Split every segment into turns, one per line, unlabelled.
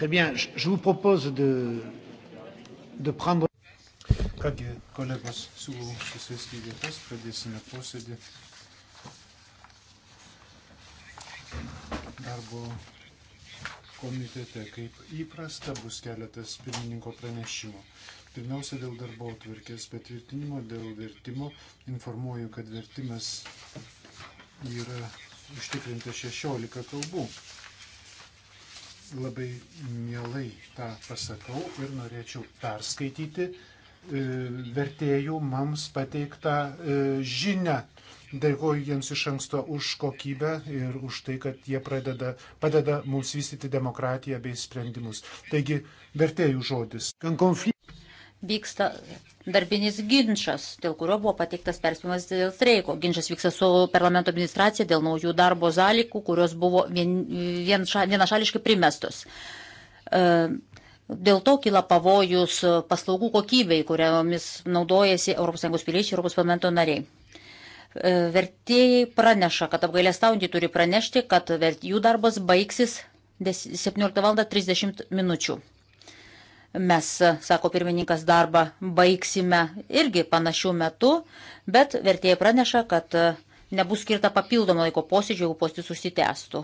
Très bien, je vous propose de, de prendre. Kągi, kolegos, siūlau susėsti vietas, pradėsime posėdį. Darbo komitete, kaip įprasta, bus keletas pirmininko pranešimų. Pirmiausia, dėl darbo atvirkės patvirtinimo, dėl vertimo. Informuoju, kad vertimas yra užtikrinta 16 kalbų labai mielai tą pasakau ir norėčiau perskaityti e, vertėjų mums pateiktą e, žinią. Dėkuoju jiems iš anksto už kokybę ir už tai, kad jie pradeda, padeda mums vystyti demokratiją bei sprendimus. Taigi, vertėjų žodis
vyksta darbinis ginčas, dėl kurio buvo pateiktas perspėjimas dėl streiko. Ginčas vyksta su parlamento administracija dėl naujų darbo sąlygų, kurios buvo vien, vien ša, vienašališkai primestos. E, dėl to kyla pavojus paslaugų kokybei, kuriomis naudojasi ES piliečiai, ES parlamento nariai. E, vertėjai praneša, kad apgailestaudį turi pranešti, kad jų darbas baigsis 17 val. 30 minučių. Mes, sako pirmininkas, darbą baigsime irgi panašių metų, bet vertėjai praneša, kad nebus skirta papildomą laiko posėdžio, jeigu postis užsitęstų.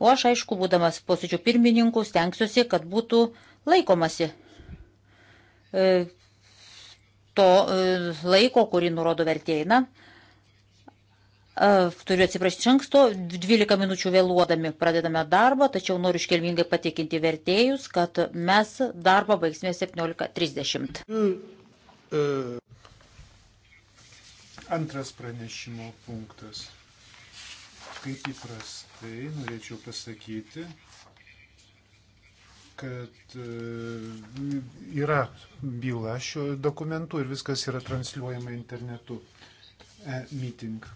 O aš, aišku, būdamas posėdžio pirmininku, stengsiuosi, kad būtų laikomasi e, to e, laiko, kurį nurodo vertėjai. Na, Э, turiu atsiprašyti iš anksto, 12 minučių vėluodami pradedame darbą, tačiau noriu iškelmingai patikinti vertėjus, kad mes darbą baigsime 17.30. Nu,
e. Antras pranešimo punktas. Kaip įprastai norėčiau pasakyti, kad e, yra byla šiuo dokumentu ir viskas yra transliuojama internetu. E-meeting.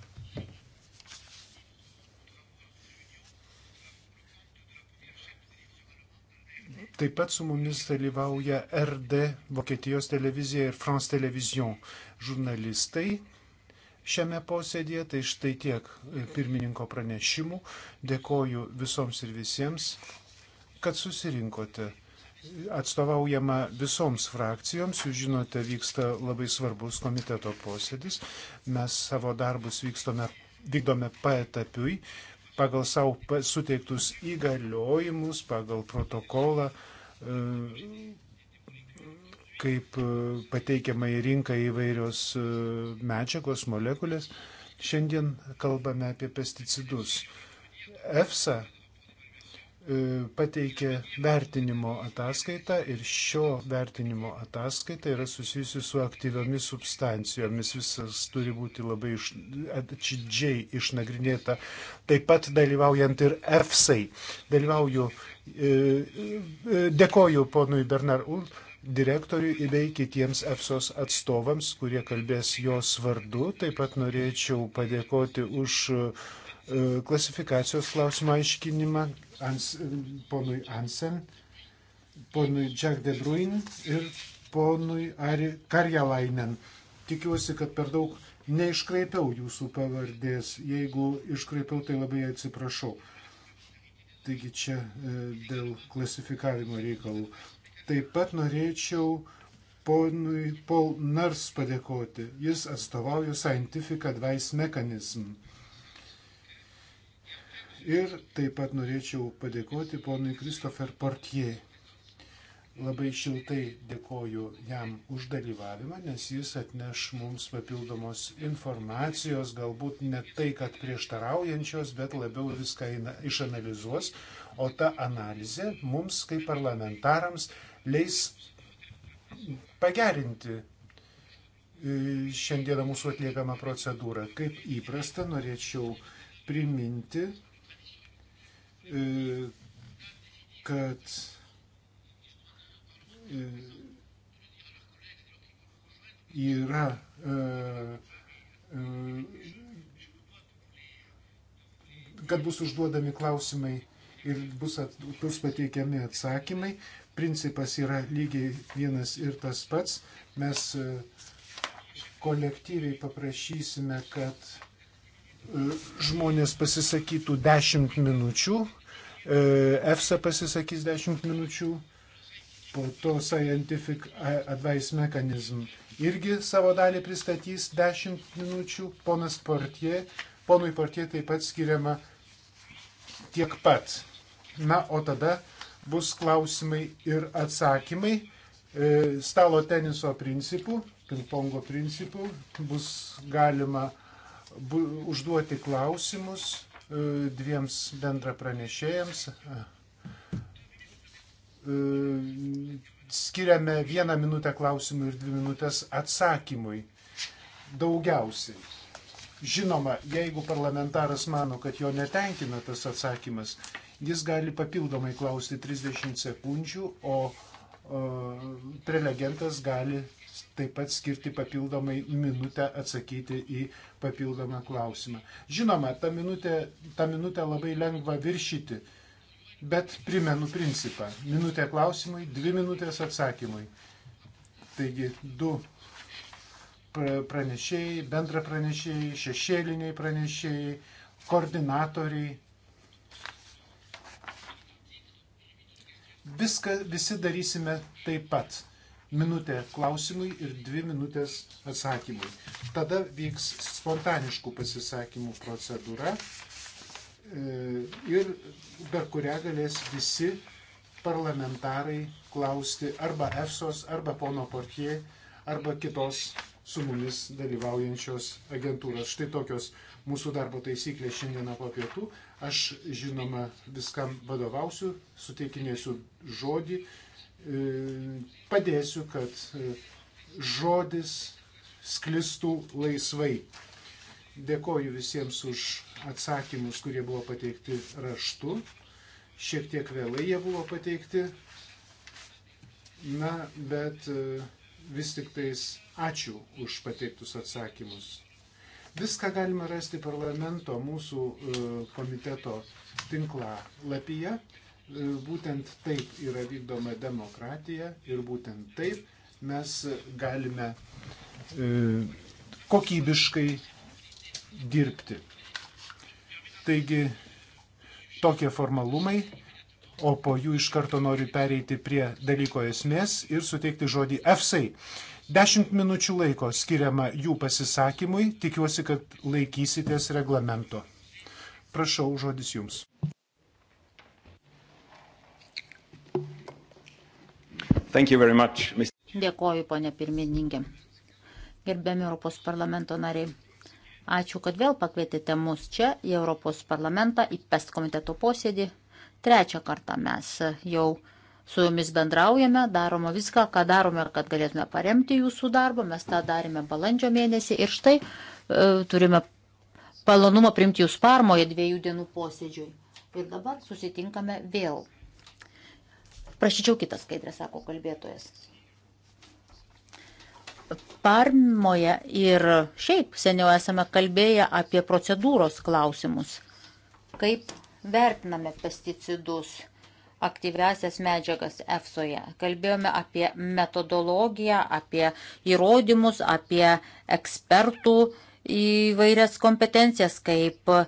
Taip pat su mumis dalyvauja RD, Vokietijos televizija ir France Television žurnalistai šiame posėdėje. Tai štai tiek e, pirmininko pranešimų. Dėkoju visoms ir visiems, kad susirinkote. Atstovaujama visoms frakcijoms, jūs žinote, vyksta labai svarbus komiteto posėdis. Mes savo darbus vykstome, vykdome paetapiui pagal savo suteiktus įgaliojimus, pagal protokolą, e, kaip e, pateikiama į rinką įvairios e, medžiagos, molekulės. Šiandien kalbame apie pesticidus. EFSA E, pateikė vertinimo ataskaitą ir šio vertinimo ataskaita yra susijusi su aktyviomis substancijomis. Visas turi būti labai iš, atidžiai išnagrinėta. Taip pat dalyvaujant ir EFSAI. Dalyvauju, e, e, dėkoju ponui Bernard Ul direktoriui bei kitiems EFSOS atstovams, kurie kalbės jos vardu. Taip pat norėčiau padėkoti už uh, E, klasifikacijos klausimą aiškinimą ans, e, ponui Ansen, ponui Jack de Bruin ir ponui Karjalainen. Tikiuosi, kad per daug neiškraipiau jūsų pavardės. Jeigu iškraipiau, tai labai atsiprašau. Taigi čia e, dėl klasifikavimo reikalų. Taip pat norėčiau ponui Paul Nars padėkoti. Jis atstovauja Scientific Advice Mechanism. Ir taip pat norėčiau padėkoti ponui Kristofer Portier. Labai šiltai dėkoju jam už dalyvavimą, nes jis atneš mums papildomos informacijos, galbūt ne tai, kad prieštaraujančios, bet labiau viską išanalizuos, o ta analizė mums kaip parlamentarams leis pagerinti e, šiandieną mūsų atliekamą procedūrą. Kaip įprasta, norėčiau priminti E, kad e, yra e, kad bus užduodami klausimai ir bus, at, bus pateikiami atsakymai. Principas yra lygiai vienas ir tas pats. Mes kolektyviai paprašysime, kad žmonės pasisakytų 10 minučių, e, EFSA pasisakys 10 minučių, po to Scientific Advice Mechanism irgi savo dalį pristatys 10 minučių, ponas Portie, ponui Portie taip pat skiriama tiek pat. Na, o tada bus klausimai ir atsakymai e, stalo teniso principų, pingpongo principų, bus galima bu, užduoti klausimus e, dviems bendra pranešėjams. E, skiriame vieną minutę klausimui ir dvi minutės atsakymui. Daugiausiai. Žinoma, jeigu parlamentaras mano, kad jo netenkina tas atsakymas, jis gali papildomai klausti 30 sekundžių, o prelegentas gali taip pat skirti papildomai minutę atsakyti į papildomą klausimą. Žinoma, tą minutę, tą minutę labai lengva viršyti, bet primenu principą. Minutė klausimui, dvi minutės atsakymui. Taigi du pranešėjai, bendra pranešėjai, šešėliniai pranešėjai, koordinatoriai. Viską visi darysime taip pat minutė klausimui ir dvi minutės atsakymui. Tada vyks spontaniškų pasisakymų procedūra e, ir per kurią galės visi parlamentarai klausti arba EFSOS, arba pono Portie, arba kitos su mumis dalyvaujančios agentūros. Štai tokios mūsų darbo taisyklės šiandieną po pietų. Aš žinoma viskam vadovausiu, suteikinėsiu žodį E, padėsiu, kad e, žodis sklistų laisvai. Dėkoju visiems už atsakymus, kurie buvo pateikti raštu. Šiek tiek vėlai jie buvo pateikti. Na, bet e, vis tik tais ačiū už pateiktus atsakymus. Viską galima rasti parlamento mūsų komiteto tinklalapyje. Būtent taip yra vykdoma demokratija ir būtent taip mes galime e, kokybiškai dirbti. Taigi tokie formalumai, o po jų iš karto noriu pereiti prie dalyko esmės ir suteikti žodį EFSAI. Dešimt minučių laiko skiriama jų pasisakymui, tikiuosi, kad laikysitės reglamento. Prašau, žodis jums.
Much, Mr.
Dėkoju, ponė pirmininkė. Gerbiami Europos parlamento nariai. Ačiū, kad vėl pakvietėte mus čia į Europos parlamentą, į PES komiteto posėdį. Trečią kartą mes jau su jumis bendraujame, darome viską, ką darome, kad galėtume paremti jūsų darbą. Mes tą darėme balandžio mėnesį ir štai e, turime palonumą priimti jūs parmoje dviejų dienų posėdžiui. Ir dabar susitinkame vėl. Prašyčiau kitą skaidrę, sako kalbėtojas. Parmoje ir šiaip seniau esame kalbėję apie procedūros klausimus. Kaip vertiname pesticidus, aktyviasias medžiagas EFSOje. Kalbėjome apie metodologiją, apie įrodymus, apie ekspertų įvairias kompetencijas, kaip uh,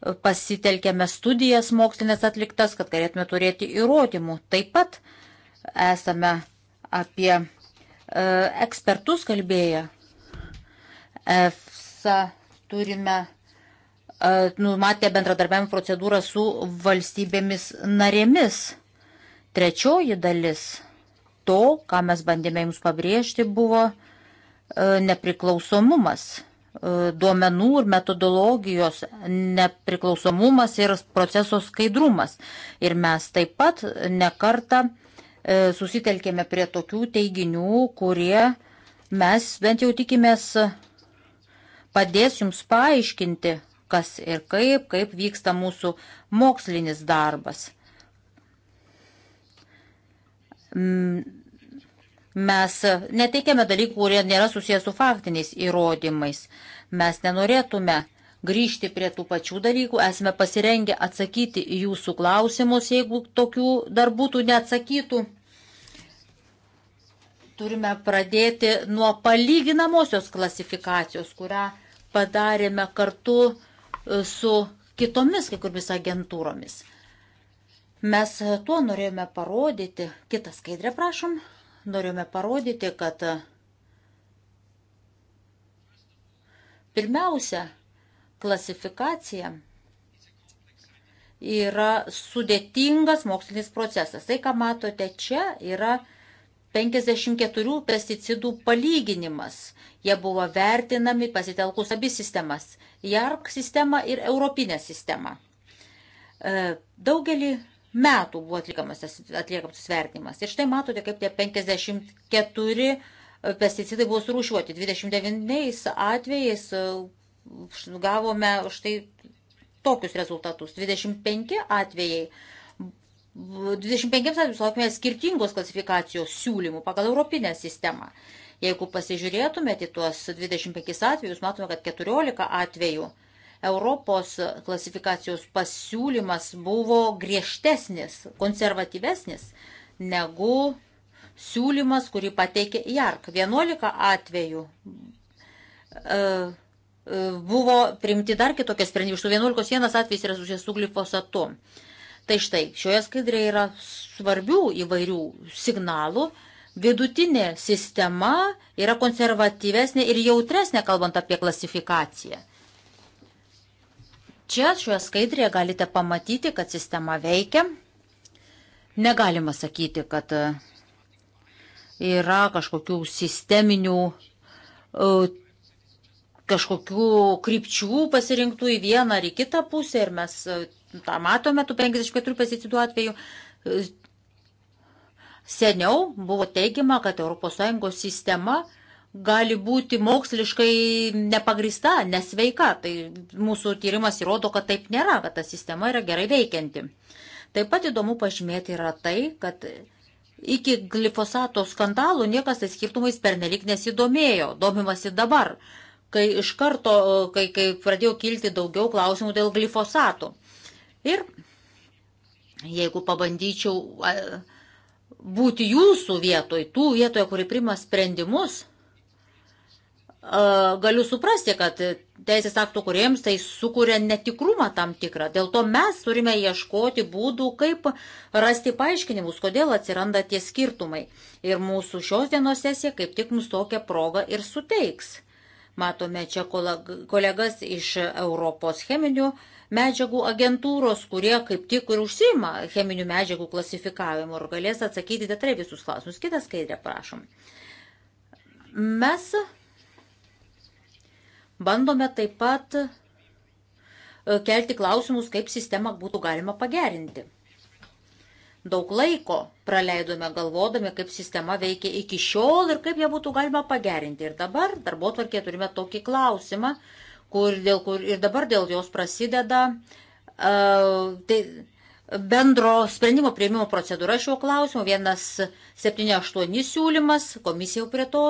pasitelkėme studijas mokslinės atliktas, kad galėtume turėti įrodymų. Taip pat esame apie e, ekspertus kalbėję. EFSA turime e, numatę bendradarbiavimo procedūrą su valstybėmis narėmis. Trečioji dalis to, ką mes bandėme jums pabrėžti, buvo e, nepriklausomumas E, duomenų ir metodologijos nepriklausomumas ir proceso skaidrumas. Ir mes taip pat nekarta e, susitelkėme prie tokių teiginių, kurie mes bent jau tikimės padės jums paaiškinti, kas ir kaip, kaip vyksta mūsų mokslinis darbas Mes e, neteikėme dalykų, kurie nėra susijęs su faktiniais įrodymais. Mes nenorėtume grįžti prie tų pačių dalykų, esame pasirengę atsakyti į jūsų klausimus, jeigu tokių dar būtų neatsakytų. Turime pradėti nuo palyginamosios klasifikacijos, kurią padarėme kartu e, su kitomis kai kuriomis agentūromis. Mes e, tuo norėjome parodyti. Kitą skaidrę prašom norėjome parodyti, kad e, pirmiausia, klasifikacija yra sudėtingas mokslinis procesas. Tai, ką matote čia, yra 54 pesticidų palyginimas. Jie buvo vertinami pasitelkus abi sistemas - JARC sistemą ir Europinę sistemą. E, daugelį metų buvo atliekamas tas, atliekamas tas vertinimas. Ir štai matote, kaip tie 54 e, pesticidai buvo surūšiuoti. 29 atvejais e, gavome štai tokius rezultatus. 25 atvejai. 25 atvejus sulaukime skirtingos klasifikacijos siūlymų pagal Europinę sistemą. Jeigu pasižiūrėtumėte į tuos 25 atvejus, matome, kad 14 atvejų uh, Europos klasifikacijos pasiūlymas buvo griežtesnis, konservatyvesnis negu siūlymas, kurį pateikė JARK. 11 atvejų e, e buvo primti dar kitokie sprendimai. Iš tų 11 vienas atvejis yra susijęs su glifosatu. Tai štai, šioje skaidrėje yra svarbių įvairių signalų. Vidutinė sistema yra konservatyvesnė ir jautresnė, kalbant apie klasifikaciją. Čia šioje skaidrėje galite pamatyti, kad sistema veikia. Negalima sakyti, kad e, yra kažkokių sisteminių, e, kažkokių krypčių pasirinktų į vieną ar į kitą pusę ir mes e, tą matome, tų 54 pesticidų atveju. Seniau buvo teigiama, kad ES sistema gali būti moksliškai nepagrista, nesveika. Tai mūsų tyrimas įrodo, kad taip nėra, kad ta sistema yra gerai veikianti. Taip pat įdomu pažymėti yra tai, kad iki glifosato skandalų niekas tai skirtumais pernelik nesidomėjo, domimasi dabar, kai iš karto, kai, kai pradėjo kilti daugiau klausimų dėl glifosato. Ir jeigu pabandyčiau būti jūsų vietoj, tų vietoje, kuri prima sprendimus, galiu suprasti, kad teisės aktų kuriems tai sukuria netikrumą tam tikrą. Dėl to mes turime ieškoti būdų, kaip rasti paaiškinimus, kodėl atsiranda tie skirtumai. Ir mūsų šios dienos sesija kaip tik mums tokią progą ir suteiks. Matome čia kolegas iš Europos cheminių medžiagų agentūros, kurie kaip tik ir užsima cheminių medžiagų klasifikavimu ir galės atsakyti detaliai visus klausimus. Kitą skaidrę prašom. Mes Bandome taip pat e, kelti klausimus, kaip sistemą būtų galima pagerinti. Daug laiko praleidome galvodami, kaip sistema veikia iki šiol ir kaip ją būtų galima pagerinti. Ir dabar darbo tvarkė turime tokį klausimą, kur, dėl, kur ir dabar dėl jos prasideda uh, tai, bendro sprendimo prieimimo procedūra šiuo klausimu. Vienas 78 siūlymas, komisija jau prie to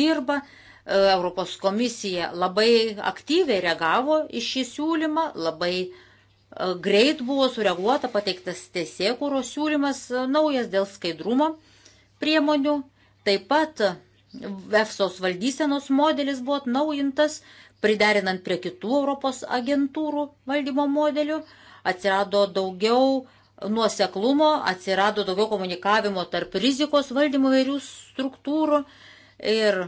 dirba. Uh, E, Europos komisija labai aktyviai reagavo į šį siūlymą, labai e, greit buvo sureaguota, pateiktas tiesiekūros siūlymas e, naujas dėl skaidrumo priemonių. Taip pat EFSOS valdysenos modelis buvo atnaujintas, priderinant prie kitų Europos agentūrų valdymo modelių. Atsirado daugiau nuoseklumo, atsirado daugiau komunikavimo tarp rizikos valdymo vairių struktūrų ir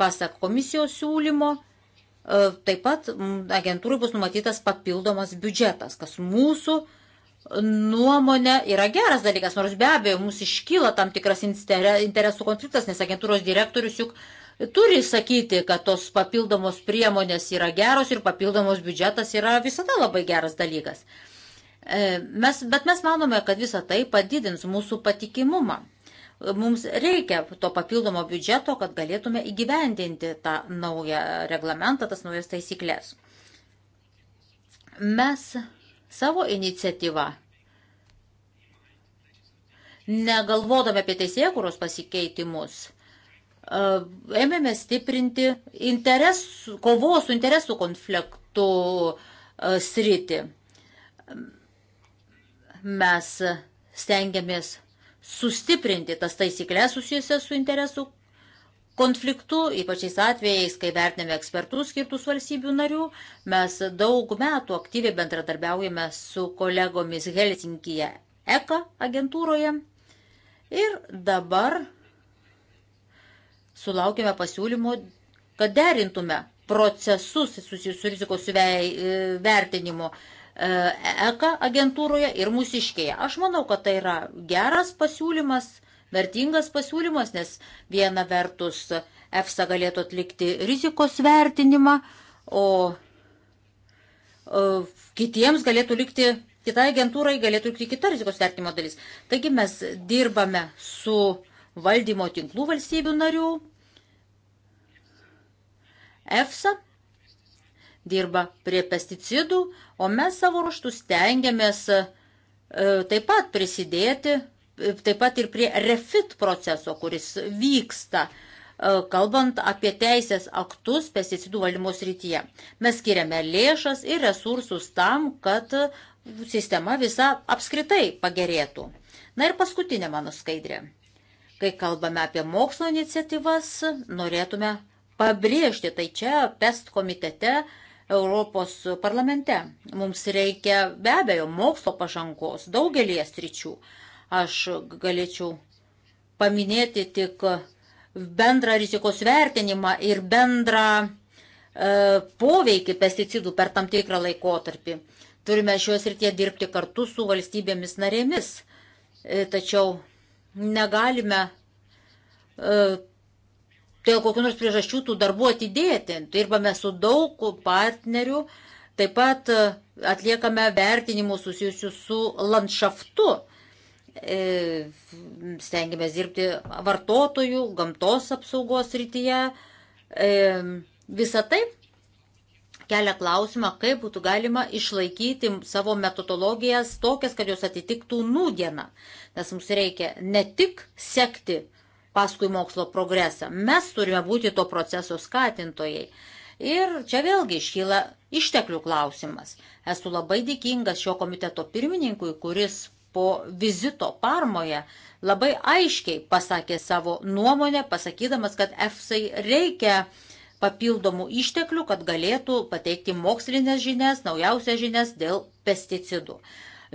Pasak komisijos siūlymo, e, taip pat agentūrai bus numatytas papildomas biudžetas, kas mūsų nuomonė yra geras dalykas, nors be abejo mums iškyla tam tikras interesų konfliktas, nes agentūros direktorius juk turi sakyti, kad tos papildomos priemonės yra geros ir papildomos biudžetas yra visada labai geras dalykas. E, mes, bet mes manome, kad visa tai padidins mūsų patikimumą mums reikia to papildomo biudžeto, kad galėtume įgyvendinti tą naują reglamentą, tas naujas taisyklės. Mes savo iniciatyvą, negalvodami apie teisėkuros pasikeitimus, e, ėmėme stiprinti interesų, kovos su interesų konfliktu e, sritį. Mes stengiamės sustiprinti tas taisyklės susijusias su interesų konfliktu, ypač tais atvejais, kai vertiname ekspertus skirtus valstybių narių. Mes daug metų aktyviai bendradarbiaujame su kolegomis Helsinkyje ECA agentūroje ir dabar sulaukime pasiūlymų, kad derintume procesus susijusius su rizikos vertinimu ECA e agentūroje ir mūsiškėje. Aš manau, kad tai yra geras pasiūlymas, vertingas pasiūlymas, nes viena vertus EFSA galėtų atlikti rizikos vertinimą, o kitiems galėtų likti, kitai agentūrai galėtų likti kita rizikos vertinimo dalis. Taigi mes dirbame su valdymo tinklų valstybių narių, EFSA dirba prie pesticidų, o mes savo ruoštų stengiamės e, taip pat prisidėti, e, taip pat ir prie refit proceso, kuris vyksta, e, kalbant apie teisės aktus pesticidų valdymo srityje. Mes skiriame lėšas ir resursus tam, kad sistema visa apskritai pagerėtų. Na ir paskutinė mano skaidrė. Kai kalbame apie mokslo iniciatyvas, norėtume pabrėžti, tai čia PEST komitete uh, Europos parlamente. Mums reikia be abejo mokslo pažangos daugelie sričių. Aš galėčiau paminėti tik bendrą rizikos vertinimą ir bendrą e, poveikį pesticidų per tam tikrą laikotarpį. Turime šios ir tie dirbti kartu su valstybėmis narėmis. E, tačiau negalime e, dėl kokių nors priežasčių tų darbų atidėti. Dirbame tai su daug partnerių, taip pat e, atliekame vertinimus susijusius su landšaftu. E, stengiamės dirbti vartotojų, gamtos apsaugos rytyje. E, Visą tai kelia klausimą, kaip būtų galima išlaikyti savo metodologijas tokias, kad jos atitiktų nūdieną. Nes mums reikia ne tik sekti paskui mokslo progresą. Mes turime būti to proceso skatintojai. Ir čia vėlgi iškyla išteklių klausimas. Esu labai dėkingas šio komiteto pirmininkui, kuris po vizito Parmoje labai aiškiai pasakė savo nuomonę, pasakydamas, kad EFSAI reikia papildomų išteklių, kad galėtų pateikti mokslinės žinias, naujausias žinias dėl pesticidų.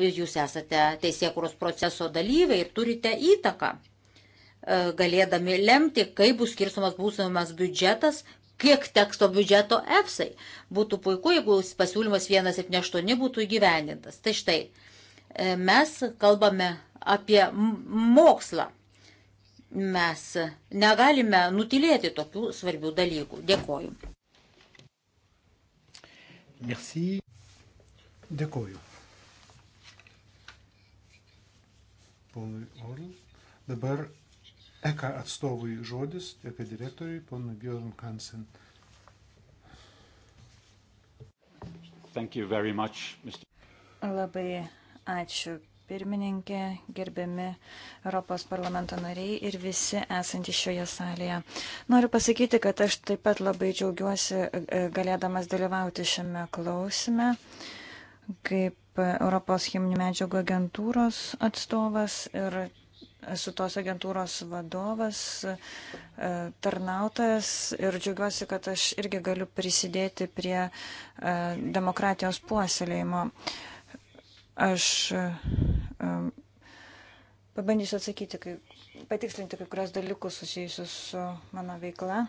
Jūs esate teisėkuros proceso dalyviai ir turite įtaką E, galėdami lemti, kaip bus skirstomas būsimas biudžetas, kiek teksto biudžeto EFSAI. Būtų puiku, jeigu pasiūlymas 178 būtų įgyvendintas. Tai štai, e, mes kalbame apie mokslą. Mes negalime nutilėti tokių svarbių dalykų. Dėkoju.
Merci. Dėkoju. Ponui Orl. Dabar ECA atstovui žodis, ECA direktoriui, ponui Bjorn Hansen.
Much, Mr.
Labai ačiū pirmininkė, gerbiami Europos parlamento nariai ir visi esantys šioje salėje. Noriu pasakyti, kad aš taip pat labai džiaugiuosi e, galėdamas dalyvauti šiame klausime kaip Europos cheminių medžiagų agentūros atstovas ir esu tos agentūros vadovas, e, tarnautojas ir džiaugiuosi, kad aš irgi galiu prisidėti prie e, demokratijos puoselėjimo. Aš e, pabandysiu atsakyti, kai, patikslinti kai kurios dalykus susijusius su mano veikla.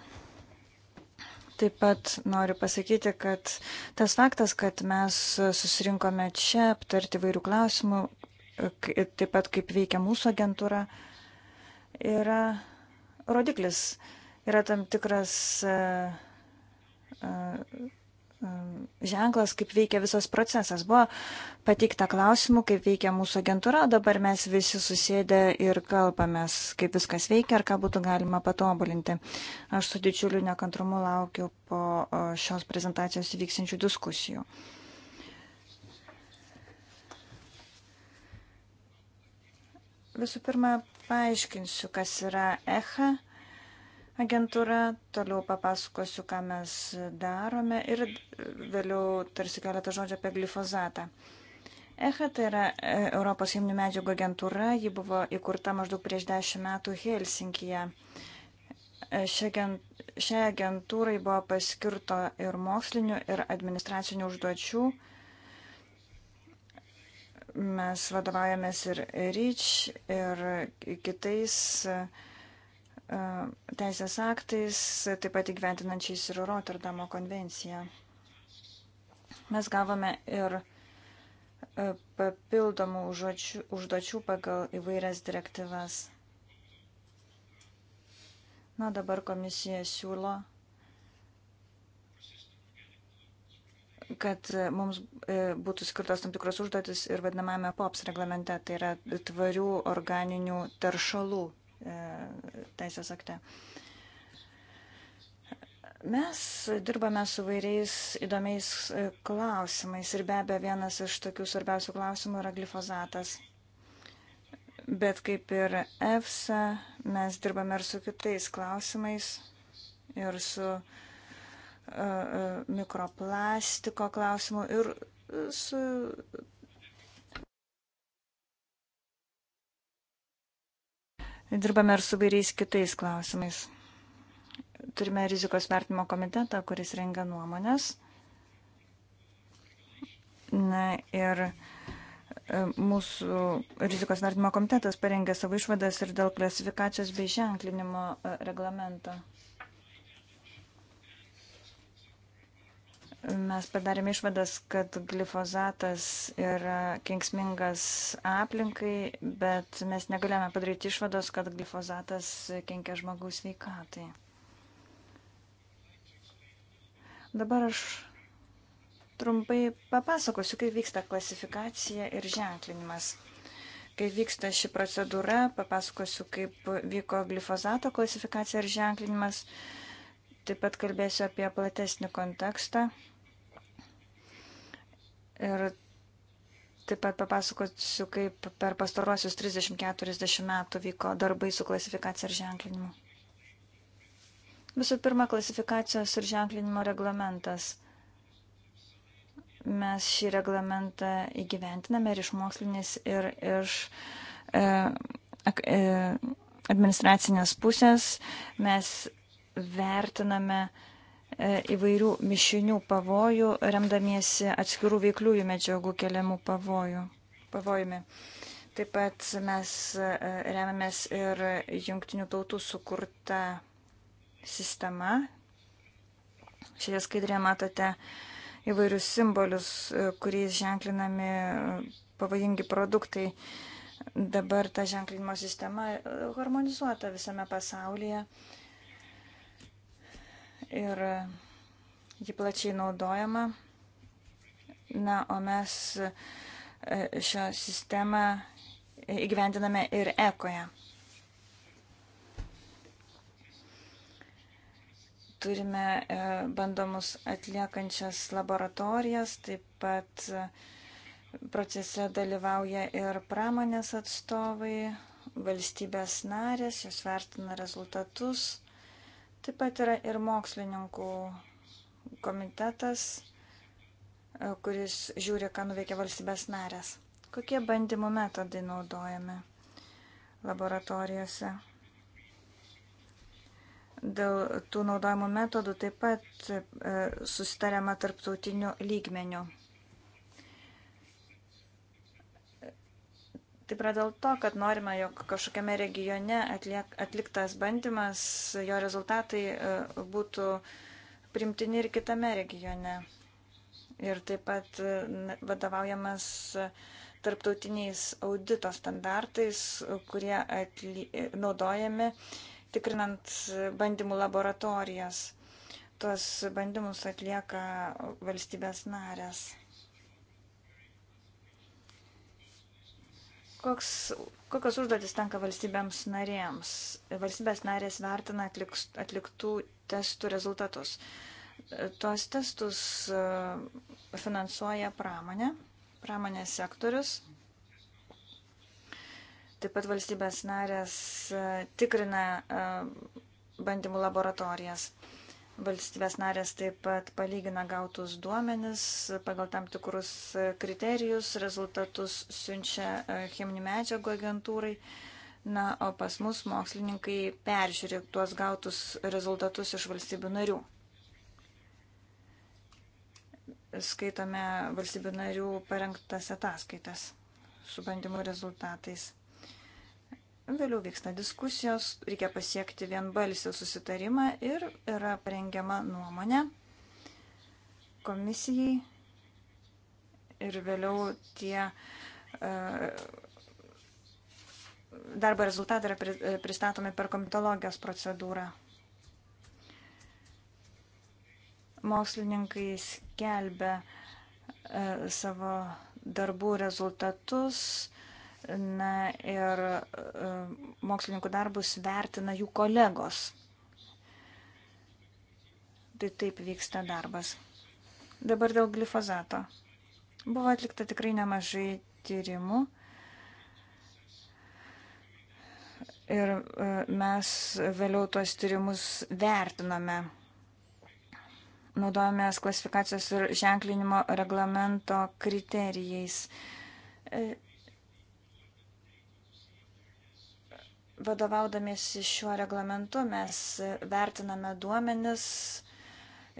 Taip pat noriu pasakyti, kad tas faktas, kad mes susirinkome čia aptarti vairių klausimų, taip pat kaip veikia mūsų agentūra, yra rodiklis, yra tam tikras e, e, e, ženklas, kaip veikia visas procesas. Buvo pateikta klausimų, kaip veikia mūsų agentūra, dabar mes visi susėdę ir kalbamės, kaip viskas veikia ir ką būtų galima patobulinti. Aš su didžiuliu nekantrumu laukiu po šios prezentacijos įvyksinčių diskusijų. Uh, Visų pirma, paaiškinsiu, kas yra EHA agentūra, toliau papasakosiu, ką mes darome ir vėliau tarsi keletą žodžių apie glifozatą. EHA tai yra e, Europos cheminių medžiagų agentūra, ji buvo įkurta maždaug prieš dešimt metų Helsinkije. E, šiai agentūrai buvo paskirto ir mokslinių, ir administracinių užduočių Mes vadovaujamės ir REACH, ir kitais e, teisės aktais, taip pat įgyventinančiais ir Rotterdamo konvenciją. Mes gavome ir e, papildomų užduočių, užduočių pagal įvairias direktyvas. Na, dabar komisija siūlo kad e, mums e, būtų skirtos tam tikros užduotis ir vadinamame POPS reglamente, tai yra tvarių organinių taršalų e, teisės akte. Mes dirbame su vairiais įdomiais klausimais ir be abejo vienas iš tokių svarbiausių klausimų yra glifozatas. Bet kaip ir EFSA, mes dirbame ir su kitais klausimais ir su uh, mikroplastiko klausimu ir su Dirbame ir su vairiais kitais klausimais. Turime rizikos vertimo komitetą, kuris rengia nuomonės. Na ir e, mūsų rizikos vertimo komitetas parengė savo išvadas ir dėl klasifikacijos bei ženklinimo e, reglamento. Mes padarėme išvadas, kad glifozatas yra kenksmingas aplinkai, bet mes negalėjome padaryti išvados, kad glifozatas kenkia žmogaus veikatai. Dabar aš trumpai papasakosiu, kaip vyksta klasifikacija ir ženklinimas. Kai vyksta ši procedūra, papasakosiu, kaip vyko glifozato klasifikacija ir ženklinimas. Taip pat kalbėsiu apie platesnį kontekstą Ir taip pat papasakosiu, kaip per pastaruosius 30-40 metų vyko darbai su klasifikacija ir ženklinimu. Visų pirma, klasifikacijos ir ženklinimo reglamentas. Mes šį reglamentą įgyventiname ir iš mokslinės, ir iš e, e, administracinės pusės. Mes vertiname e, E, įvairių mišinių pavojų, remdamiesi atskirų veikliųjų medžiagų keliamų pavojų, pavojumi. Taip pat mes e, remiamės ir jungtinių tautų sukurta sistema. Šioje skaidrėje matote įvairius simbolius, e, kuriais ženklinami pavojingi produktai. Dabar ta ženklinimo sistema harmonizuota visame pasaulyje. Uh, ir e, ji plačiai naudojama. Na, o mes e, šią sistemą įgyvendiname ir ekoje. Turime e, bandomus atliekančias laboratorijas, taip pat procese dalyvauja ir pramonės atstovai, valstybės narės, jos vertina rezultatus Taip pat yra ir mokslininkų komitetas, e, kuris žiūri, ką nuveikia valstybės narės. Kokie bandymų metodai naudojami laboratorijose? Dėl tų naudojimų metodų taip pat e, susitariama tarptautiniu lygmeniu. Taip yra dėl to, kad norime, jog kažkokiame regione atliek, atliktas bandymas, jo rezultatai e, būtų primtini ir kitame regione. Ir taip pat e, vadovaujamas e, tarptautiniais audito standartais, kurie atly, naudojami tikrinant bandymų laboratorijas. Tuos bandymus atlieka valstybės narės. Koks, kokios užduotis tenka valstybėms narėms? Valstybės narės vertina atlik, atliktų testų rezultatus. Tuos testus e, finansuoja pramonė, pramonės sektorius. Taip pat valstybės narės e, tikrina e, bandymų laboratorijas. Valstybės narės taip pat palygina gautus duomenis pagal tam tikrus e, kriterijus, rezultatus siunčia e, cheminių medžiagų agentūrai. Na, o pas mus mokslininkai peržiūri tuos gautus rezultatus iš valstybių narių. Skaitome valstybių narių parengtas ataskaitas su bandymų rezultatais. Vėliau vyksta diskusijos, reikia pasiekti vienbalsį susitarimą ir yra parengiama nuomonė komisijai ir vėliau tie e, darbo rezultatai yra pristatomi per komitologijos procedūrą. Mokslininkai skelbia e, savo darbų rezultatus, Na ir e, mokslininkų darbus vertina jų kolegos. Tai taip vyksta darbas. Dabar dėl glifozato. Buvo atlikta tikrai nemažai tyrimų. Ir e, mes vėliau tuos tyrimus vertiname. Naudojamės klasifikacijos ir ženklinimo reglamento kriterijais e, Vadovaudamiesi šiuo reglamentu mes vertiname duomenis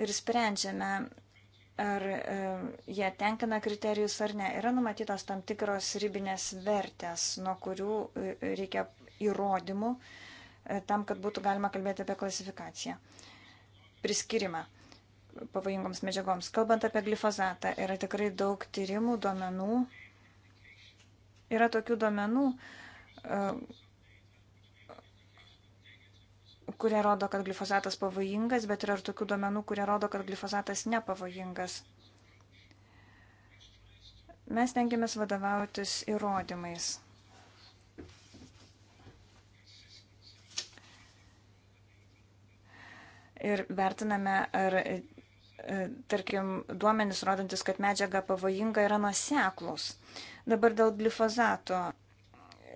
ir sprendžiame, ar e, jie tenkina kriterijus ar ne. Yra numatytos tam tikros ribinės vertės, nuo kurių e, reikia įrodymų e, tam, kad būtų galima kalbėti apie klasifikaciją. Priskirimą pavojingoms medžiagoms. Kalbant apie glifozatą, yra tikrai daug tyrimų, duomenų. Yra tokių duomenų, kurie rodo, kad glifosatas pavojingas, bet yra ir tokių duomenų, kurie rodo, kad glifosatas nepavojingas. Mes tengiamės vadovautis įrodymais. Ir vertiname, ar, e, e, tarkim, duomenys rodantis, kad medžiaga pavojinga yra nuoseklus. Dabar dėl glifozato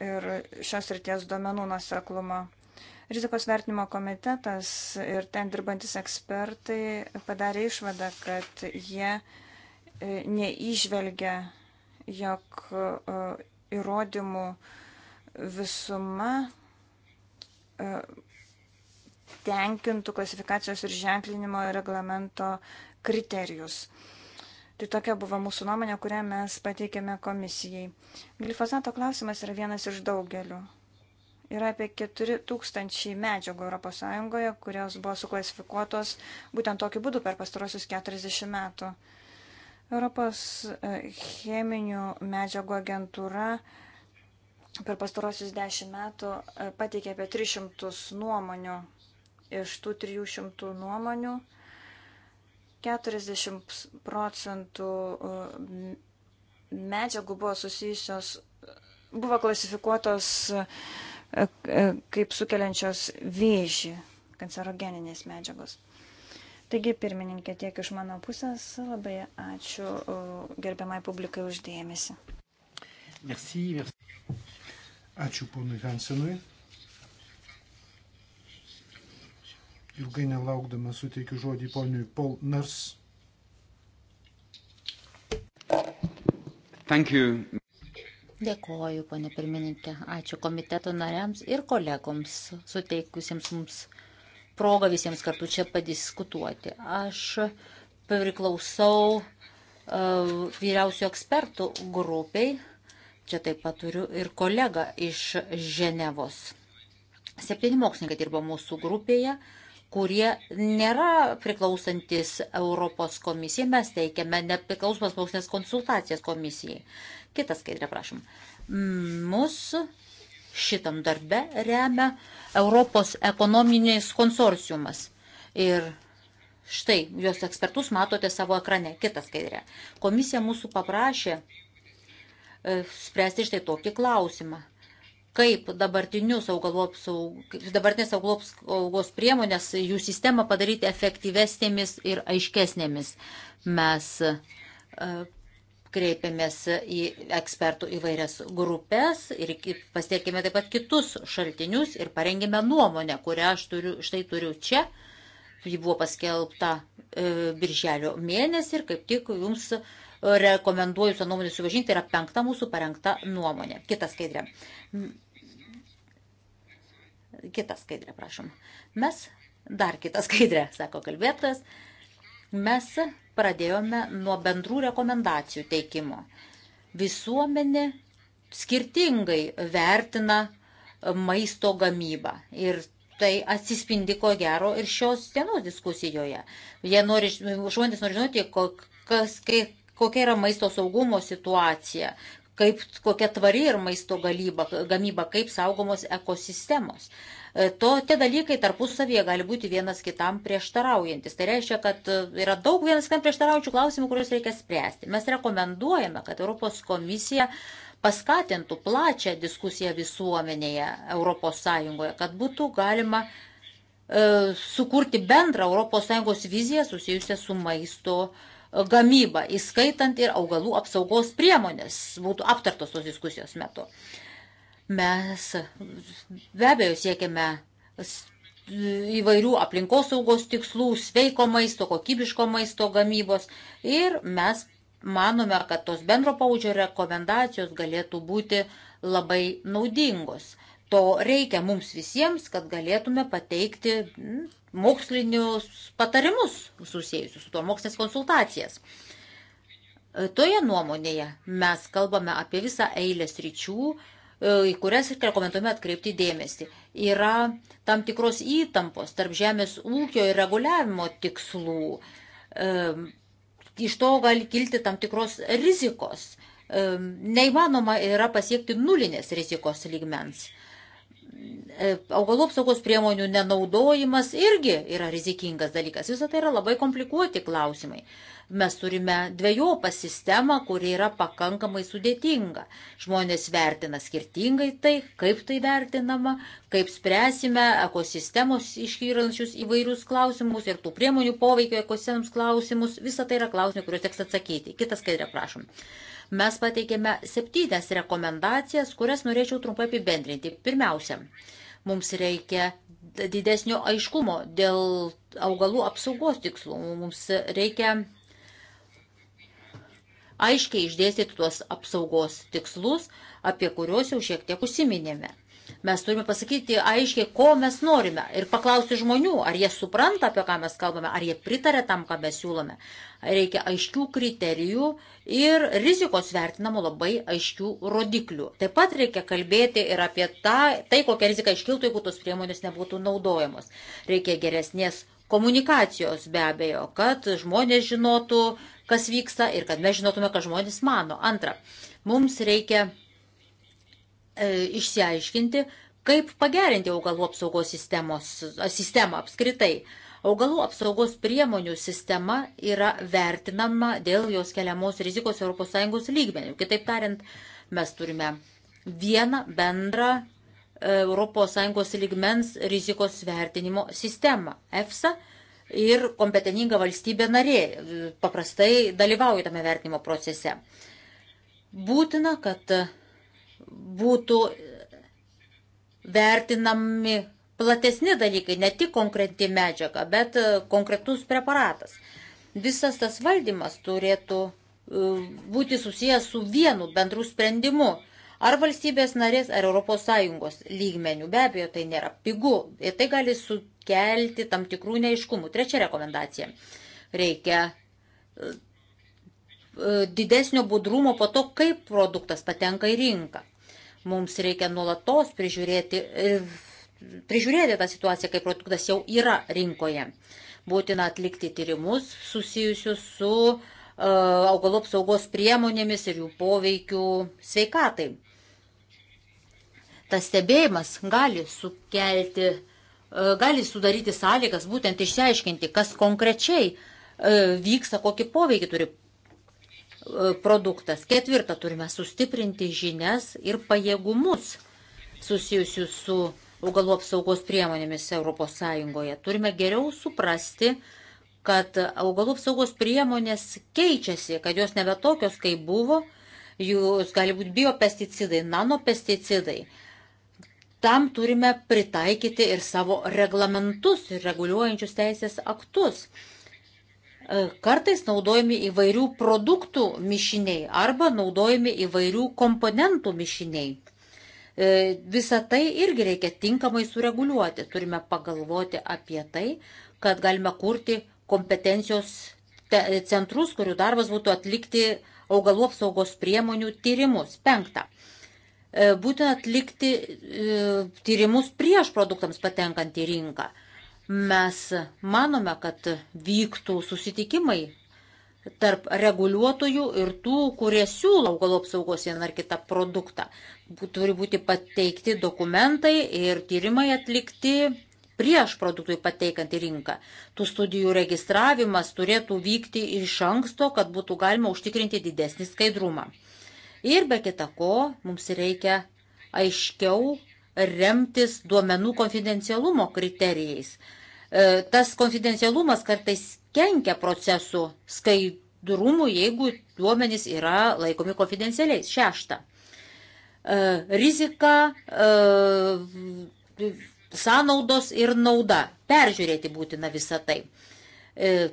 ir šios ryties duomenų nuoseklumo. Rizikos vertinimo komitetas ir ten dirbantis ekspertai padarė išvadą, kad jie e, neįžvelgia, jog e, įrodymų visuma e, tenkintų klasifikacijos ir ženklinimo reglamento kriterijus. Tai tokia buvo mūsų nuomonė, kurią mes pateikėme komisijai. Glifosato klausimas yra vienas iš daugelių. Yra apie 4000 medžiagų ES, kurios buvo suklasifikuotos būtent tokiu būdu per pastarosius 40 metų. Europos e, cheminių medžiagų agentūra per pastarosius 10 metų e, pateikė apie 300 nuomonių. Iš tų 300 nuomonių 40 procentų e, medžiagų buvo susijusios, buvo klasifikuotos uh, E, e, kaip sukeliančios vėžį kancerogeninės medžiagos. Taigi, pirmininkė, tiek iš mano pusės. Labai ačiū gerbiamai publikai uždėmesi.
Merci, merci. Ačiū ponui Hansenui. Ilgai nelaukdama suteikiu žodį poniui Paul Nars.
Thank you.
Dėkoju, ponė pirmininkė. Ačiū komiteto nariams ir kolegoms, suteikusiems mums progą visiems kartu čia padiskutuoti. Aš priklausau uh, vyriausių ekspertų grupiai. Čia taip pat turiu ir kolegą iš Ženevos. Septyni mokslininkai dirba mūsų grupėje kurie nėra priklausantis Europos komisijai, mes teikiame nepriklausomas mokslinės konsultacijas komisijai. Kitas skaidrė, prašom. Mūsų šitam darbe remia Europos ekonominiais konsorciumas. Ir štai, jos ekspertus matote savo ekrane. Kitas skaidrė. Komisija mūsų paprašė e, spręsti štai tokį klausimą kaip dabartinius augalų apsaugos, dabartinės augalų apsaugos priemonės, jų sistemą padaryti efektyvesnėmis ir aiškesnėmis. Mes e, kreipėmės į ekspertų įvairias grupės ir pasiekėme taip pat kitus šaltinius ir parengėme nuomonę, kurią aš turiu, štai turiu čia. Ji buvo paskelbta e, birželio mėnesį ir kaip tik jums rekomenduoju su nuomonė suvažinti, yra penkta mūsų parengta nuomonė. Kita skaidrė. Kita skaidrė, prašom. Mes, dar kita skaidrė, sako kalbėtas, mes pradėjome nuo bendrų rekomendacijų teikimo. Visuomenė skirtingai vertina maisto gamybą ir tai atsispindi ko gero ir šios dienos diskusijoje. Jie nori, žmonės nori žinoti, kas, kai, kokia yra maisto saugumo situacija, kaip kokia tvari ir maisto galyba, gamyba, kaip saugomos ekosistemos. E, to, tie dalykai tarpusavyje gali būti vienas kitam prieštaraujantis. Tai reiškia, kad e, yra daug vienas kitam prieštaraujančių klausimų, kuriuos reikia spręsti. Mes rekomenduojame, kad Europos komisija paskatintų plačią diskusiją visuomenėje ES, kad būtų galima e, sukurti bendrą ES viziją susijusią su maisto e, gamybą, įskaitant ir augalų apsaugos priemonės, būtų aptartos tos diskusijos metu. Mes be abejo siekiame įvairių aplinkos saugos tikslų, sveiko maisto, kokybiško maisto gamybos ir mes manome, kad tos bendro paudžio rekomendacijos galėtų būti labai naudingos. To reikia mums visiems, kad galėtume pateikti mokslinius patarimus susijusius su tuo mokslinės konsultacijas. E, toje nuomonėje mes kalbame apie visą eilę sričių, e, į kurias ir rekomenduojame atkreipti dėmesį. Yra tam tikros įtampos tarp žemės ūkio ir reguliavimo tikslų. E, iš to gali kilti tam tikros rizikos. Neįmanoma yra pasiekti nulinės rizikos lygmens. E, augalų apsaugos priemonių nenaudojimas irgi yra rizikingas dalykas. Visą tai yra labai komplikuoti klausimai. Mes turime dviejopą sistemą, kuri yra pakankamai sudėtinga. Žmonės vertina skirtingai tai, kaip tai vertinama, kaip spręsime ekosistemos iškyrančius įvairius klausimus ir tų priemonių poveikio ekosistemams klausimus. Visą tai yra klausimai, kuriuos teks atsakyti. Kitas skaidrė, prašom. Uh, Mes pateikėme septynes rekomendacijas, kurias norėčiau trumpai apibendrinti. Pirmiausia, mums reikia didesnio aiškumo dėl augalų apsaugos tikslų. Mums reikia aiškiai išdėstyti tuos apsaugos tikslus, apie kuriuos jau šiek tiek užsiminėme. Mes turime pasakyti aiškiai, ko mes norime ir paklausti žmonių, ar jie supranta, apie ką mes kalbame, ar jie pritarė tam, ką mes siūlome. Reikia aiškių kriterijų ir rizikos vertinamų labai aiškių rodiklių. Taip pat reikia kalbėti ir apie tą, tai, kokia rizika iškiltų, jeigu tos priemonės nebūtų naudojamos. Reikia geresnės komunikacijos be abejo, kad žmonės žinotų, kas vyksta ir kad mes žinotume, ką žmonės mano. Antra, mums reikia E, išsiaiškinti, kaip pagerinti augalų apsaugos sistemos, sistemą apskritai. Augalų apsaugos priemonių sistema yra vertinama dėl jos keliamos rizikos ES lygmenių. Kitaip tariant, mes turime vieną bendrą e, ES lygmens rizikos vertinimo sistemą EFSA ir kompeteninga valstybė narė e, paprastai dalyvauja tame vertinimo procese. Būtina, kad būtų vertinami platesni dalykai, ne tik konkreti medžiaga, bet e, konkretus preparatas. Visas tas valdymas turėtų e, būti susijęs su vienu bendru sprendimu. Ar valstybės narės, ar ES lygmenių. Be abejo, tai nėra pigu ir tai gali sukelti tam tikrų neiškumų. Trečia rekomendacija. Reikia e, didesnio budrumo po to, kaip produktas patenka į rinką. Mums reikia nuolatos prižiūrėti, e, prižiūrėti tą situaciją, kai produktas jau yra rinkoje. Būtina atlikti tyrimus susijusius su uh, augalų apsaugos priemonėmis ir jų poveikiu sveikatai. Tas stebėjimas gali sukelti, uh, gali sudaryti sąlygas būtent išsiaiškinti, kas konkrečiai uh, vyksta, kokį poveikį turi E, produktas. Ketvirta, turime sustiprinti žinias ir pajėgumus susijusius su augalų apsaugos priemonėmis ES. Turime geriau suprasti, kad augalų apsaugos priemonės keičiasi, kad jos nebe tokios, kaip buvo, jūs gali būti biopesticidai, nanopesticidai. Tam turime pritaikyti ir savo reglamentus ir reguliuojančius teisės aktus. E, kartais naudojami įvairių produktų mišiniai arba naudojami įvairių komponentų mišiniai. E, Visą tai irgi reikia tinkamai sureguliuoti. Turime pagalvoti apie tai, kad galime kurti kompetencijos centrus, kurių darbas būtų atlikti augalų apsaugos priemonių tyrimus. Penkta. E, būtent atlikti tyrimus prieš produktams patenkant į rinką Mes manome, kad vyktų susitikimai tarp reguliuotojų ir tų, kurie siūlo augalų apsaugos vieną ar kitą produktą. Turi būti pateikti dokumentai ir tyrimai atlikti prieš produktui pateikant į rinką. Tų studijų registravimas turėtų vykti iš anksto, kad būtų galima užtikrinti didesnį skaidrumą. Ir be kita ko, mums reikia aiškiau remtis duomenų konfidencialumo kriterijais. E, tas konfidencialumas kartais kenkia procesų skaidrumui, jeigu duomenys yra laikomi konfidencialiais. Šešta. E, rizika, e, sąnaudos ir nauda. Peržiūrėti būtina visą tai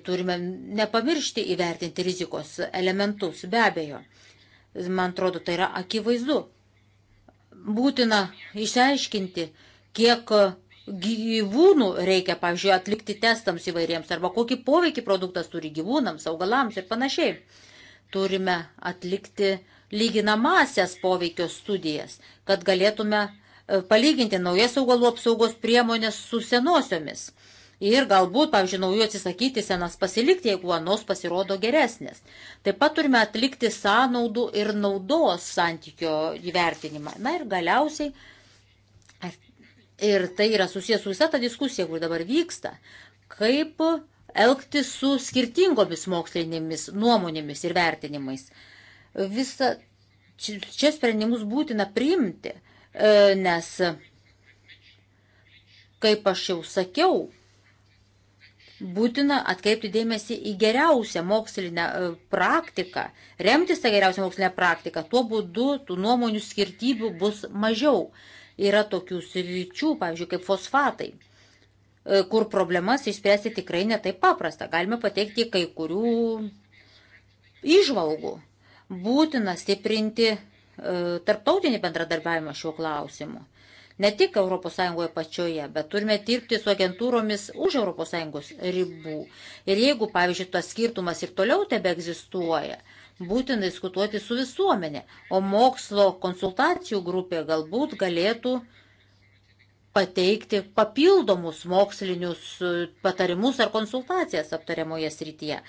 turime nepamiršti įvertinti rizikos elementus, be abejo. Man atrodo, tai yra akivaizdu būtina išsiaiškinti, kiek gyvūnų reikia, pavyzdžiui, atlikti testams įvairiems, arba kokį poveikį produktas turi gyvūnams, augalams ir panašiai. Turime atlikti lyginamasias poveikio studijas, kad galėtume e, palyginti naujas augalų apsaugos priemonės su senosiomis ir galbūt, pavyzdžiui, naujų atsisakyti senas pasilikti, jeigu anos pasirodo geresnės. Taip pat turime atlikti sąnaudų ir naudos santykio įvertinimą. Na ir galiausiai, ir tai yra susijęs su visą tą diskusiją, kur dabar vyksta, kaip elgti su skirtingomis mokslinėmis nuomonėmis ir vertinimais. Visa čia sprendimus būtina priimti, e, nes, kaip aš jau sakiau, būtina atkreipti dėmesį į geriausią mokslinę e, praktiką, remtis tą geriausią mokslinę praktiką. Tuo būdu tų nuomonių skirtybių bus mažiau. Yra tokių sričių, pavyzdžiui, kaip fosfatai, e, kur problemas išspręsti tikrai netaip paprasta. Galime pateikti kai kurių išvalgų. Būtina stiprinti e, tarptautinį bendradarbiavimą šiuo klausimu ne tik ES pačioje, bet turime dirbti su agentūromis už ES ribų. Ir jeigu, pavyzdžiui, tas skirtumas ir toliau tebe egzistuoja, būtina diskutuoti su visuomenė, o mokslo konsultacijų grupė galbūt galėtų pateikti papildomus mokslinius patarimus ar konsultacijas aptariamoje srityje.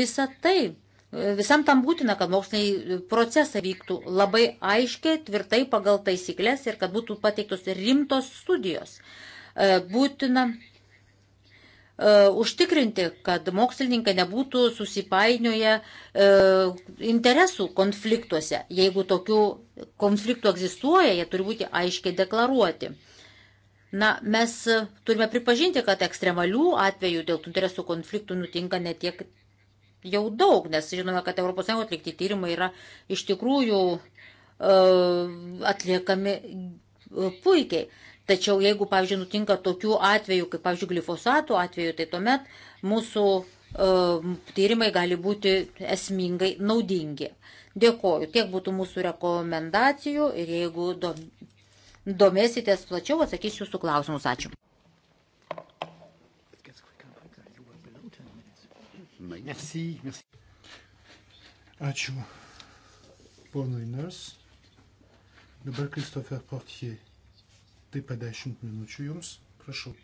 Visa tai Visam tam būtina, kad moksliniai procesai vyktų labai aiškiai, tvirtai pagal taisyklės ir kad būtų pateiktos rimtos studijos. E, būtina e, užtikrinti, kad mokslininkai nebūtų susipainioję e, interesų konfliktuose. Jeigu tokių konfliktų egzistuoja, jie turi būti aiškiai deklaruoti. Na, mes turime pripažinti, kad ekstremalių atvejų dėl tų interesų konfliktų nutinka netiek jau daug, nes žinome, kad ES atlikti tyrimai yra iš tikrųjų e, atliekami e, puikiai. Tačiau jeigu, pavyzdžiui, nutinka tokių atvejų, kaip, pavyzdžiui, glifosatų atveju, tai tuomet mūsų uh, tyrimai gali būti esmingai naudingi. Dėkoju. Tiek būtų mūsų rekomendacijų ir jeigu domėsitės plačiau, atsakysiu jūsų klausimus. Ačiū.
Merci, merci. Ačiū ponui Ners. Dabar Kristofer Portie. Taip pat 10 minučių jums, prašau.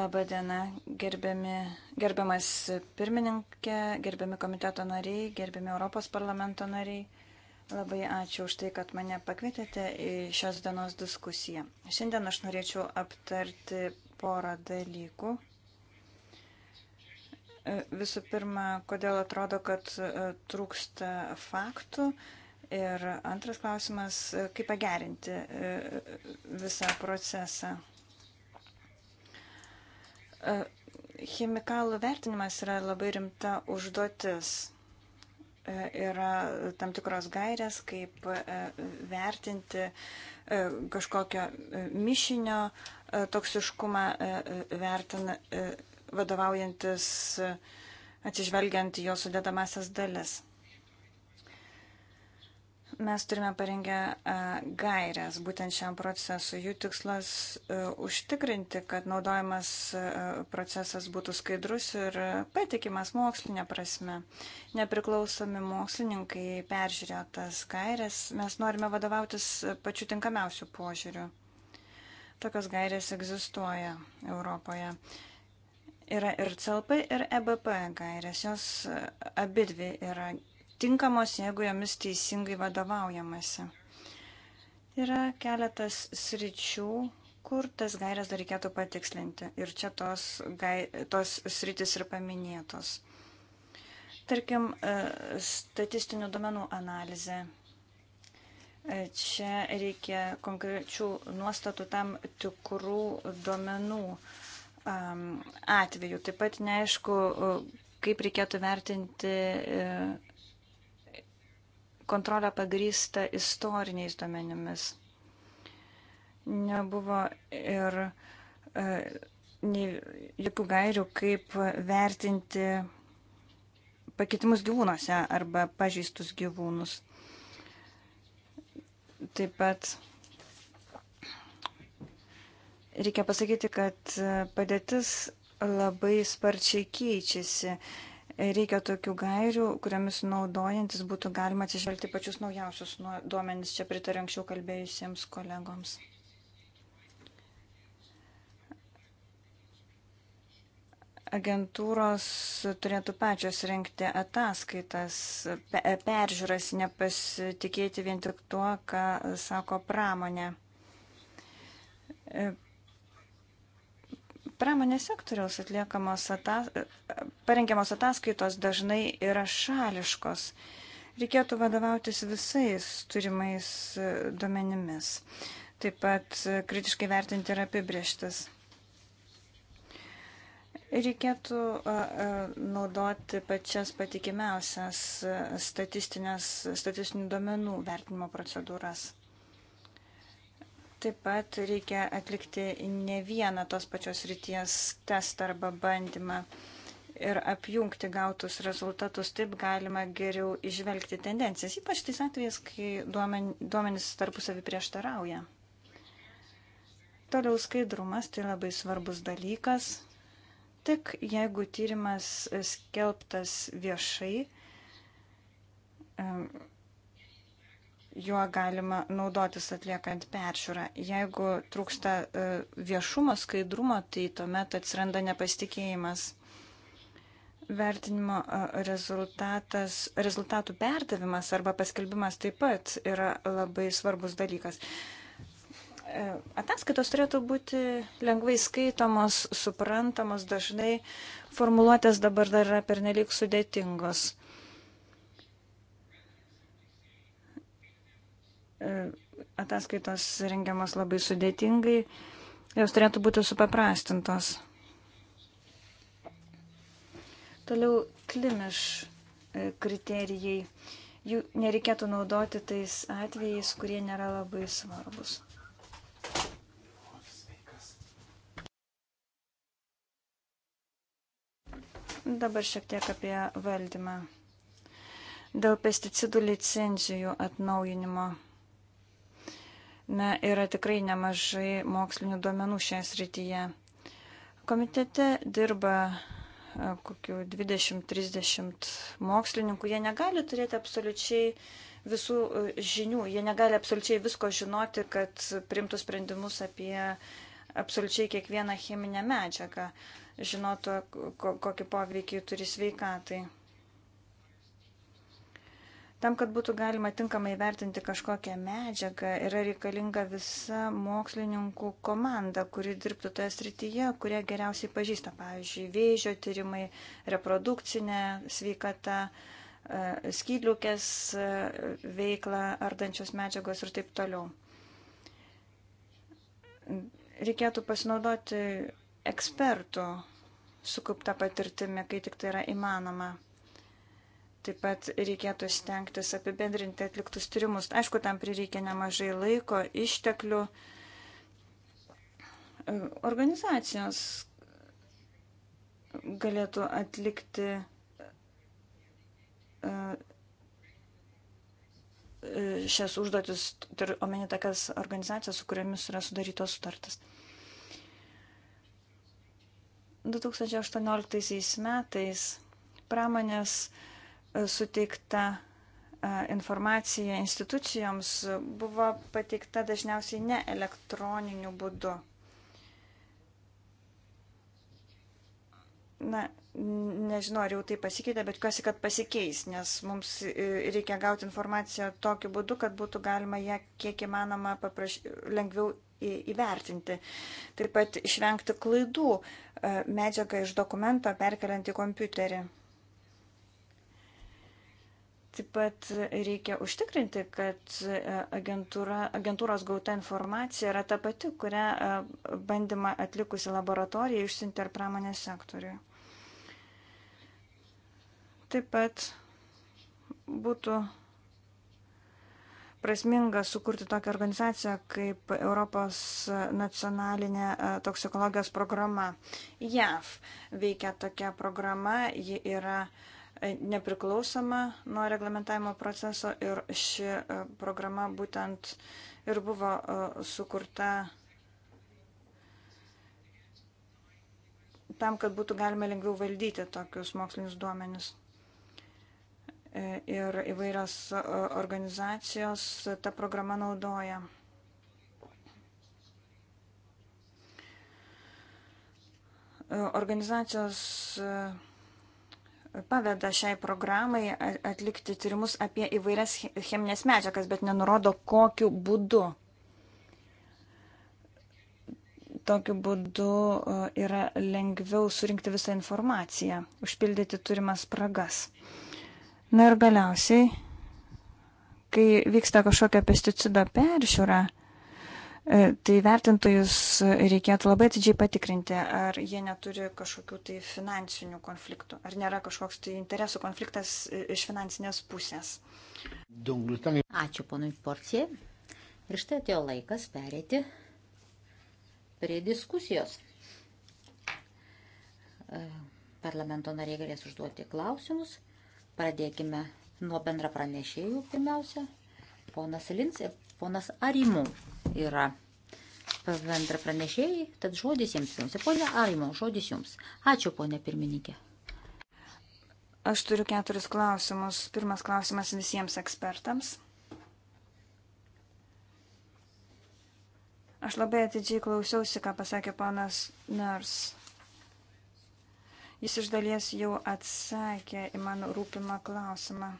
Labą dieną, gerbiami, gerbiamas pirmininkė, gerbiami komiteto nariai, gerbiami Europos parlamento nariai. Labai ačiū už tai, kad mane pakvietėte į šios dienos diskusiją. Šiandien aš norėčiau aptarti porą dalykų, Visų pirma, kodėl atrodo, kad e, trūksta faktų. Ir antras klausimas, e, kaip pagerinti e, visą procesą. Chemikalų vertinimas yra labai rimta užduotis. Yra tam tikros gairės, kaip vertinti kažkokio mišinio toksiškumą, vertina, vadovaujantis atsižvelgiant jo sudėdamasias dalis. Mes turime parengę e, gairias būtent šiam procesui. Jų tikslas e, užtikrinti, kad naudojamas e, procesas būtų skaidrus ir patikimas mokslinė prasme. Nepriklausomi mokslininkai peržiūrėjo tas gairias. Mes norime vadovautis pačiu tinkamiausiu požiūriu. Tokios gairės egzistuoja Europoje. Yra ir CLP, ir EBP gairės. Jos e, abidvi yra tinkamos, jeigu jomis teisingai vadovaujamasi. Yra keletas sričių, kur tas gairias dar reikėtų patikslinti. Ir čia tos, gai, tos sritis ir paminėtos. Tarkim, e, statistinių domenų analizė. E, čia reikia konkrečių nuostatų tam tikrų domenų atveju. Taip pat neaišku, kaip reikėtų vertinti e, kontrolę pagrįstą istoriniais duomenimis. Nebuvo ir e, jokių gairių, kaip vertinti pakitimus gyvūnuose arba pažįstus gyvūnus. Taip pat Reikia pasakyti, kad e, padėtis labai sparčiai keičiasi. Reikia tokių gairių, kuriamis naudojantis būtų galima atsižvelgti pačius naujausius duomenis. Čia pritariu anksčiau kalbėjusiems kolegoms. agentūros turėtų pačios renkti ataskaitas, pe, peržiūras, nepasitikėti vien tik tuo, ką sako pramonė. E, Pramonės sektoriaus atliekamos atas, parengiamos ataskaitos dažnai yra šališkos. Reikėtų vadovautis visais turimais e, duomenimis. Taip pat e, kritiškai vertinti ir apibrieštis. Reikėtų e, naudoti pačias patikimiausias statistinių duomenų vertinimo procedūras. Taip pat reikia atlikti ne vieną tos pačios ryties testą arba bandymą ir apjungti gautus rezultatus. Taip galima geriau išvelgti tendencijas, ypač tais atvejais, kai duomenys tarpusavį prieštarauja. Toliau skaidrumas tai labai svarbus dalykas. Tik jeigu tyrimas skelbtas viešai, juo galima naudotis atliekant peržiūrą. Jeigu trūksta e, viešumo, skaidrumo, tai tuomet atsiranda nepasitikėjimas. Vertinimo e, rezultatas, rezultatų perdavimas arba paskelbimas taip pat yra labai svarbus dalykas. E, ataskaitos turėtų būti lengvai skaitomos, suprantamos, dažnai formuluotės dabar dar yra pernelyg sudėtingos Ataskaitos rengiamas labai sudėtingai, jos turėtų būti supaprastintos. Toliau klimiš e, kriterijai. Jų nereikėtų naudoti tais atvejais, kurie nėra labai svarbus. Dabar šiek tiek apie valdymą. Dėl pesticidų licenzijų atnaujinimo Na, yra tikrai nemažai mokslinių duomenų šioje srityje. Komitete dirba e, kokių 20-30 mokslininkų, jie negali turėti absoliučiai visų e, žinių, jie negali absoliučiai visko žinoti, kad primtų sprendimus apie absoliučiai kiekvieną cheminę medžiagą, žinotų, kokį poveikį turi sveikatai. Tam, kad būtų galima tinkamai vertinti kažkokią medžiagą, yra reikalinga visa mokslininkų komanda, kuri dirbtų toje srityje, kurie geriausiai pažįsta, pavyzdžiui, vėžio tyrimai, reprodukcinė sveikata, e, skydliukės e, veiklą, ardančios medžiagos ir taip toliau. Reikėtų pasinaudoti ekspertų sukauptą patirtimį, kai tik tai yra įmanoma. Taip pat reikėtų stengtis apibendrinti atliktus tyrimus. Aišku, tam prireikia nemažai laiko, išteklių. E, organizacijos galėtų atlikti e, e, šias užduotis, turiu omeny tokias organizacijas, su kuriamis yra sudarytos sutartas. 2018 metais pramonės uh, suteikta e, informacija institucijoms buvo pateikta dažniausiai ne elektroniniu būdu. Na, nežinau, ar jau tai pasikeitė, bet tikiuosi, kad pasikeis, nes mums e, reikia gauti informaciją tokiu būdu, kad būtų galima ją kiek įmanoma papraš... lengviau įvertinti. Taip pat išvengti klaidų e, medžiagą iš dokumento perkeliant į kompiuterį. Taip pat reikia užtikrinti, kad e, agentūra, agentūros gauta informacija yra ta pati, kurią e, bandymą atlikusi laboratorija išsinti ar pramonės sektoriui. Taip pat būtų prasminga sukurti tokią organizaciją kaip Europos nacionalinė e, toksikologijos programa. JAV veikia tokia programa, ji yra uh, E, nepriklausoma nuo reglamentavimo proceso ir ši e, programa būtent ir buvo e, sukurta tam, kad būtų galima lengviau valdyti tokius mokslinius duomenis. Ir įvairios organizacijos tą programą naudoja. Organizacijos paveda šiai programai atlikti tyrimus apie įvairias cheminės medžiagas, bet nenurodo, kokiu būdu. Tokiu būdu yra lengviau surinkti visą informaciją, užpildyti turimas spragas. Na ir galiausiai, kai vyksta kažkokia pesticido peržiūra, E, tai vertintojus reikėtų labai atidžiai patikrinti, ar jie neturi kažkokių tai finansinių konfliktų, ar nėra kažkoks tai interesų konfliktas e, iš finansinės pusės. Ačiū
ponui Porcijai. Ir štai atėjo laikas perėti prie diskusijos. E, parlamento nariai galės užduoti klausimus. Pradėkime nuo bendra pranešėjų pirmiausia. Ponas Lins ir ponas Arimų yra bendra pranešėjai,
tad žodis jiems jums. Pone Arimo, žodis jums. Ačiū, ponė pirmininkė. Aš turiu keturis klausimus. Pirmas klausimas visiems ekspertams. Aš labai atidžiai klausiausi, ką pasakė ponas Nars. Jis iš dalies jau atsakė į mano rūpimą klausimą.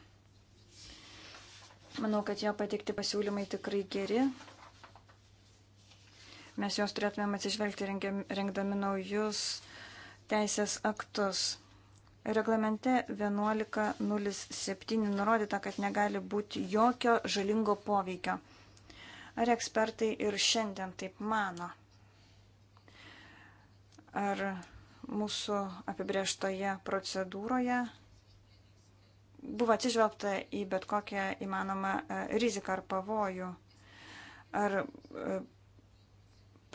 Manau, kad jo pateikti pasiūlymai tikrai geri, Mes jos turėtumėm atsižvelgti rengdami naujus teisės aktus. Reglamente 1107 nurodyta, kad negali būti jokio žalingo poveikio. Ar ekspertai ir šiandien taip mano? Ar mūsų apibrieštoje procedūroje buvo atsižvelgta į bet kokią įmanomą e, riziką ar pavojų? Ar e,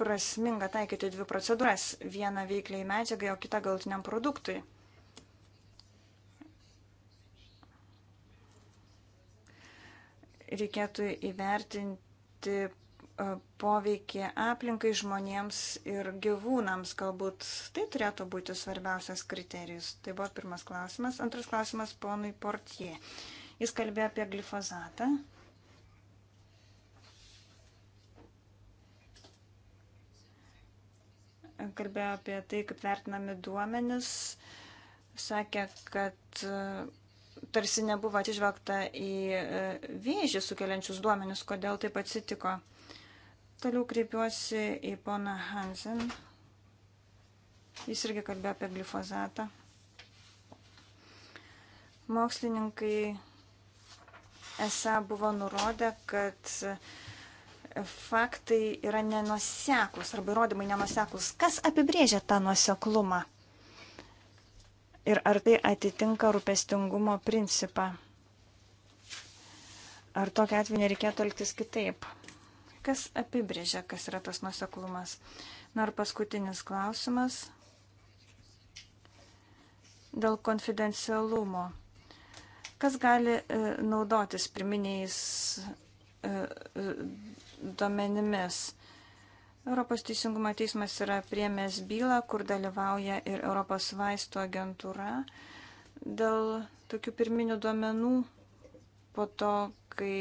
prasminga taikyti dvi procedūras - vieną veikliai medžiagai, o kitą galtiniam produktui. Reikėtų įvertinti e, poveikį aplinkai žmonėms ir gyvūnams. Galbūt tai turėtų būti svarbiausias kriterijus. Tai buvo pirmas klausimas. Antras klausimas ponui Portie. Jis kalbėjo apie glifozatą. kalbėjo apie tai, kaip vertinami duomenis, sakė, kad e, tarsi nebuvo atižvelgta į e, vėžį sukeliančius duomenis, kodėl taip atsitiko. Toliau kreipiuosi į poną Hansen. Jis irgi kalbėjo apie glifozatą. Mokslininkai esą buvo nurodę, kad faktai yra nenuseklus arba įrodymai nenuseklus. Kas apibrėžia tą nuseklumą? Ir ar tai atitinka rūpestingumo principą? Ar tokia atveju nereikėtų elgtis kitaip? Kas apibrėžia, kas yra tas nuseklumas? Na ir paskutinis klausimas dėl konfidencialumo. Kas gali e, naudotis pirminiais e, e, duomenimis. Europos teisingumo teismas yra priemęs bylą, kur dalyvauja ir Europos vaisto agentūra dėl tokių pirminių duomenų po to, kai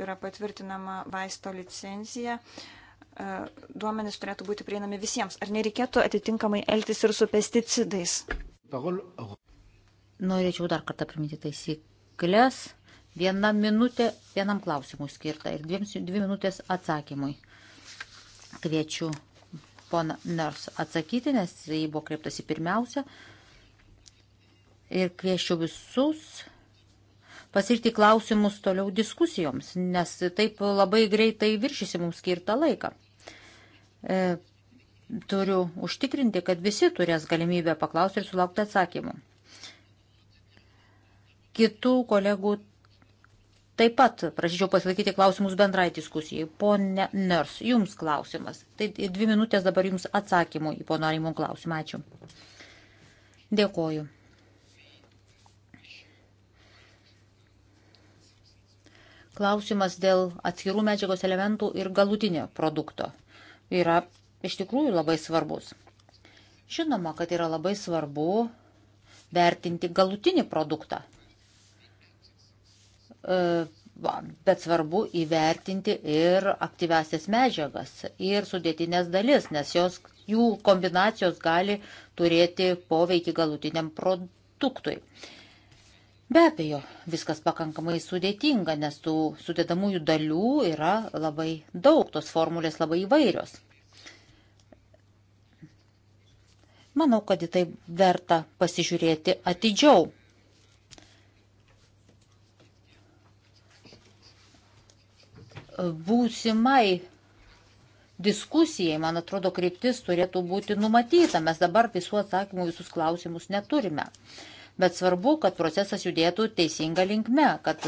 yra patvirtinama vaisto licencija. E, duomenys turėtų būti prieinami visiems. Ar nereikėtų atitinkamai elgtis ir su pesticidais?
Norėčiau dar kartą priminti taisyklės Viena minutė vienam klausimui skirta ir dviems, dvi minutės atsakymui. Kviečiu poną Ners atsakyti, nes jį buvo kreiptasi pirmiausia. Ir kviečiu visus pasirti klausimus toliau diskusijoms, nes taip labai greitai viršysi mums skirtą laiką. E, turiu užtikrinti, kad visi turės galimybę paklausti ir sulaukti atsakymų. Kitų kolegų Taip pat prašyčiau pasakyti klausimus bendrai diskusijai. Pone Ners, jums klausimas. Tai dvi minutės dabar jums atsakymų į pono Arimų klausimą. Ačiū. Dėkoju. Klausimas dėl atskirų medžiagos elementų ir galutinio produkto yra iš tikrųjų labai svarbus. Žinoma, kad yra labai svarbu vertinti galutinį produktą, E, bet svarbu įvertinti ir aktyvesias medžiagas ir sudėtinės dalis, nes jos, jų kombinacijos gali turėti poveikį galutiniam produktui. Be abejo, viskas pakankamai sudėtinga, nes tų sudėdamųjų dalių yra labai daug, tos formulės labai įvairios. Manau, kad į tai verta pasižiūrėti atidžiau. būsimai diskusijai, man atrodo, kryptis turėtų būti numatyta. Mes dabar visų atsakymų, visus klausimus neturime. Bet svarbu, kad procesas judėtų teisinga linkme, kad,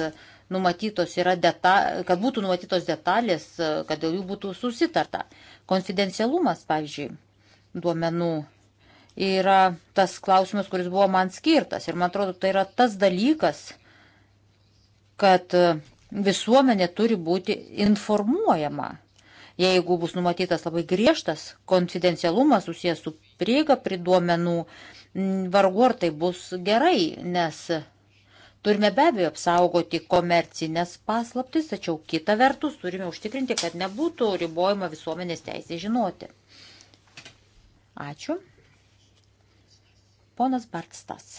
deta, kad būtų numatytos detalės, kad dėl jų būtų susitarta. Konfidencialumas, pavyzdžiui, duomenų yra tas klausimas, kuris buvo man skirtas. Ir man atrodo, tai yra tas dalykas, kad visuomenė turi būti informuojama. Jeigu bus numatytas labai griežtas konfidencialumas susijęs su prieiga prie duomenų, vargu ar tai bus gerai, nes turime be abejo apsaugoti komercinės paslaptis, tačiau kita vertus turime užtikrinti, kad nebūtų ribojama visuomenės teisė žinoti. Ačiū. Ponas Bartstas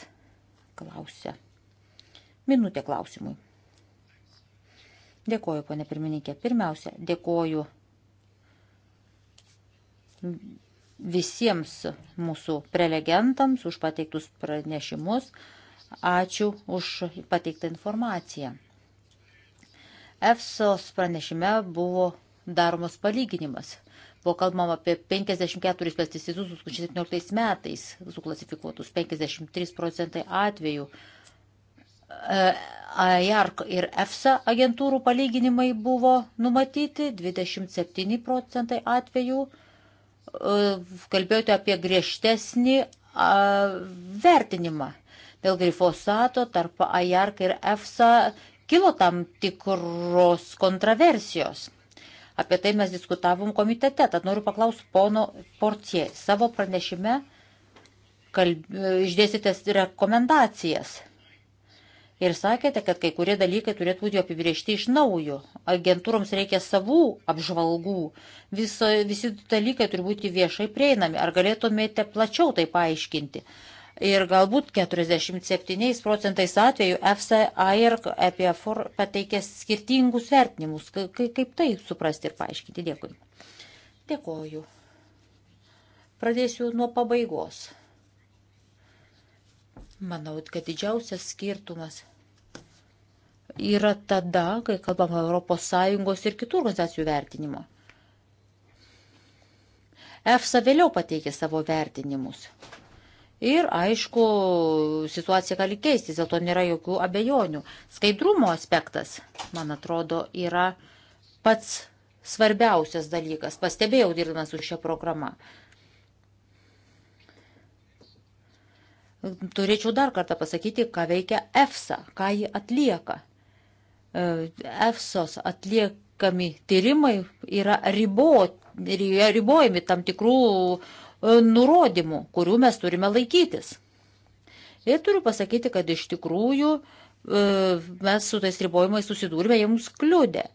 klausia. Minutė klausimui. Dėkoju, ponė pirmininkė. Pirmiausia, dėkoju visiems mūsų prelegentams už pateiktus pranešimus. Ačiū už pateiktą informaciją. EFSOS pranešime buvo daromas palyginimas. Buvo kalbama apie 54 pesticidus 2017 metais suklasifikuotus, 53 procentai atvejų E, AJARK ir EFSA agentūrų palyginimai buvo numatyti 27 procentai atvejų. E, kalbėjote apie griežtesnį vertinimą. Dėl glifosato tarp AJARK ir EFSA kilo tam tikros kontroversijos. Apie tai mes diskutavom komitete, tad noriu paklausti pono Portie. Savo pranešime kalb... išdėsite rekomendacijas ir sakėte, kad kai kurie dalykai turėtų būti apibriežti iš naujo. Agentūroms reikia savų apžvalgų, Viso, visi dalykai turi būti viešai prieinami. Ar galėtumėte plačiau tai paaiškinti? Ir galbūt 47 procentais atveju FCA ir EPFOR pateikė skirtingus vertinimus. Kaip tai suprasti ir paaiškinti? Dėkui. Dėkoju. Pradėsiu nuo pabaigos. Manau, kad didžiausias skirtumas yra tada, kai kalbama ES ir kitų organizacijų vertinimo. EFSA vėliau pateikė savo vertinimus. Ir aišku, situacija gali keistis, dėl to nėra jokių abejonių. Skaidrumo aspektas, man atrodo, yra pats svarbiausias dalykas. Pastebėjau dirbant su šia programa. Turėčiau dar kartą pasakyti, ką veikia EFSA, ką ji atlieka. E, EFSOS atliekami tyrimai yra riboti, ribojami tam tikrų e, nurodymų, kurių mes turime laikytis. Ir turiu pasakyti, kad iš tikrųjų e, mes su tais ribojimais susidūrėme, jie mums kliūdė.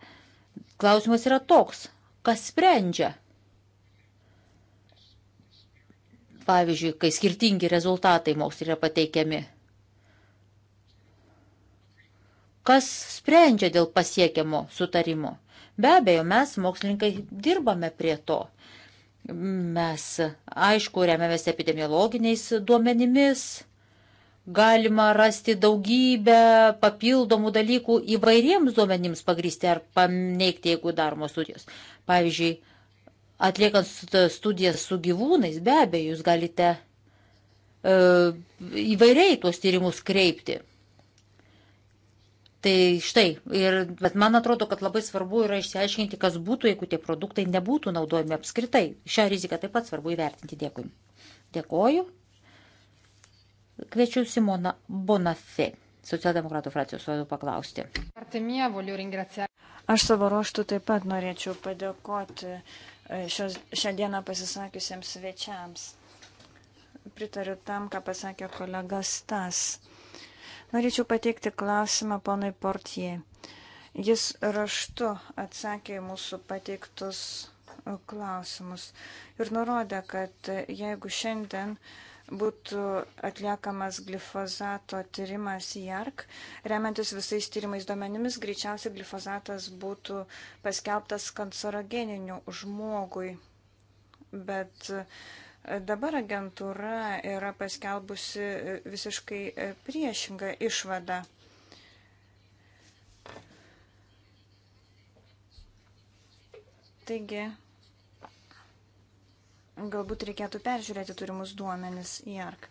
Klausimas yra toks, kas sprendžia pavyzdžiui, kai skirtingi rezultatai mokslo yra pateikiami? Kas sprendžia dėl pasiekiamo sutarimo? Be abejo, mes mokslininkai dirbame prie to. Mes, aišku, remiamės epidemiologiniais duomenimis, galima rasti daugybę papildomų dalykų įvairiems duomenims pagristi ar paneigti, jeigu daromos studijos. Pavyzdžiui, atliekant studijas su gyvūnais, be abejo, jūs galite e, įvairiai tuos tyrimus kreipti. Tai štai, ir, bet man atrodo, kad labai svarbu yra išsiaiškinti, kas būtų, jeigu tie produktai nebūtų naudojami apskritai. Šią riziką taip pat svarbu įvertinti. Dėkui. Dėkoju. Kviečiu Simona Bonafė, socialdemokratų frakcijos vadovų, paklausti.
Aš savo ruoštų taip pat norėčiau padėkoti šios, šiandieną pasisakiusiems svečiams. Pritariu tam, ką pasakė kolega Stas. Norėčiau pateikti klausimą ponui Portie. Jis raštu atsakė į mūsų pateiktus e, klausimus ir nurodė, kad jeigu šiandien uh, būtų atliekamas glifozato tyrimas JARC, remiantis visais tyrimais duomenimis, greičiausiai glifozatas būtų paskelbtas kancerogeniniu žmogui. Bet e, dabar agentūra yra paskelbusi e, visiškai e, priešingą išvadą. Taigi, Galbūt reikėtų peržiūrėti turimus duomenis IARC.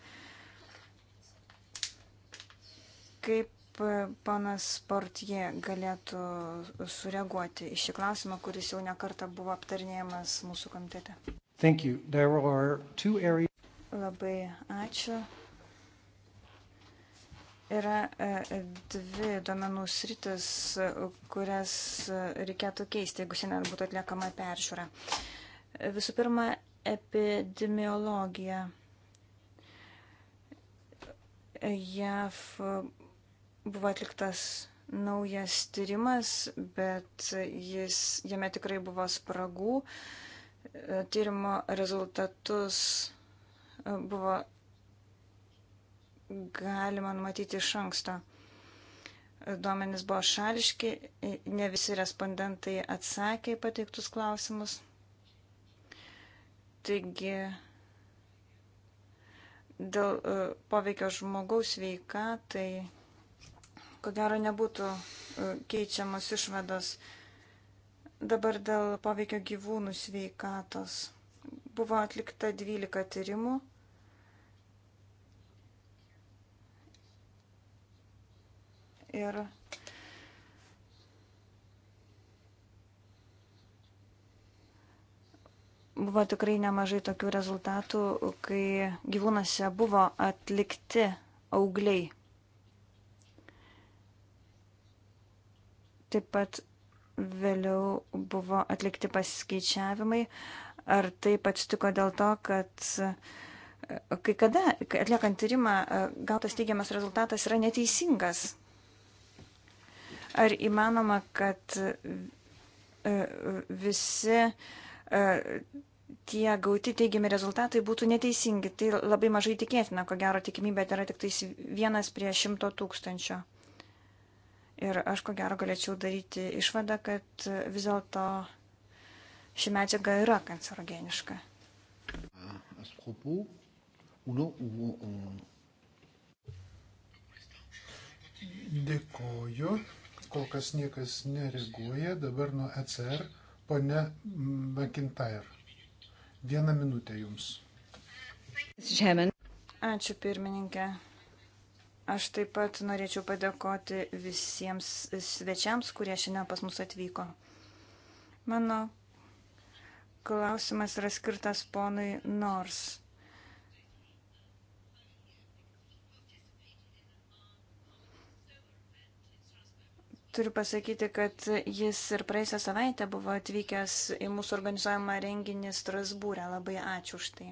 Kaip e, panas Portie galėtų sureaguoti į šį klausimą, kuris jau nekarta buvo aptarnėjamas mūsų komitete? Labai ačiū yra e, dvi domenų sritis, kurias reikėtų keisti, jeigu šiandien būtų atliekama peržiūra. Visų pirma, epidemiologiją. JAV buvo atliktas naujas tyrimas, bet jis, jame tikrai buvo spragų. Tyrimo rezultatus e, buvo galima numatyti iš anksto. Duomenys buvo šališki, ne visi respondentai atsakė į pateiktus klausimus. Taigi dėl e, poveikio žmogaus veikatai, ko gero, nebūtų e, keičiamos išvados. Dabar dėl poveikio gyvūnų sveikatos. Buvo atlikta 12 tyrimų. Ir Buvo tikrai nemažai tokių rezultatų, kai gyvūnose buvo atlikti augliai. Taip pat vėliau buvo atlikti pasiskaičiavimai. Ar taip atsitiko dėl to, kad e, kai kada, kai atliekant tyrimą, e, gautas teigiamas rezultatas yra neteisingas? Ar įmanoma, kad e, visi E, tie gauti teigiami rezultatai būtų neteisingi. Tai labai mažai tikėtina, ko gero tikimybė yra tik tais vienas prie šimto tūkstančio. Ir aš ko gero galėčiau daryti išvadą, kad vis dėlto ši medžiaga yra kancerogeniška.
Dėkoju. Kol kas niekas nereaguoja. Dabar nuo ECR Pone McIntyre, vieną minutę jums.
Žemė. Ačiū pirmininkė. Aš taip pat norėčiau padėkoti visiems svečiams, kurie šiandien pas mus atvyko. Mano klausimas yra skirtas ponui Nors. Turiu pasakyti, kad jis ir praėjusią savaitę buvo atvykęs į mūsų organizuojamą renginį Strasbūrę. Labai ačiū už tai.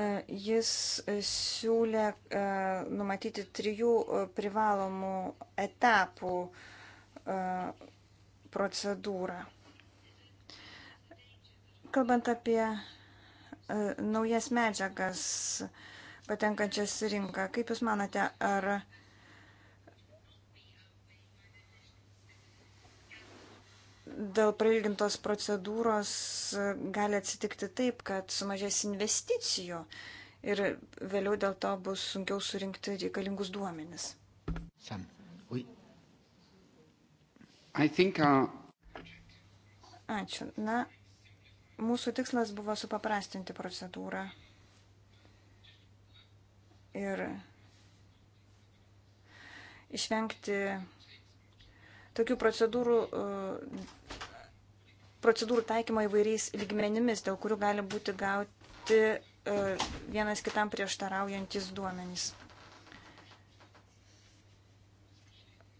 E, jis siūlė e, numatyti trijų e, privalomų etapų procedūrą. Kalbant apie naujas medžiagas, patenkančias rinką. Kaip Jūs manate, ar dėl prailgintos procedūros gali atsitikti taip, kad sumažės investicijų ir vėliau dėl to bus sunkiau surinkti reikalingus duomenis.
Sam. Oui. I think, uh...
Ačiū. Na, mūsų tikslas buvo supaprastinti procedūrą ir išvengti tokių procedūrų, e, procedūrų taikymo įvairiais lygmenimis, dėl kurių gali būti gauti e, vienas kitam prieštaraujantis duomenys.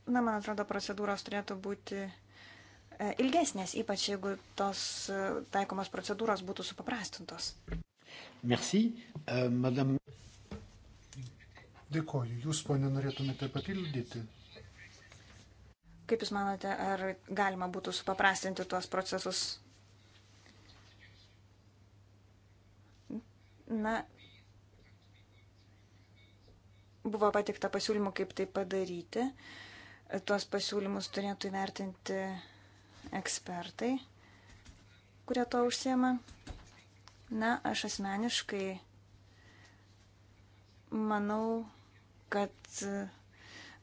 Na, man atrodo, procedūros turėtų būti e, ilgesnės, ypač jeigu tos taikomos procedūros būtų supaprastintos.
Merci, uh, madame. Dėkoju. Jūs, ponė, norėtumėte papildyti?
Kaip Jūs manote, ar galima būtų supaprastinti tuos procesus? Na, buvo patikta pasiūlymų, kaip tai padaryti. Tuos pasiūlymus turėtų įvertinti ekspertai, kurie to užsiema. Na, aš asmeniškai manau, kad e,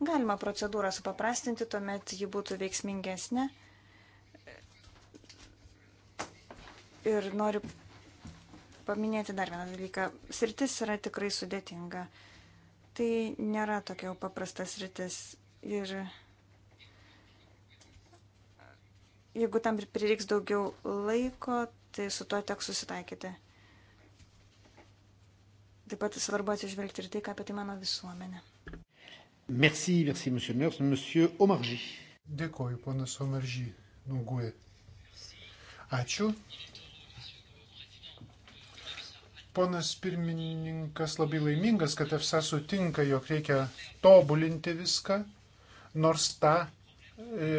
galima procedūrą supaprastinti, tuomet ji būtų veiksmingesnė. Ir noriu paminėti dar vieną dalyką. Sritis yra tikrai sudėtinga. Tai nėra tokia jau paprasta sritis. Ir jeigu tam prireiks daugiau laiko, tai su tuo teks susitaikyti. Taip pat svarbu atsižvelgti ir tai, ką apie tai mano visuomenė.
Merci, merci, monsieur Nurs. Monsieur Omargy. Dėkoju, ponas Omargy, nuguoja. Ačiū. Ponas pirmininkas labai laimingas, kad EFSA sutinka, jog reikia tobulinti viską, nors tą e,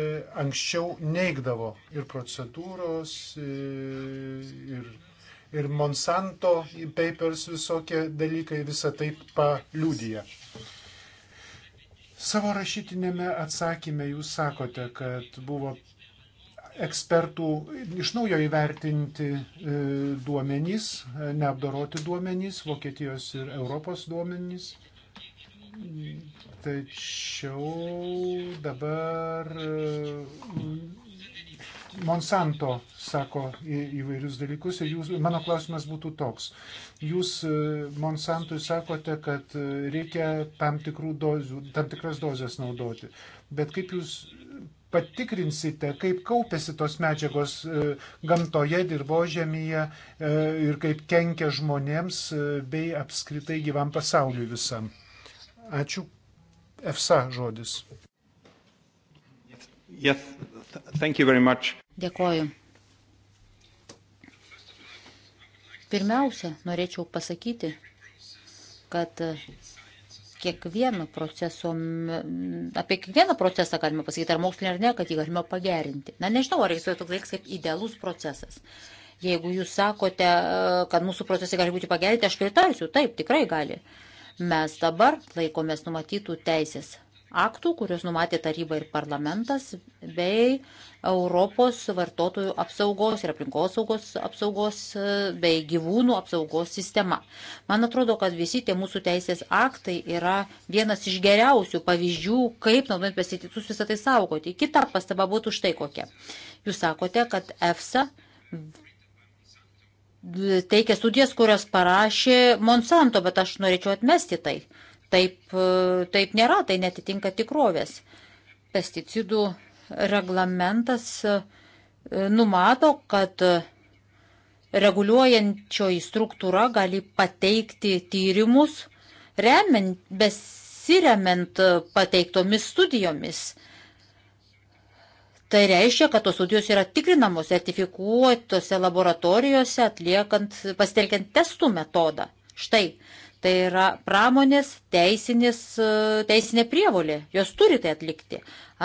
anksčiau neigdavo ir procedūros, e, ir ir Monsanto papers visokie dalykai visą tai paliūdija. Savo rašytinėme atsakymė jūs sakote, kad buvo ekspertų iš naujo įvertinti e, duomenys, e, neapdoroti duomenys, Vokietijos ir Europos duomenys. Tačiau dabar e, Monsanto sako į, įvairius dalykus ir jūs, mano klausimas būtų toks. Jūs e, Monsantui sakote, kad e, reikia tam, dozių, tam tikras dozes naudoti. Bet kaip jūs patikrinsite, kaip kaupėsi tos medžiagos e, gamtoje, dirbožėmyje ir kaip kenkia žmonėms bei apskritai gyvam pasauliui visam. Ačiū. EFSA žodis.
Yes, thank you very much.
Dėkoju. Pirmiausia, norėčiau pasakyti, kad kiekvieno proceso, apie kiekvieną procesą galima pasakyti, ar mokslinį ar ne, kad jį galima pagerinti. Na, nežinau, ar jis yra toks dalykas kaip idealus procesas. Jeigu jūs sakote, kad mūsų procesai gali būti pagerinti, aš pritarsiu, taip, tikrai gali. Mes dabar laikomės numatytų teisės aktų, kuriuos numatė taryba ir parlamentas, bei Europos vartotojų apsaugos ir aplinkosaugos apsaugos bei gyvūnų apsaugos sistema. Man atrodo, kad visi tie mūsų teisės aktai yra vienas iš geriausių pavyzdžių, kaip naudojant pesticidus visą tai saugoti. Kita pastaba būtų štai kokia. Jūs sakote, kad EFSA teikia studijas, kurias parašė Monsanto, bet aš norėčiau atmesti tai. Taip, taip nėra, tai netitinka tikrovės. Pesticidų reglamentas e, numato, kad reguliuojančioji struktūra gali pateikti tyrimus, remiant, besiremiant pateiktomis studijomis. Tai reiškia, kad tos studijos yra tikrinamos sertifikuotose laboratorijose, atliekant, pasitelkiant testų metodą. Štai Tai yra pramonės teisinis, e, teisinė prievolė, jos turi tai atlikti.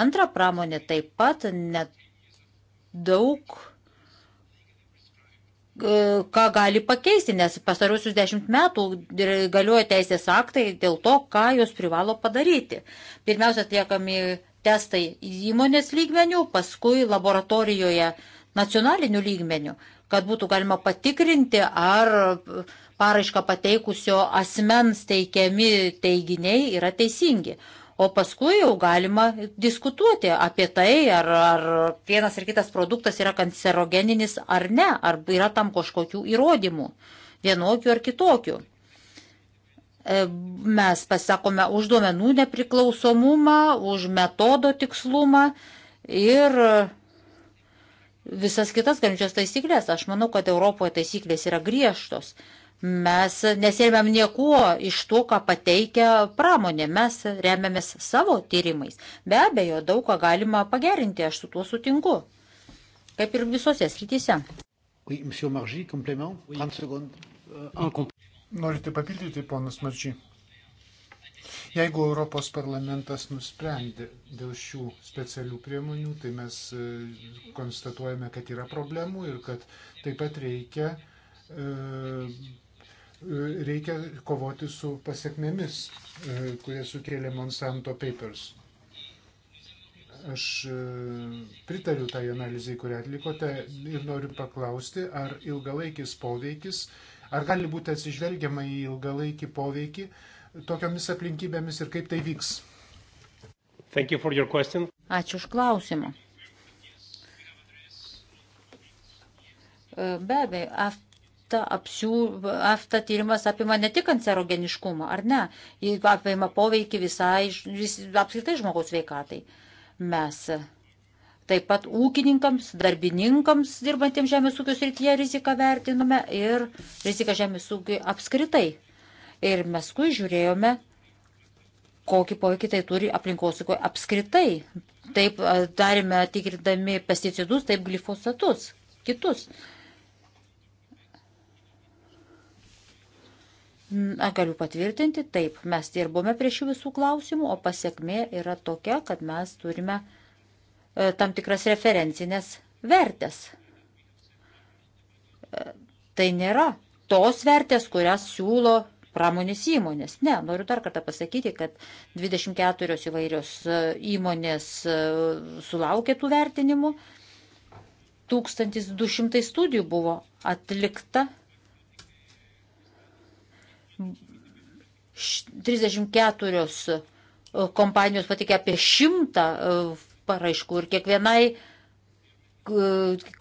Antra pramonė taip pat nedaug e, ką gali pakeisti, nes pastarusius dešimt metų galioja teisės aktai dėl to, ką jos privalo padaryti. Pirmiausia, atliekami testai įmonės lygmenių, paskui laboratorijoje nacionalinių lygmenių, kad būtų galima patikrinti, ar paraišką pateikusio asmens teikiami teiginiai yra teisingi. O paskui jau galima diskutuoti apie tai, ar, ar vienas ar kitas produktas yra kancerogeninis ar ne, ar yra tam kažkokių įrodymų, vienokių ar kitokių. E, mes pasakome už duomenų nepriklausomumą, už metodo tikslumą ir visas kitas galinčios taisyklės. Aš manau, kad Europoje taisyklės yra griežtos. Mes nesiremiam niekuo iš to, ką pateikia pramonė, mes remiamės savo tyrimais. Be abejo, daug ką galima pagerinti, aš su tuo sutinku. Kaip ir visose srityse.
Oui, monsieur Margy, complément, 30 secondes. Euh, Norite papildyti, ponas Margy? Jeigu Europos parlamentas nusprendė dėl šių specialių priemonių, tai mes e, konstatuojame, kad yra problemų ir kad taip pat reikia e, E, reikia kovoti su pasiekmėmis, e, kurie sukėlė Monsanto Papers. Aš e, pritariu tai analizai, kurią atlikote ir noriu paklausti, ar ilgalaikis poveikis, ar gali būti atsižvelgiama į ilgalaikį poveikį tokiomis aplinkybėmis ir kaip tai vyks.
You
Ačiū už klausimą. Be abejo, ta apsių, afta tyrimas apima ne tik kancerogeniškumą, ar ne, apima poveikį visai, vis, apskritai žmogaus veikatai. Mes taip pat ūkininkams, darbininkams dirbantiems žemės ūkio srityje riziką vertinome ir riziką žemės ūkiui apskritai. Ir mes kui žiūrėjome, kokį poveikį tai turi aplinkosakoje apskritai. Taip darėme tikrindami pesticidus, taip glifosatus, kitus. Na, galiu patvirtinti, taip, mes dirbome prie šių visų klausimų, o pasiekmė yra tokia, kad mes turime e, tam tikras referencinės vertės. E, tai nėra tos vertės, kurias siūlo pramonės įmonės. Ne, noriu dar kartą pasakyti, kad 24 įvairios e, įmonės e, sulaukė tų vertinimų. 1200 studijų buvo atlikta 34 e, kompanijos patikė apie 100 e, paraiškų ir kiekvienai e,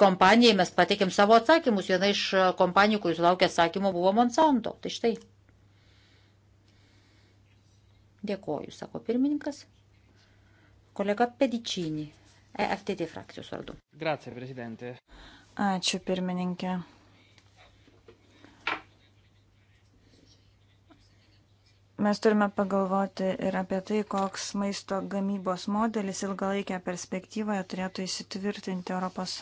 kompanijai mes pateikėm savo atsakymus. Viena iš kompanijų, kuris laukė atsakymo, buvo Monsanto. Tai štai. Dėkoju, sako pirmininkas. Kolega Pedičinį, EFTT frakcijos vardu. Grazie,
prezidentė. Ačiū, pirmininkė. Mes turime pagalvoti ir apie tai, koks maisto gamybos modelis ilgalaikę perspektyvoje turėtų įsitvirtinti ES.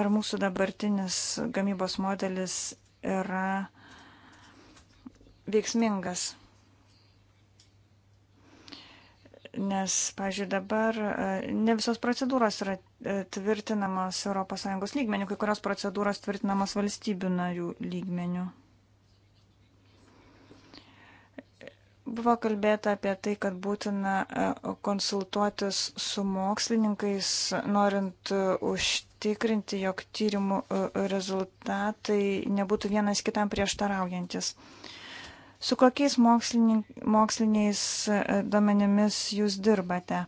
Ar mūsų dabartinis gamybos modelis yra veiksmingas? Nes, pažiūrėjau, dabar e, ne visos procedūros yra e, tvirtinamos ES lygmenių, kai kurios procedūros tvirtinamos valstybių narių lygmenių. Buvo kalbėta apie tai, kad būtina e, konsultuotis su mokslininkais, norint e, užtikrinti, jog tyrimų e, rezultatai nebūtų vienas kitam prieštaraujantis. Su kokiais moksliniais domenimis jūs dirbate?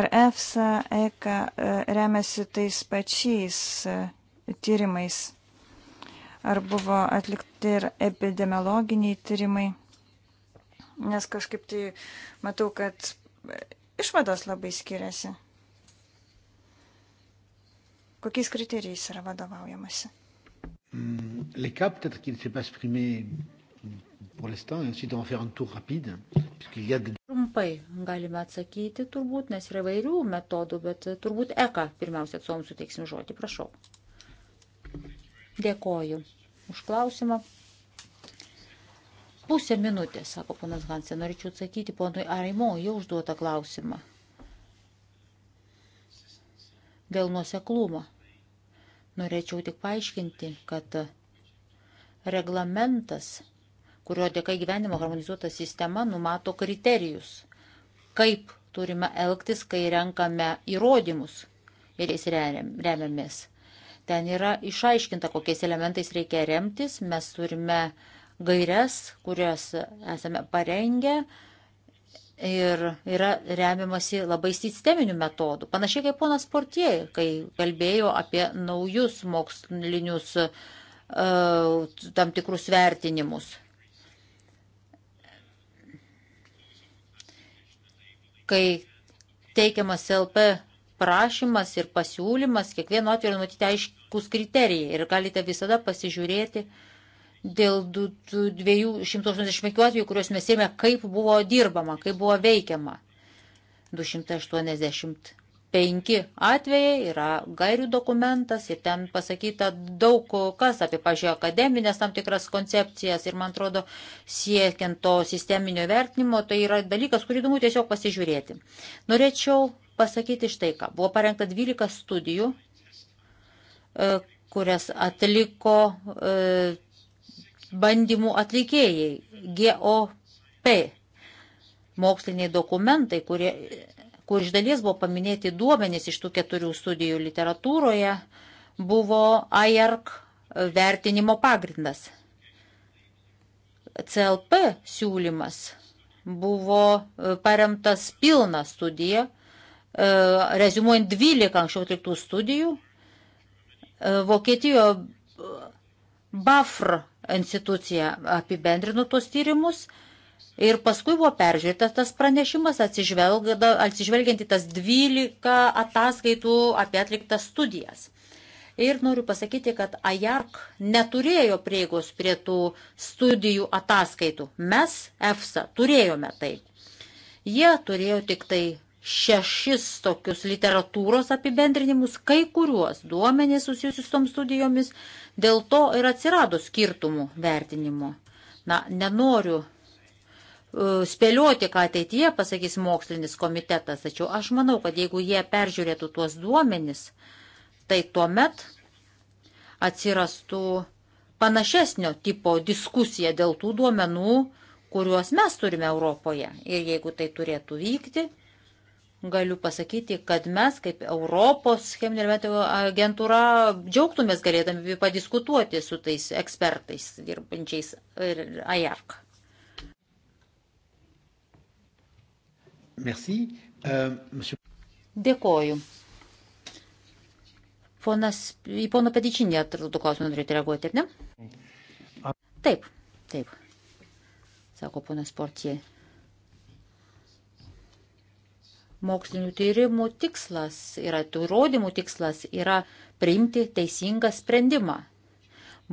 Ar EFSA, ECA remiasi tais pačiais tyrimais? ar buvo atlikti ir epidemiologiniai tyrimai, nes kažkaip tai matau, kad išvados labai skiriasi. Kokiais kriterijais yra vadovaujamasi?
Mm, les cas, peut-être qu'il ne s'est pas exprimé pour l'instant, et ensuite on va faire un tour rapide, puisqu'il y a des...
Trumpai
galime atsakyti turbūt, nes yra vairių metodų, bet turbūt Eka pirmiausia atsuom suteiksim žodį, prašau. Dėkoju už klausimą. Pusę minutės, sako ponas Hansė, norėčiau atsakyti ponui Arimo jau užduotą klausimą. Dėl nuoseklumo. Norėčiau tik paaiškinti, kad reglamentas, kurio dėka gyvenimo harmonizuota sistema numato kriterijus, kaip turime elgtis, kai renkame įrodymus ir jais remiamės. Ten yra išaiškinta, kokiais elementais reikia remtis. Mes turime gairias, kurias esame parengę ir yra remiamasi labai sisteminių metodų. Panašiai kaip ponas Portie, kai kalbėjo apie naujus mokslinius uh, tam tikrus vertinimus. Kai teikiamas LP prašymas ir pasiūlymas, kiekvienu atveju numatyti aiškus kriterijai ir galite visada pasižiūrėti dėl 285 atvejų, kuriuos mes ėmė, kaip buvo dirbama, kaip buvo veikiama. 285 atvejai yra gairių dokumentas ir ten pasakyta daug kas apie, pažiūrėjau, akademinės tam tikras koncepcijas ir man atrodo, siekiant to sisteminio vertinimo, tai yra dalykas, kurį įdomu tiesiog pasižiūrėti. Norėčiau pasakyti štai ką. Buvo parengta 12 studijų, e, kurias atliko e, bandymų atlikėjai GOP moksliniai dokumentai, kurie, kur iš dalies buvo paminėti duomenys iš tų keturių studijų literatūroje, buvo AIRC vertinimo pagrindas. CLP siūlymas buvo e, paremtas pilna studija, E, rezumuojant 12 anksčiau atliktų studijų, e, Vokietijoje BAFR institucija apibendrino tos tyrimus ir paskui buvo peržiūrėtas tas pranešimas atsižvelgiant į tas 12 ataskaitų apie atliktas studijas. Ir noriu pasakyti, kad AJARK neturėjo prieigos prie tų studijų ataskaitų. Mes, EFSA, turėjome tai. Jie turėjo tik tai šešis tokius literatūros apibendrinimus, kai kuriuos duomenys susijusius tom studijomis, dėl to ir atsirado skirtumų vertinimo. Na, nenoriu e, spėlioti, ką ateityje pasakys mokslinis komitetas, tačiau aš manau, kad jeigu jie peržiūrėtų tuos duomenis, tai tuomet atsirastų panašesnio tipo diskusija dėl tų duomenų, kuriuos mes turime Europoje. Ir jeigu tai turėtų vykti, galiu pasakyti, kad mes kaip Europos cheminio elementų agentūra džiaugtumės galėdami padiskutuoti su tais ekspertais dirbančiais AJARK.
Merci. Uh, monsieur...
Dėkoju. Ponas, į pono pedičinį atrodo klausimą norėtų reaguoti, ar ne? Taip, taip, sako ponas Portie. Mokslinių tyrimų tikslas yra, tų įrodymų tikslas yra priimti teisingą sprendimą.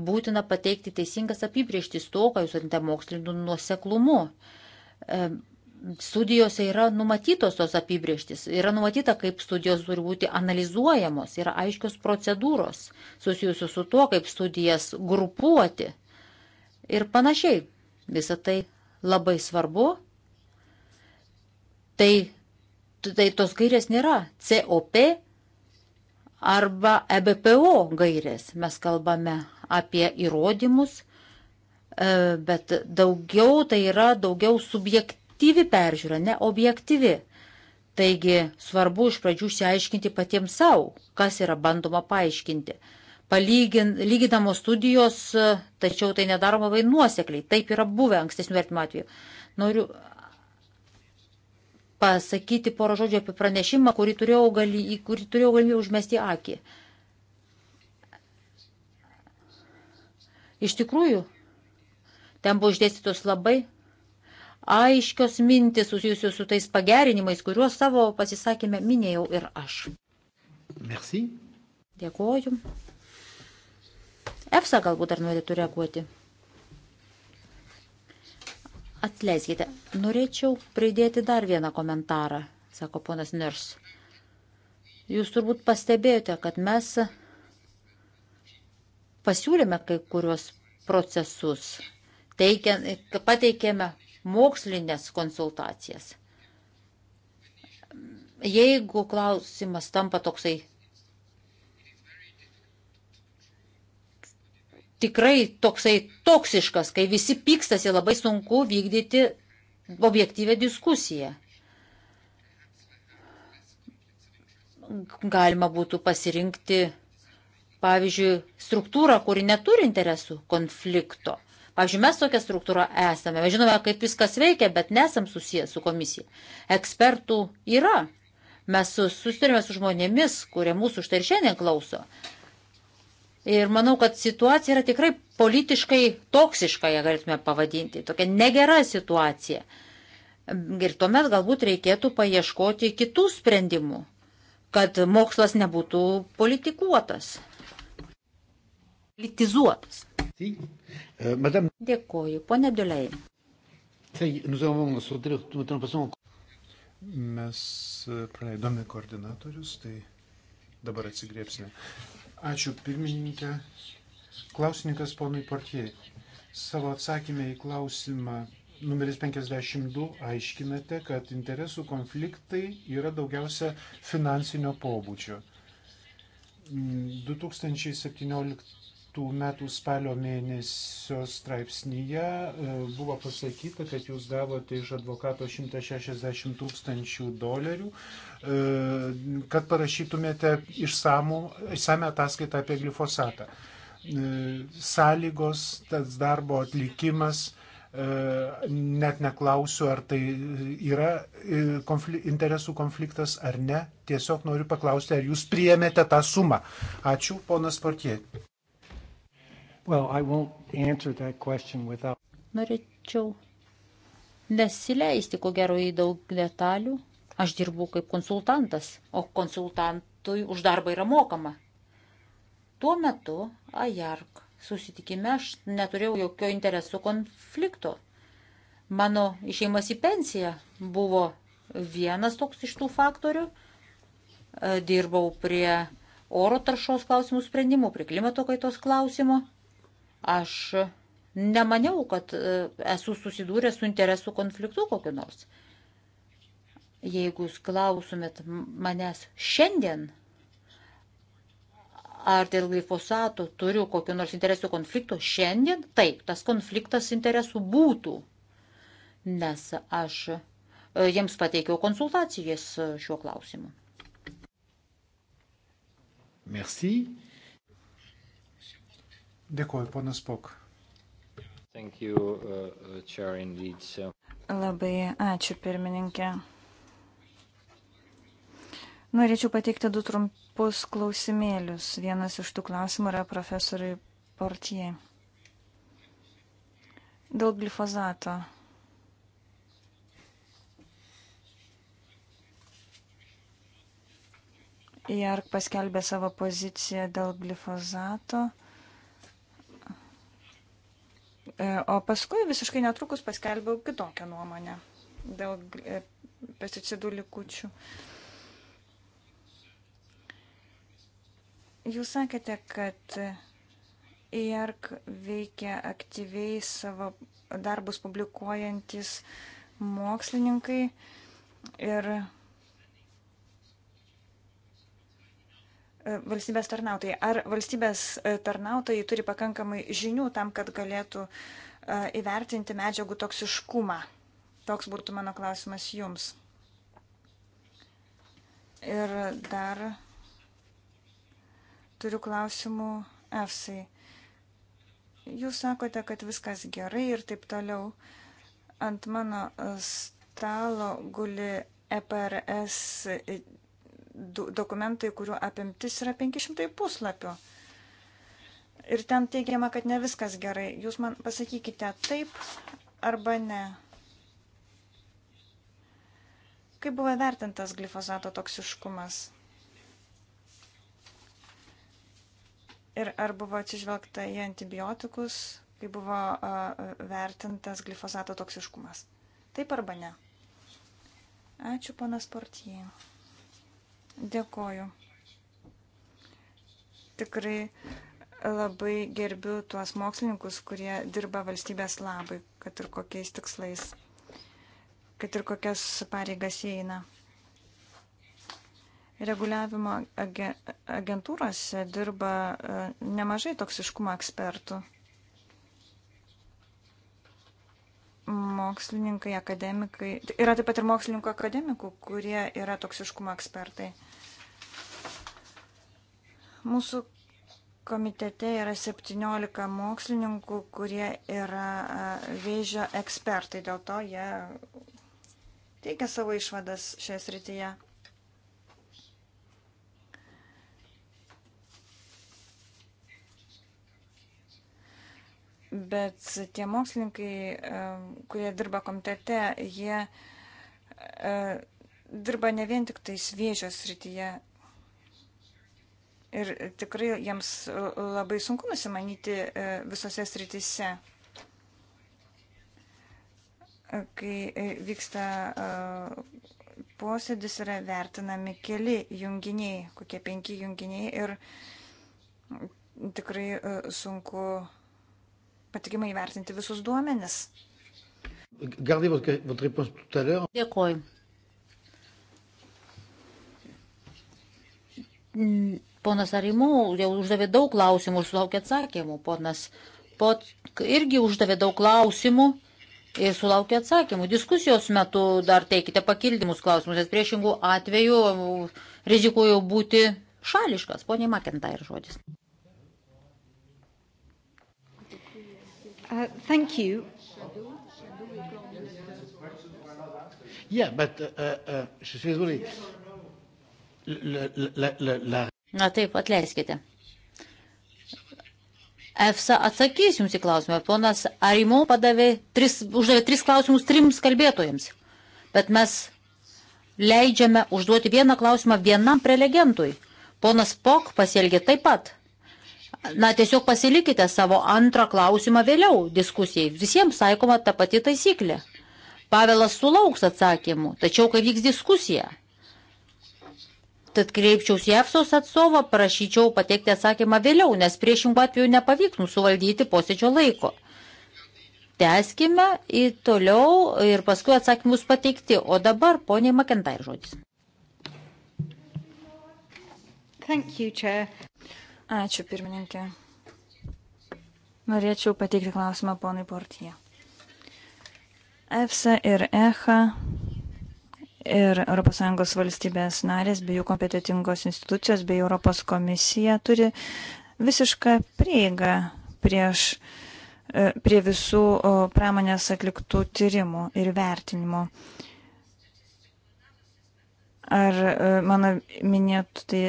Būtina pateikti teisingas apibrieštis to, ką jūs vadinate moksliniu nuoseklumu. E, studijose yra numatytos tos apibrieštis, yra numatyta, kaip studijos turi būti analizuojamos, yra aiškios procedūros susijusios su tuo, kaip studijas grupuoti ir panašiai. Visą tai labai svarbu. Tai tai tos gairės nėra COP arba EBPO gairės. Mes kalbame apie įrodymus, e, bet daugiau tai yra daugiau subjektyvi peržiūra, ne objektyvi. Taigi svarbu iš pradžių išsiaiškinti patiems savo, kas yra bandoma paaiškinti. Palygin, lyginamos studijos, tačiau tai nedaroma vai nuosekliai. Taip yra buvę ankstesnių vertimų atveju. Noriu pasakyti porą žodžių apie pranešimą, kurį turėjau, gali, kurį turėjau galimybę užmesti akį. Iš tikrųjų, ten buvo išdėstytos labai aiškios mintis susijusios su tais pagerinimais, kuriuos savo pasisakymę minėjau ir aš. Merci. Dėkuoju. EFSA galbūt dar norėtų reaguoti. Atleiskite, norėčiau pridėti dar vieną komentarą, sako ponas Nirs. Jūs turbūt pastebėjote, kad mes pasiūlėme kai kurios procesus, teikia, pateikėme mokslinės konsultacijas. Jeigu klausimas tampa toksai tikrai toksai toksiškas, kai visi pykstasi, labai sunku vykdyti objektyvę diskusiją. Galima būtų pasirinkti, pavyzdžiui, struktūrą, kuri neturi interesų konflikto. Pavyzdžiui, mes tokią struktūrą esame, mes žinome, kaip viskas veikia, bet nesam susiję su komisija. Ekspertų yra. Mes susiturime su žmonėmis, kurie mūsų štai ir šiandien klauso. Ir manau, kad situacija yra tikrai politiškai toksiška, ją galėtume pavadinti, tokia negera situacija. Ir tuomet galbūt reikėtų paieškoti kitų sprendimų, kad mokslas nebūtų politikuotas, politizuotas.
Euh,
Dėkoju, ponė Duliai.
Mes praleidome koordinatorius, tai dabar atsigrėpsime. Ačiū pirmininkė. Klausininkas ponui Portijai. Savo atsakymę į klausimą numeris 52 aiškinate, kad interesų konfliktai yra daugiausia finansinio pobūdžio. 2017 mm, tų metų spalio mėnesio straipsnyje e, buvo pasakyta, kad jūs gavote iš advokato 160 tūkstančių dolerių, e, kad parašytumėte išsame ataskaitą apie glifosatą. E, sąlygos, tas darbo atlikimas, net neklausiu, ar tai yra konflik, interesų konfliktas ar ne. Tiesiog noriu paklausti, ar jūs priėmėte tą sumą. Ačiū, ponas Portie. Well, I won't answer that question
without.
Norėčiau nesileisti, ko gero, į daug detalių. Aš dirbu kaip konsultantas, o konsultantui už darbą yra mokama. Tuo metu Ajark susitikime aš neturėjau jokio interesų konflikto. Mano išeimas į pensiją buvo vienas toks iš tų faktorių. Dirbau prie oro taršos klausimų sprendimų, prie klimato kaitos klausimų. Aš nemaniau, kad e, esu susidūręs su interesų konfliktu kokiu nors. Jeigu jūs klausumėt manęs šiandien, ar dėl glifosato turiu kokiu nors interesų konflikto, šiandien taip, tas konfliktas interesų būtų, nes aš e, jiems pateikiau konsultacijas e, šiuo klausimu.
Merci. Dėkuoju, ponas Pok.
Thank you, uh, uh Chair, indeed, so.
Labai ačiū, pirmininkė. Norėčiau pateikti du trumpus klausimėlius. Vienas iš tų klausimų yra profesoriui Portie. Dėl glifozato. JARK paskelbė savo poziciją dėl glifozato. E, o paskui visiškai netrukus paskelbiau kitokią nuomonę dėl e, pesticidų likučių. Jūs sakėte, kad IRK e veikia aktyviai savo darbus publikuojantis mokslininkai ir E, valstybės tarnautojai. Ar valstybės e, tarnautojai turi pakankamai žinių tam, kad galėtų e, įvertinti medžiagų toksiškumą? Toks būtų mano klausimas jums. Ir dar turiu klausimų EFSAI. Jūs sakote, kad viskas gerai ir taip toliau. Ant mano stalo guli EPRS dokumentai, kurių apimtis yra 500 puslapių. Ir ten teigiama, kad ne viskas gerai. Jūs man pasakykite taip arba ne. Kaip buvo vertintas glifosato toksiškumas? Ir ar buvo atsižvelgta į antibiotikus, kai buvo uh, vertintas glifosato toksiškumas? Taip arba ne? Ačiū, ponas Portijai. Dėkoju. Tikrai labai gerbiu tuos mokslininkus, kurie dirba valstybės labai, kad ir kokiais tikslais, kad ir kokias pareigas jie eina. Reguliavimo agentūrose dirba e, nemažai toksiškumo ekspertų. mokslininkai, akademikai, yra taip pat ir mokslininkų akademikų, kurie yra toksiškumo ekspertai. Mūsų komitete yra 17 mokslininkų, kurie yra vėžio ekspertai, dėl to jie teikia savo išvadas šioje srityje. bet tie mokslininkai, e, kurie dirba komitete, jie e, dirba ne vien tik tais vėžio srityje. Ir tikrai jiems labai sunku nusimanyti e, visose srityse. Kai vyksta posėdis, yra vertinami keli junginiai, kokie penki junginiai ir tikrai sunku patikimai vertinti visus duomenis.
Dėkuoju. Ponas Arimu jau uždavė daug klausimų ir sulaukė atsakymų. Ponas Pot irgi uždavė daug klausimų ir sulaukė atsakymų. Diskusijos metu dar teikite pakildimus klausimus, nes priešingų atveju rizikuoju būti šališkas. Pone Makentai ir žodis. Uh, thank you. Yeah, but, uh, uh, uh je suis désolé. La, la, la... Na taip, atleiskite. EFSA atsakys jums į klausimą. Ponas Arimo padavė tris, uždavė tris klausimus trims kalbėtojams. Bet mes leidžiame užduoti vieną klausimą vienam prelegentui. Ponas Pok pasielgė taip pat na, tiesiog pasilikite savo antrą klausimą vėliau diskusijai. Visiems taikoma ta pati taisyklė. Pavelas sulauks atsakymų, tačiau kai vyks diskusija. Tad kreipčiausi į EFSOS atstovą, prašyčiau pateikti atsakymą vėliau, nes priešingų atveju nepavyks mums suvaldyti posėdžio laiko. Teskime į toliau ir paskui atsakymus pateikti. O dabar poniai Makentai
žodis. Thank you, Chair. Ačiū, pirmininkė. Norėčiau pateikti klausimą ponui Portiją. EFSA ir EHA ir ES valstybės narės bei jų kompetitingos institucijos bei Europos komisija turi visišką prieigą prieš, e, prie visų pramonės atliktų tyrimų ir vertinimo. Ar e, mano minėtų tai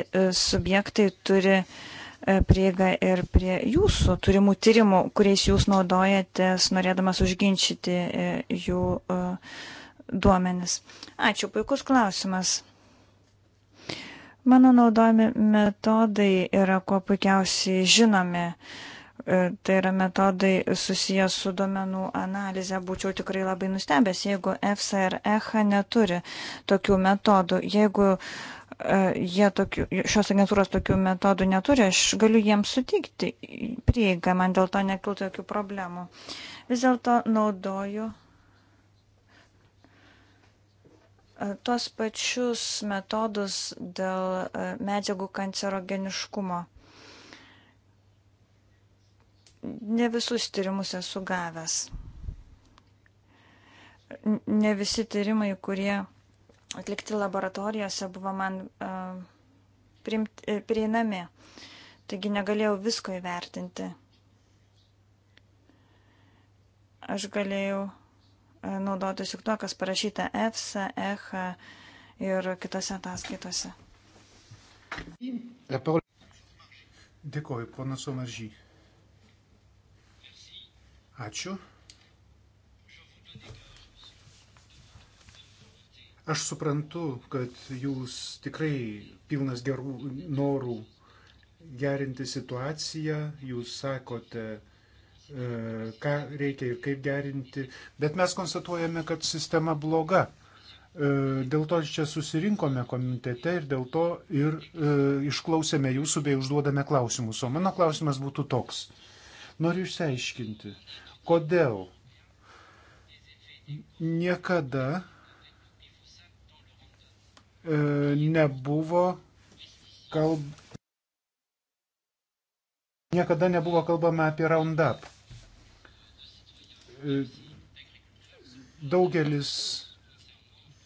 subjektai turi uh, E, prieigą ir prie jūsų turimų tyrimų, kuriais jūs naudojatės, norėdamas užginčyti e, jų e, duomenis. Ačiū, puikus klausimas. Mano naudojami metodai yra kuo puikiausiai žinomi. Tai yra metodai susijęs su duomenų analize. Būčiau tikrai labai nustebęs, jeigu EFSA ir EHA neturi tokių metodų. Jeigu uh, E, jie tokių, šios agentūros tokių metodų neturi, aš galiu jiems sutikti prieigą, man dėl to nekiltų jokių problemų. Vis dėlto naudoju e, tuos pačius metodus dėl e, medžiagų kancerogeniškumo. Ne visus tyrimus esu gavęs. Ne visi tyrimai, kurie atlikti laboratorijose buvo man e, priimt, e, prieinami. Taigi negalėjau visko įvertinti. Aš galėjau e, naudotis juk tuo, kas parašyta EFSA, EHA ir kitose ataskaitose.
Dėkoju, ponas Omaržy. Ačiū. Aš suprantu, kad jūs tikrai pilnas gerų norų gerinti situaciją, jūs sakote, e, ką reikia ir kaip gerinti, bet mes konstatuojame, kad sistema bloga. E, dėl to čia susirinkome komitete ir dėl to ir e, išklausėme jūsų bei užduodame klausimus. O mano klausimas būtų toks. Noriu išsiaiškinti, kodėl niekada E, nebuvo kalb... niekada nebuvo kalbama apie Roundup. E, daugelis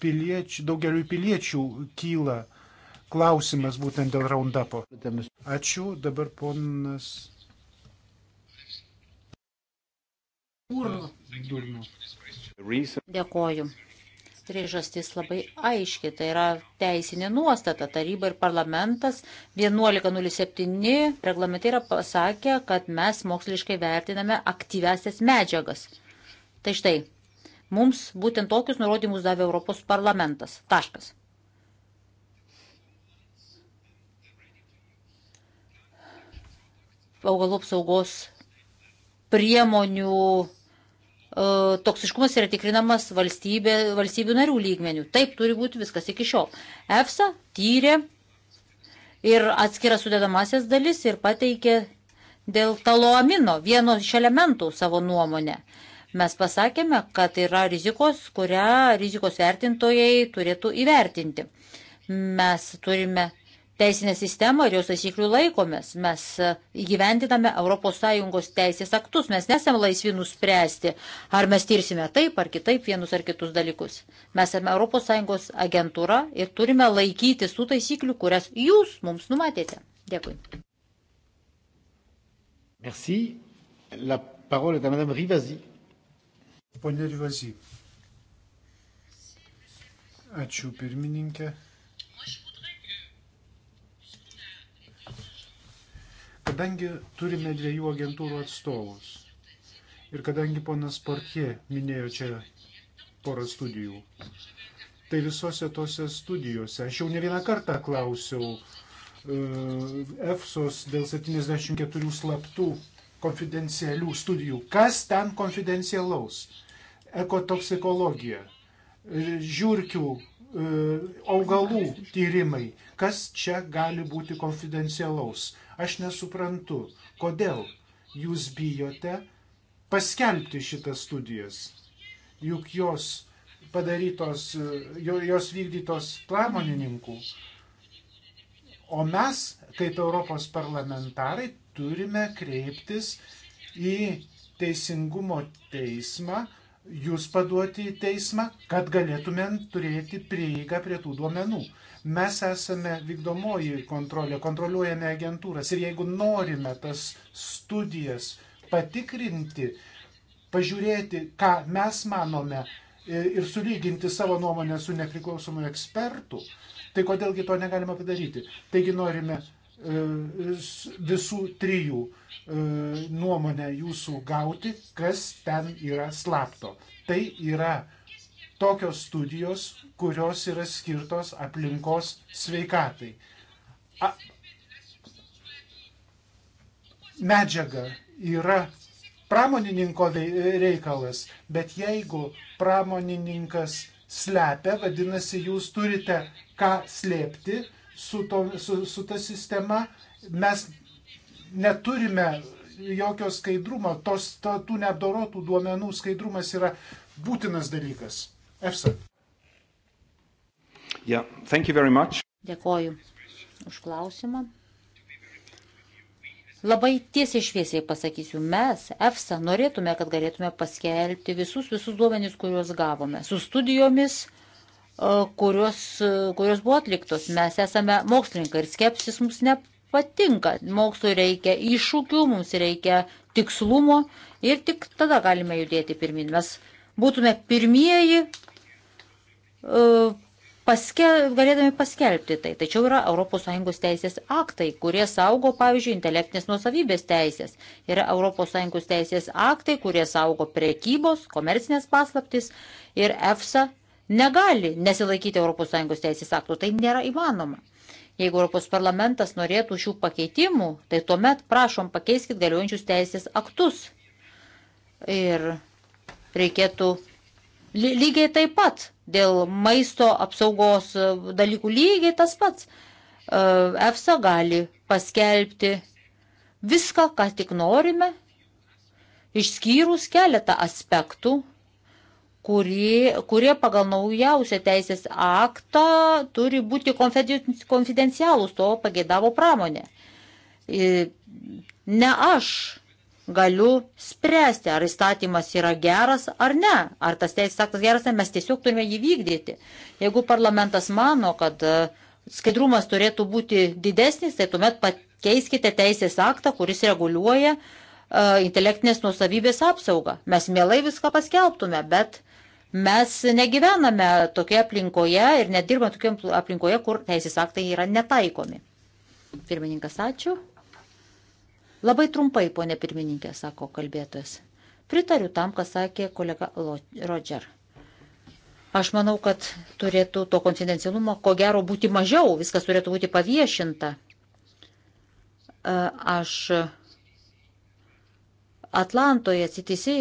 piliečių, daugeliu piliečių kyla klausimas būtent dėl Roundupo. Ačiū, dabar ponas.
Urno. Dėkoju priežastis labai aiški. Tai yra teisinė nuostata. Taryba ir parlamentas 1107 reglamentai yra pasakę, kad mes moksliškai vertiname aktyvesias medžiagas. Tai štai, mums būtent tokius nurodymus davė Europos parlamentas. Taškas. Augalų apsaugos priemonių E, toksiškumas yra tikrinamas valstybė, valstybių narių lygmenių. Taip turi būti viskas iki šiol. EFSA tyrė ir atskira sudėdamasias dalis ir pateikė dėl taloamino, vieno iš elementų savo nuomonę. Mes pasakėme, kad yra rizikos, kurią rizikos vertintojai turėtų įvertinti. Mes turime teisinę sistemą ir jos taisyklių laikomės. Mes e, įgyvendiname ES teisės aktus, mes nesame laisvi nuspręsti, ar mes tirsime taip ar kitaip vienus ar kitus dalykus. Mes esame ES agentūra ir turime laikytis tų taisyklių, kurias jūs mums numatėte. Dėkui.
Merci. La parole est à Madame Rivasi. Ponia Rivasi. Ačiū pirmininkė. Kadangi turime dviejų agentūrų atstovus ir kadangi ponas Portie minėjo čia porą studijų, tai visose tose studijose aš jau ne vieną kartą klausiau e, EFSOS dėl 74 slaptų konfidencialių studijų. Kas ten konfidencialaus? Ekotoksikologija, e, žiūrkių, e, augalų tyrimai. Kas čia gali būti konfidencialaus? Aš nesuprantu, kodėl jūs bijote paskelbti šitas studijas. Juk jos padarytos, jos vykdytos pramonininkų. O mes, kaip Europos parlamentarai, turime kreiptis į Teisingumo teismą, jūs paduoti į teismą, kad galėtumėm turėti prieigą prie tų duomenų. Mes esame vykdomoji kontrolė, kontroliuojame agentūras ir jeigu norime tas studijas patikrinti, pažiūrėti, ką mes manome ir sulyginti savo nuomonę su nepriklausomu ekspertu, tai kodėlgi to negalima padaryti. Taigi norime E, visų trijų e, nuomonę jūsų gauti, kas ten yra slapto. Tai yra tokios studijos, kurios yra skirtos aplinkos sveikatai. A, medžiaga yra pramonininko reikalas, bet jeigu pramonininkas slepia, vadinasi, jūs turite ką slėpti su, to, su, su ta sistema. Mes neturime jokio skaidrumo, tos, to, tų neapdorotų duomenų skaidrumas yra būtinas dalykas. EFSA.
Yeah,
Dėkoju už klausimą. Labai tiesiai šviesiai pasakysiu, mes, EFSA, norėtume, kad galėtume paskelbti visus, visus duomenys, kuriuos gavome, su studijomis, uh, E, kurios, e, kurios buvo atliktos. Mes esame mokslininkai ir skepsis mums nepatinka. Mokslo reikia iššūkių, mums reikia tikslumo ir tik tada galime judėti pirmin. Mes būtume pirmieji e, paskel, galėdami paskelbti tai. Tačiau yra ES teisės aktai, kurie saugo, pavyzdžiui, intelektinės nuosavybės teisės. Yra ES teisės aktai, kurie saugo priekybos, komercinės paslaptis ir EFSA negali nesilaikyti ES teisės aktų. Tai nėra įmanoma. Jeigu Europos parlamentas norėtų šių pakeitimų, tai tuomet prašom pakeiskit galiojančius teisės aktus. Ir reikėtų lygiai taip pat dėl maisto apsaugos e, dalykų lygiai tas pats. E, EFSA gali paskelbti viską, ką tik norime, išskyrus keletą aspektų, kurie, kurie pagal naujausią teisės aktą turi būti konfidencialūs, to pagėdavo pramonė. Ne aš galiu spręsti, ar įstatymas yra geras ar ne, ar tas teisės aktas geras, ne, mes tiesiog turime jį vykdyti. Jeigu parlamentas mano, kad e, skaidrumas turėtų būti didesnis, tai tuomet pakeiskite teisės aktą, kuris reguliuoja uh, intelektinės nusavybės apsaugą. Mes mielai viską paskelbtume, bet Mes negyvename tokioje aplinkoje ir nedirbame tokioje aplinkoje, kur teisės aktai yra netaikomi. Pirmininkas, ačiū. Labai trumpai, ponė pirmininkė, sako kalbėtojas. Pritariu tam, ką sakė kolega Rodžer. Aš manau, kad turėtų to konfidencialumo, ko gero, būti mažiau, viskas turėtų būti paviešinta. E, aš Atlantoje atsitisi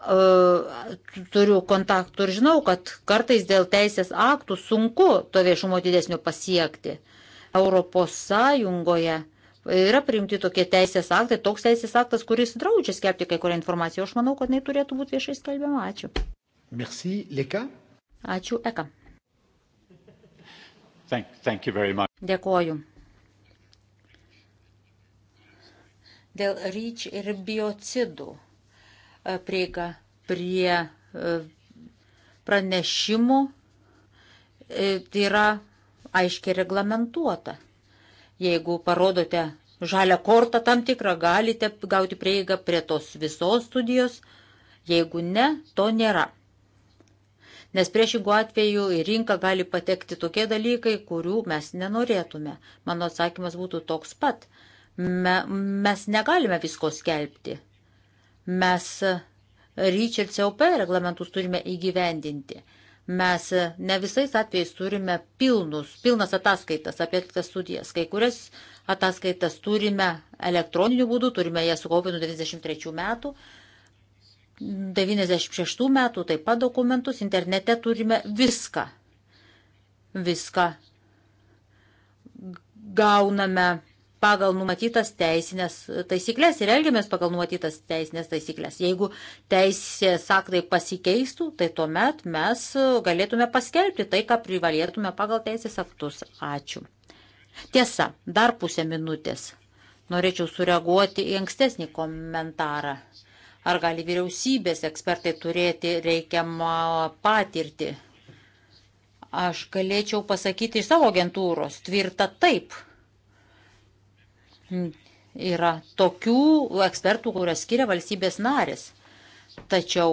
E, turiu kontaktų ir žinau, kad kartais dėl teisės aktų sunku to viešumo didesnio pasiekti. Europos Sąjungoje yra priimti tokie teisės aktai, toks teisės aktas, kuris draudžia skelbti kai kurią informaciją. Aš manau, kad jinai turėtų būti viešai skelbiama. Ačiū. Merci, Leka. Ačiū, Eka.
Thank, thank you very much.
Dėkoju. Dėl ryč ir biocidų E, prieigą prie e, pranešimų e, tai yra aiškiai reglamentuota. Jeigu parodote žalią kortą tam tikrą, galite gauti prieigą prie tos visos studijos, jeigu ne, to nėra. Nes priešingų atveju į rinką gali patekti tokie dalykai, kurių mes nenorėtume. Mano atsakymas būtų toks pat. Me, mes negalime visko skelbti. Mes ryč ir COP reglamentus turime įgyvendinti. Mes ne visais atvejais turime pilnus, pilnas ataskaitas apie atliktas studijas. Kai kurias ataskaitas turime elektroniniu būdu, turime jas sukaupę nuo 93 metų. 96 metų taip pat dokumentus, internete turime viską. Viską gauname pagal numatytas teisinės taisyklės ir elgiamės pagal numatytas teisinės taisyklės. Jeigu teisės aktai pasikeistų, tai tuomet mes galėtume paskelbti tai, ką privalėtume pagal teisės aktus. Ačiū. Tiesa, dar pusę minutės. Norėčiau sureaguoti į ankstesnį komentarą. Ar gali vyriausybės ekspertai turėti reikiamą patirtį? Aš galėčiau pasakyti iš savo agentūros tvirtą taip Yra tokių ekspertų, kurias skiria valstybės narės. Tačiau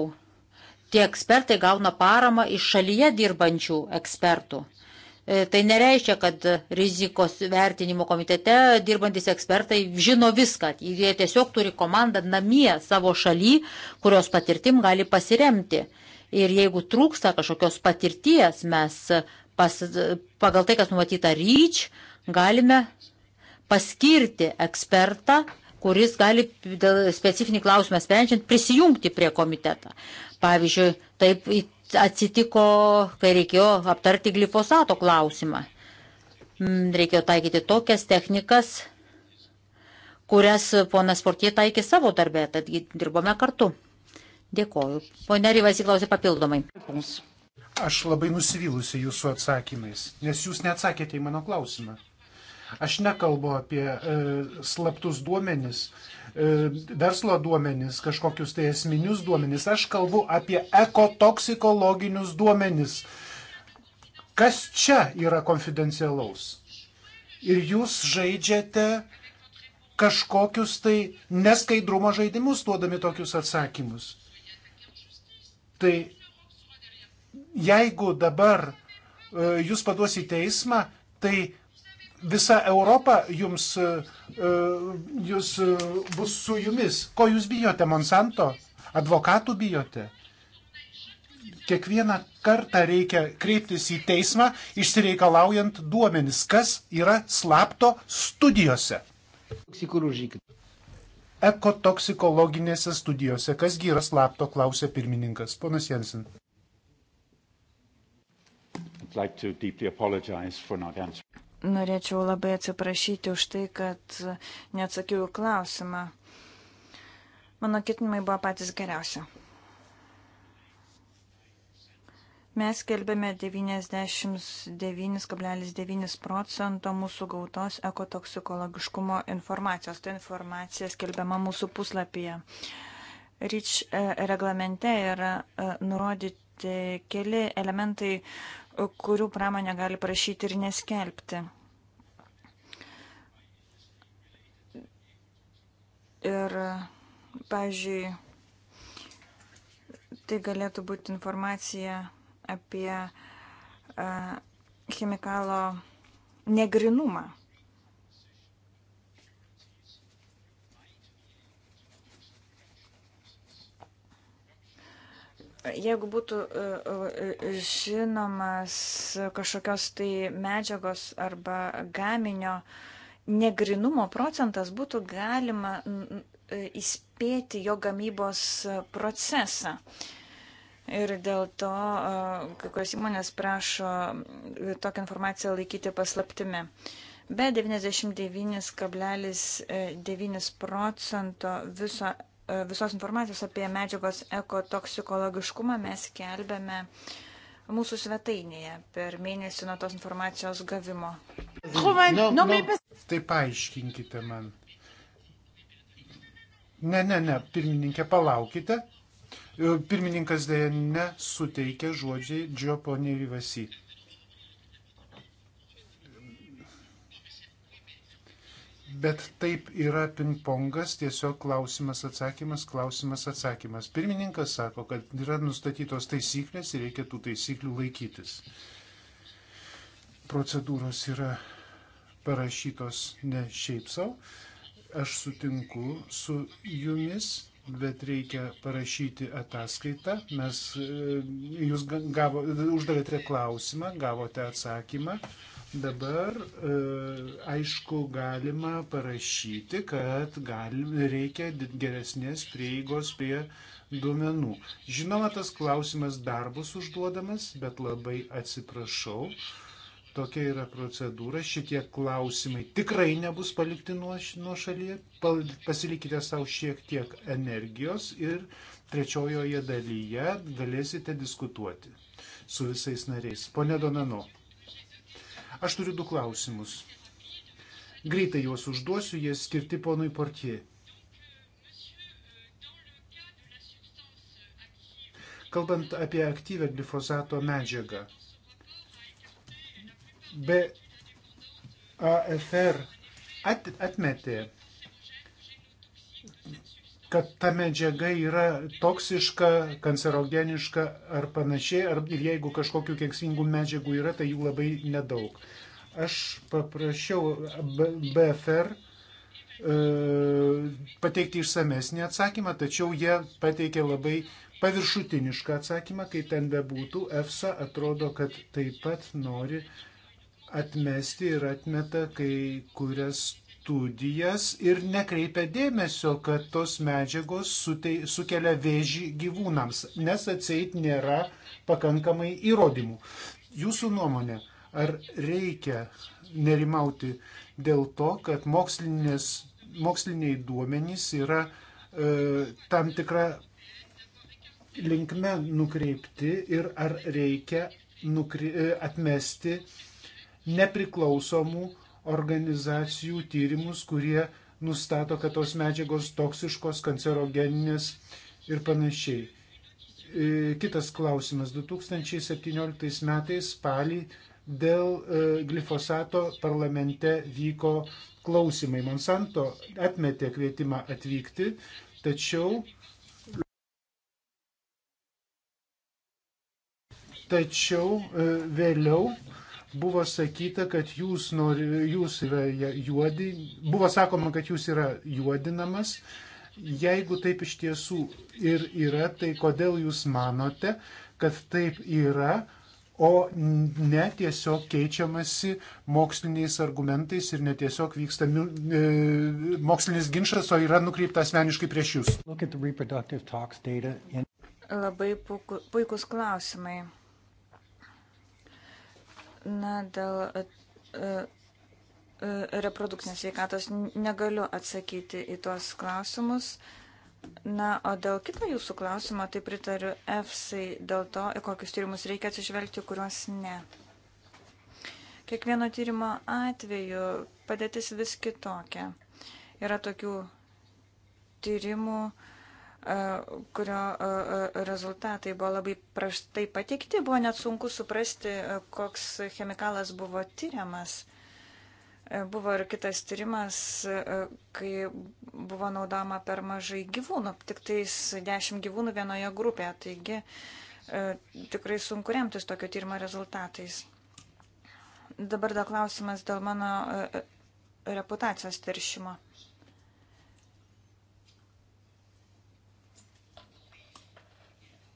tie ekspertai gauna paramą iš šalyje dirbančių ekspertų. E, tai nereiškia, kad rizikos vertinimo komitete dirbantis ekspertai žino viską. Jie tiesiog turi komandą namie savo šaly, kurios patirtim gali pasiremti. Ir jeigu trūksta kažkokios patirties, mes pas, pagal tai, kas numatyta ryč, galime paskirti ekspertą, kuris gali specifinį klausimą sprendžiant prisijungti prie komitetą. Pavyzdžiui, taip atsitiko, kai reikėjo aptarti glifosato klausimą. Mm, reikėjo taikyti tokias technikas, kurias ponas Portie taikė savo darbę, tad dirbome kartu. Dėkoju. Pone Ryvas įklausė papildomai. Aš labai nusivylusi
jūsų atsakymais, nes jūs neatsakėte į mano klausimą. Aš nekalbu apie e, slaptus duomenis, e, verslo duomenis, kažkokius tai esminius duomenis. Aš kalbu apie ekotoksikologinius duomenis. Kas čia yra konfidencialaus? Ir jūs žaidžiate kažkokius tai neskaidrumo žaidimus, duodami tokius atsakymus. Tai jeigu dabar e, jūs paduosite teismą, tai visa Europa jums, e, e, jūs e, bus su jumis. Ko jūs bijote, Monsanto? Advokatų bijote? Kiekvieną kartą reikia kreiptis į teismą, išsireikalaujant duomenis, kas yra slapto studijose. Ekotoksikologinėse studijose, kasgi yra slapto, klausė pirmininkas. Ponas Jensen.
Like
Norėčiau labai atsiprašyti už tai, kad neatsakiau į klausimą. Mano ketinimai buvo patys geriausi. Mes kelbėme 99,9 procento mūsų gautos ekotoksikologiškumo informacijos. Ta informacija skelbiama mūsų puslapyje. REACH e, reglamente yra e, nurodyti keli elementai, kurių pramonė gali prašyti ir neskelbti. Ir, pavyzdžiui, tai galėtų būti informacija apie chemikalo negrinumą. Jeigu būtų e, e, žinomas kažkokios tai medžiagos arba gaminio negrinumo procentas, būtų galima e, įspėti jo gamybos procesą. Ir dėl to kai kurios įmonės prašo tokią informaciją laikyti paslaptimi. Be 99,9 procento viso visos informacijos apie medžiagos ekotoksikologiškumą mes kelbėme mūsų svetainėje per mėnesį nuo tos informacijos gavimo. No, no, no.
Tai paaiškinkite man. Ne, ne, ne, pirmininkė, palaukite. E, pirmininkas dėja nesuteikė žodžiai Džio poniai Vivasi. Bet taip yra pingpongas, tiesiog klausimas atsakymas, klausimas atsakymas. Pirmininkas sako, kad yra nustatytos taisyklės ir reikia tų taisyklių laikytis. Procedūros yra parašytos ne šiaip savo. Aš sutinku su jumis, bet reikia parašyti ataskaitą. Mes, e, jūs gavo, uždavėte klausimą, gavote atsakymą. Uh, Dabar e, aišku galima parašyti, kad gal, reikia geresnės prieigos prie duomenų. Žinoma, tas klausimas dar bus užduodamas, bet labai atsiprašau. Tokia yra procedūra. Šitie klausimai tikrai nebus palikti nuo, nuo šalyje. Pasilikite savo šiek tiek energijos ir trečiojoje dalyje galėsite diskutuoti su visais nariais. Pone Donano. Aš turiu du klausimus. Greitai juos užduosiu, jie skirti ponui Portie. Kalbant apie aktyvę glifosato medžiagą, BAFR atmetė kad ta medžiaga yra toksiška, kancerogeniška ar panašiai, ar jeigu kažkokių kenksmingų medžiagų yra, tai jų labai nedaug. Aš paprašiau BFR e, pateikti išsamesnį atsakymą, tačiau jie pateikė labai paviršutinišką atsakymą, kaip ten bebūtų. EFSA atrodo, kad taip pat nori atmesti ir atmeta kai kurias studijas ir nekreipia dėmesio, kad tos medžiagos sutei, sukelia vėžį gyvūnams, nes atseit nėra pakankamai įrodymų. Jūsų nuomonė, ar reikia nerimauti dėl to, kad moksliniai duomenys yra e, tam tikra linkme nukreipti ir ar reikia nukre... atmesti nepriklausomų organizacijų tyrimus, kurie nustato, kad tos medžiagos toksiškos, kancerogeninės ir panašiai. E, kitas klausimas. 2017 metais spalį dėl e, glifosato parlamente vyko klausimai. Monsanto atmetė kvietimą atvykti, tačiau tačiau e, vėliau buvo sakyta, kad jūs, nori, jūs yra juodi, buvo sakoma, kad jūs yra juodinamas. Jeigu taip iš tiesų ir yra, tai kodėl jūs manote, kad taip yra, o ne tiesiog keičiamasi moksliniais argumentais ir netiesiog vyksta e, mokslinis ginčas, o yra nukreipta asmeniškai prieš jūs? In...
Labai puikus klausimai. Na, dėl e, e, e reprodukcinės veikatos negaliu atsakyti į tuos klausimus. Na, o dėl kito jūsų klausimo, tai pritariu EFSAI dėl to, į kokius tyrimus reikia atsižvelgti, kuriuos ne. Kiekvieno tyrimo atveju padėtis vis kitokia. Yra tokių tyrimų, uh, E, kurio e, e, rezultatai buvo labai praštai patikti, buvo net sunku suprasti, koks chemikalas buvo tyriamas. Buvo ir kitas tyrimas, kai buvo naudama per mažai gyvūnų, tik tais 10 gyvūnų vienoje grupėje, taigi tikrai sunku remtis tokio tyrimo rezultatais. Dabar dar klausimas dėl mano reputacijos teršimo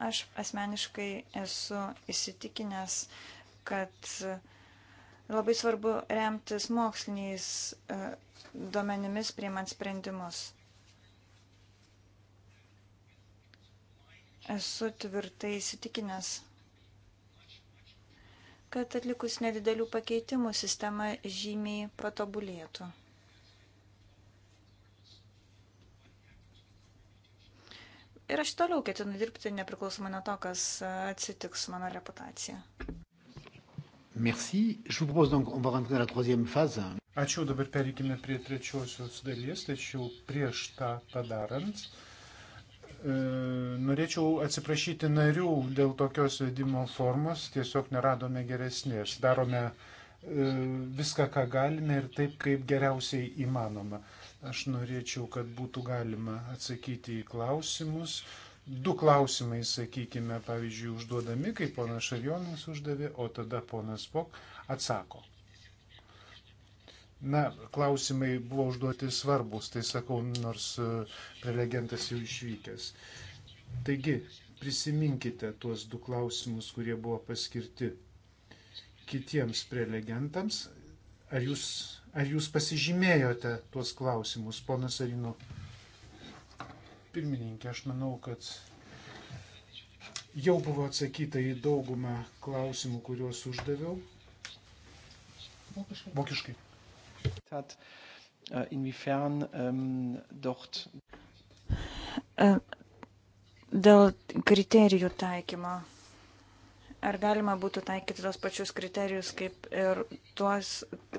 Aš asmeniškai esu įsitikinęs, kad labai svarbu remtis moksliniais e, duomenimis priimant sprendimus. Esu tvirtai įsitikinęs, kad atlikus nedidelių pakeitimų sistema žymiai patobulėtų. Ir aš toliau ketinu dirbti nepriklausomai nuo to, kas atsitiks mano reputacija.
Merci. Je vous propose donc, on va rentrer dans la troisième phase. Ačiū, dabar pereikime prie trečiosios dalies, tačiau prieš tą padarant, e, norėčiau atsiprašyti narių dėl tokios vedimo formos, tiesiog neradome geresnės. Darome e, viską, ką galime ir taip, kaip geriausiai įmanoma. E, Aš norėčiau, kad būtų galima atsakyti į klausimus. Du klausimai, sakykime, pavyzdžiui, užduodami, kaip ponas Šarjonas uždavė, o tada ponas Pok atsako. Na, klausimai buvo užduoti svarbus, tai sakau, nors e, prelegentas jau išvykęs. Taigi, prisiminkite tuos du klausimus, kurie buvo paskirti kitiems prelegentams. Ar jūs Ar jūs pasižymėjote tuos klausimus, ponas Arino? Pirmininkė, aš manau, kad jau buvo atsakyta į daugumą klausimų, kuriuos uždaviau. Vokiškai. Tad,
äh,
inwiefern um, dort. Äh, dėl kriterijų taikymo Ar galima būtų taikyti tos pačius kriterijus kaip ir tuos,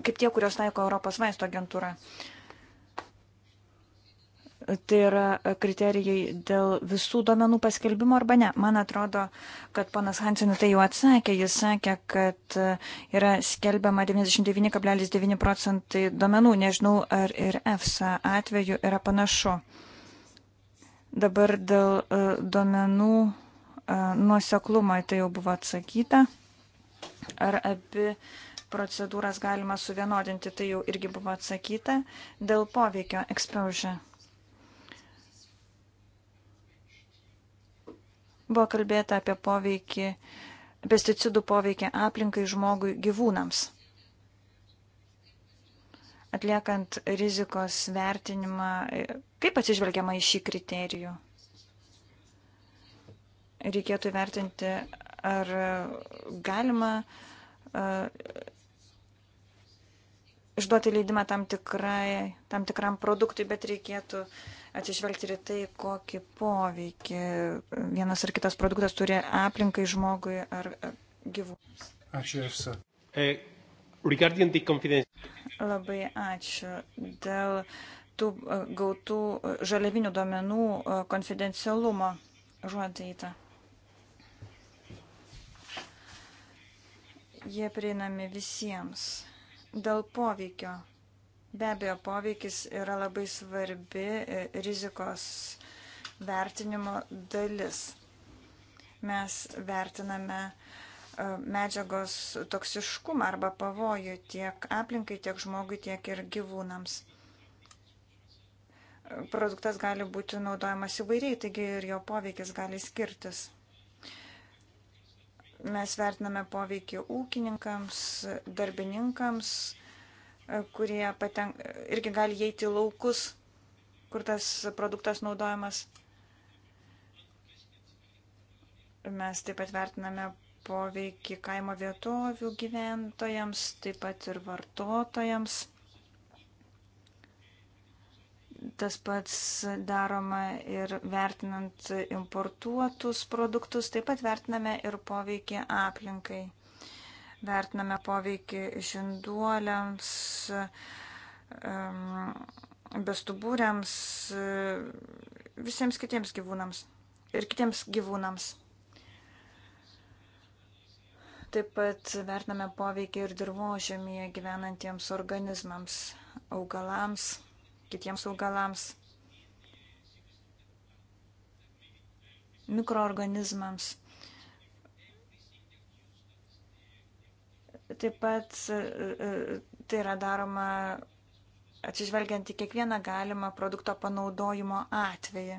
kaip tie, kurios taiko Europos vaisto agentūra? Tai yra kriterijai dėl visų duomenų paskelbimo arba ne. Man atrodo, kad ponas Hansenė tai jau atsakė. Jis sakė, kad yra skelbiama 99,9 procentai duomenų. Nežinau, ar ir EFSA atveju yra panašu. Dabar dėl e, duomenų nuoseklumą, tai jau buvo atsakyta. Ar abi procedūras galima suvienodinti, tai jau irgi buvo atsakyta. Dėl poveikio exposure. Buvo kalbėta apie poveikį, pesticidų poveikį aplinkai žmogui gyvūnams. Atliekant rizikos vertinimą, kaip atsižvelgiama į šį kriterijų? reikėtų vertinti, ar galima e, išduoti leidimą tam, tikrai, tam tikram produktui, bet reikėtų atsižvelgti ir tai, kokį poveikį vienas ar kitas produktas turi aplinkai žmogui ar e, gyvūnams.
Ačiū Jūs. Eh,
Labai ačiū. Dėl tų e, gautų žaliavinių duomenų konfidencialumo žuodai tą. jie prieinami visiems. Dėl poveikio. Be abejo, poveikis yra labai svarbi e, rizikos vertinimo dalis. Mes vertiname e, medžiagos toksiškumą arba pavojų tiek aplinkai, tiek žmogui, tiek ir gyvūnams. Produktas gali būti naudojamas įvairiai, taigi ir jo poveikis gali skirtis. Mes vertiname poveikį ūkininkams, darbininkams, e, kurie patenk, irgi gali įeiti į laukus, kur tas produktas naudojamas. Mes taip pat vertiname poveikį kaimo vietovių gyventojams, taip pat ir vartotojams. Tas pats daroma ir vertinant importuotus produktus, taip pat vertiname ir poveikį aplinkai. Vertiname poveikį žinduoliams, bestubūriams, visiems kitiems gyvūnams ir kitiems gyvūnams. Taip pat vertiname poveikį ir dirbožėmėje gyvenantiems organizmams, augalams kitiems augalams, mikroorganizmams. Taip pat e, e, tai yra daroma atsižvelgiant į kiekvieną galimą produkto panaudojimo atvejį.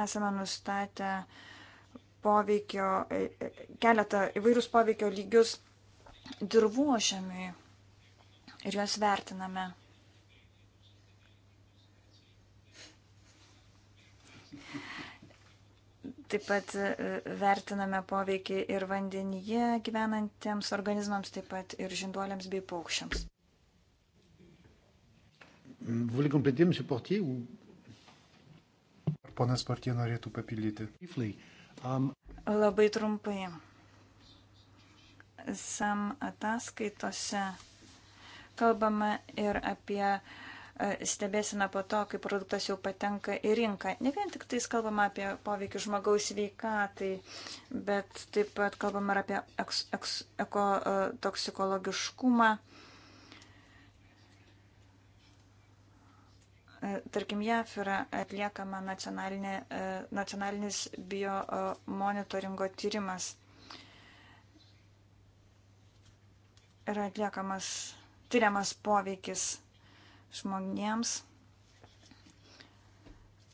Esame nustatę uh, poveikio, e, e, keletą įvairius poveikio lygius dirbuošėmiui ir juos vertiname. Taip pat e, vertiname poveikį ir vandenyje gyvenantiems organizmams, taip pat ir žinduoliams bei paukščiams.
Ponas Partie norėtų papildyti. Um,
Labai trumpai. SAM ataskaitose kalbama ir apie e, stebėsime po to, kai produktas jau patenka į rinką. Ne vien tik tais kalbama apie poveikį žmogaus veikatai, bet taip pat kalbama ir apie eks, eks, ekotoksikologiškumą. E, eks, E, tarkim, JAF yra atliekama e, nacionalinis biomonitoringo e, tyrimas. Yra atliekamas, tyriamas poveikis žmonėms.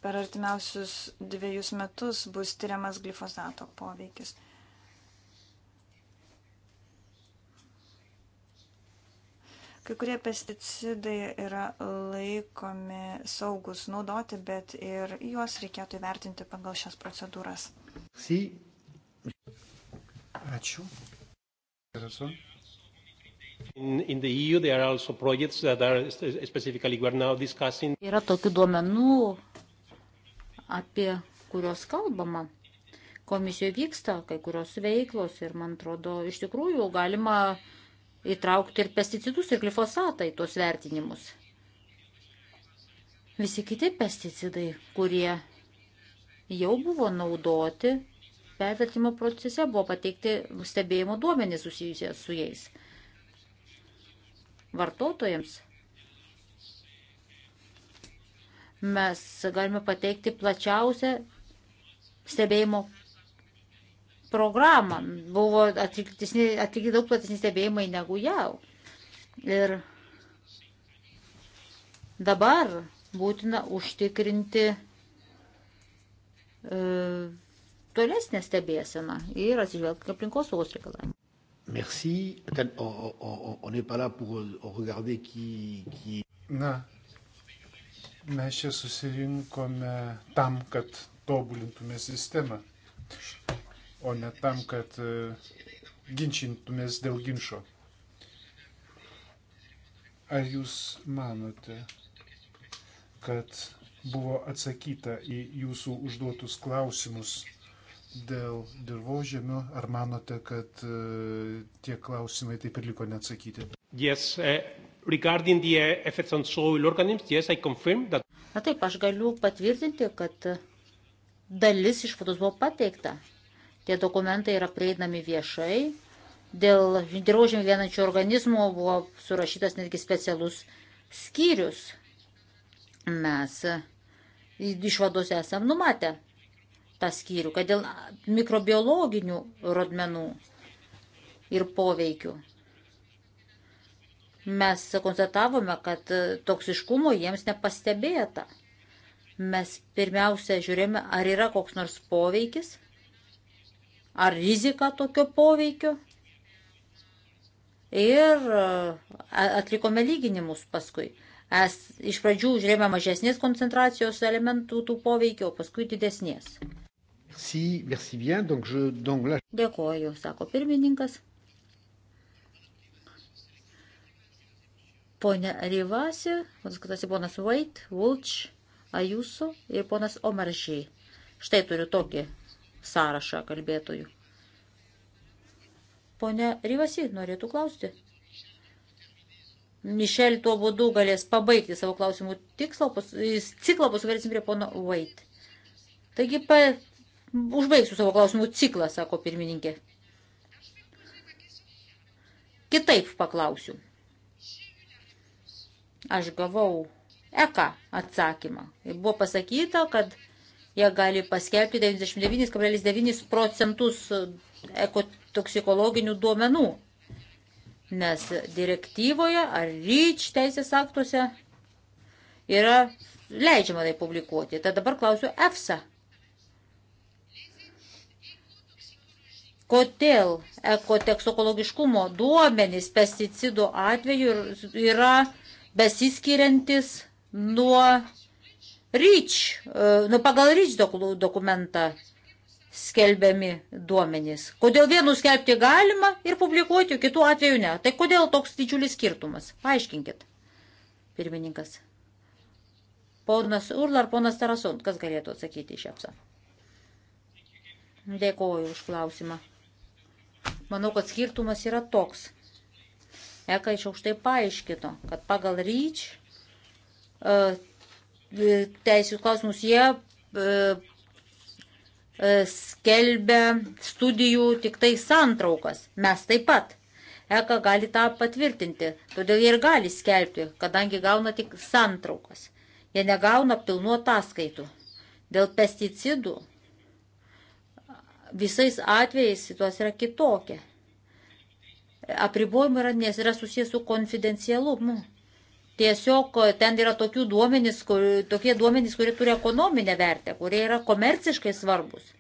Per artimiausius dviejus metus bus tyriamas glifosato poveikis. Kai kurie pesticidai yra laikomi saugus naudoti, bet ir juos reikėtų įvertinti pagal šias procedūras.
Si. Ačiū. In, in the EU there are also projects that are specifically we are now discussing.
Yra tokių duomenų, apie kurios kalbama. Komisijoje vyksta kai kurios veiklos ir man atrodo, iš tikrųjų galima uh, įtraukti ir pesticidus ir glifosatą į tuos vertinimus. Visi kiti pesticidai, kurie jau buvo naudoti, pervertimo procese buvo pateikti stebėjimo duomenys susijusie su jais. Vartotojams mes galime pateikti plačiausią stebėjimo programą. Buvo atlikti, atlikti daug platesni stebėjimai negu jau. Ir dabar būtina užtikrinti e, tolesnę stebėseną ir atsižvelgti aplinkos saugos reikalavimą.
Merci. On n'est pas là pour euh, regarder qui. qui... Na, mes čia susirinkome tam, kad tobulintume sistemą o ne tam, kad e, ginčintumės dėl ginčio. Ar jūs manote, kad buvo atsakyta į jūsų užduotus klausimus dėl dirbožėmio, ar manote, kad e, tie klausimai taip ir liko neatsakyti?
Yes, uh... Regarding the uh, effects on soil organisms, yes, I confirm that.
Na taip, aš galiu patvirtinti, kad dalis išvados buvo pateikta. Tie dokumentai yra prieinami viešai. Dėl dirbožėmį vienančių organizmų buvo surašytas netgi specialus skyrius. Mes išvados esam numatę tą skyrių, kad dėl mikrobiologinių rodmenų ir poveikių mes konstatavome, kad toksiškumo jiems nepastebėta. Mes pirmiausia žiūrėjome, ar yra koks nors poveikis ar riziką tokio poveikio. Ir e, atlikome lyginimus paskui. Es iš pradžių žiūrėjome mažesnės koncentracijos elementų tų poveikio, paskui didesnės.
Merci, merci bien. Donc je, donc là...
Dėkoju, sako pirmininkas. Pone Rivasi, paskutasi ponas Vait, Vulč, Ajuso ir ponas Omaržiai. Štai turiu tokį sąrašą kalbėtojų. Pone Ryvasi, norėtų klausti. Mišel tuo būdu galės pabaigti savo klausimų tikslą, pos, ciklą, paskui galėsim prie pono Wait. Taigi, pa, užbaigsiu savo klausimų ciklą, sako pirmininkė. Kitaip paklausiu. Aš gavau eka atsakymą. Ir buvo pasakyta, kad Jie gali paskelbti 99,9 procentus e, ekotoksikologinių duomenų, nes direktyvoje ar ryč teisės aktuose yra leidžiama tai publikuoti. Tad dabar klausiu EFSA. Kodėl ekotekstokologiškumo duomenys pesticidų atveju yra besiskiriantis nuo REACH, e, nu, pagal REACH dokumentą skelbiami duomenys. Kodėl vienų skelbti galima ir publikuoti, kitų atveju ne. Tai kodėl toks didžiulis skirtumas? Paaiškinkit, pirmininkas. Ponas Urla ar ponas Tarason, kas galėtų atsakyti iš apsa? Dėkoju už klausimą. Manau, kad skirtumas yra toks. Eka iš aukštai paaiškino, kad pagal ryč E, teisų klausimus, jie e, e, skelbia studijų tik tai santraukas. Mes taip pat. ECA gali tą patvirtinti, todėl jie ir gali skelbti, kadangi gauna tik santraukas. Jie negauna pilnu ataskaitų. Dėl pesticidų visais atvejais situacija yra kitokia. Apribojimai yra, nes yra susijęs su konfidencialumu. Nu Tiesiog e, ten yra tokių duomenys, kur, tokie duomenys, kurie turi ekonominę vertę, kurie yra komerciškai svarbus.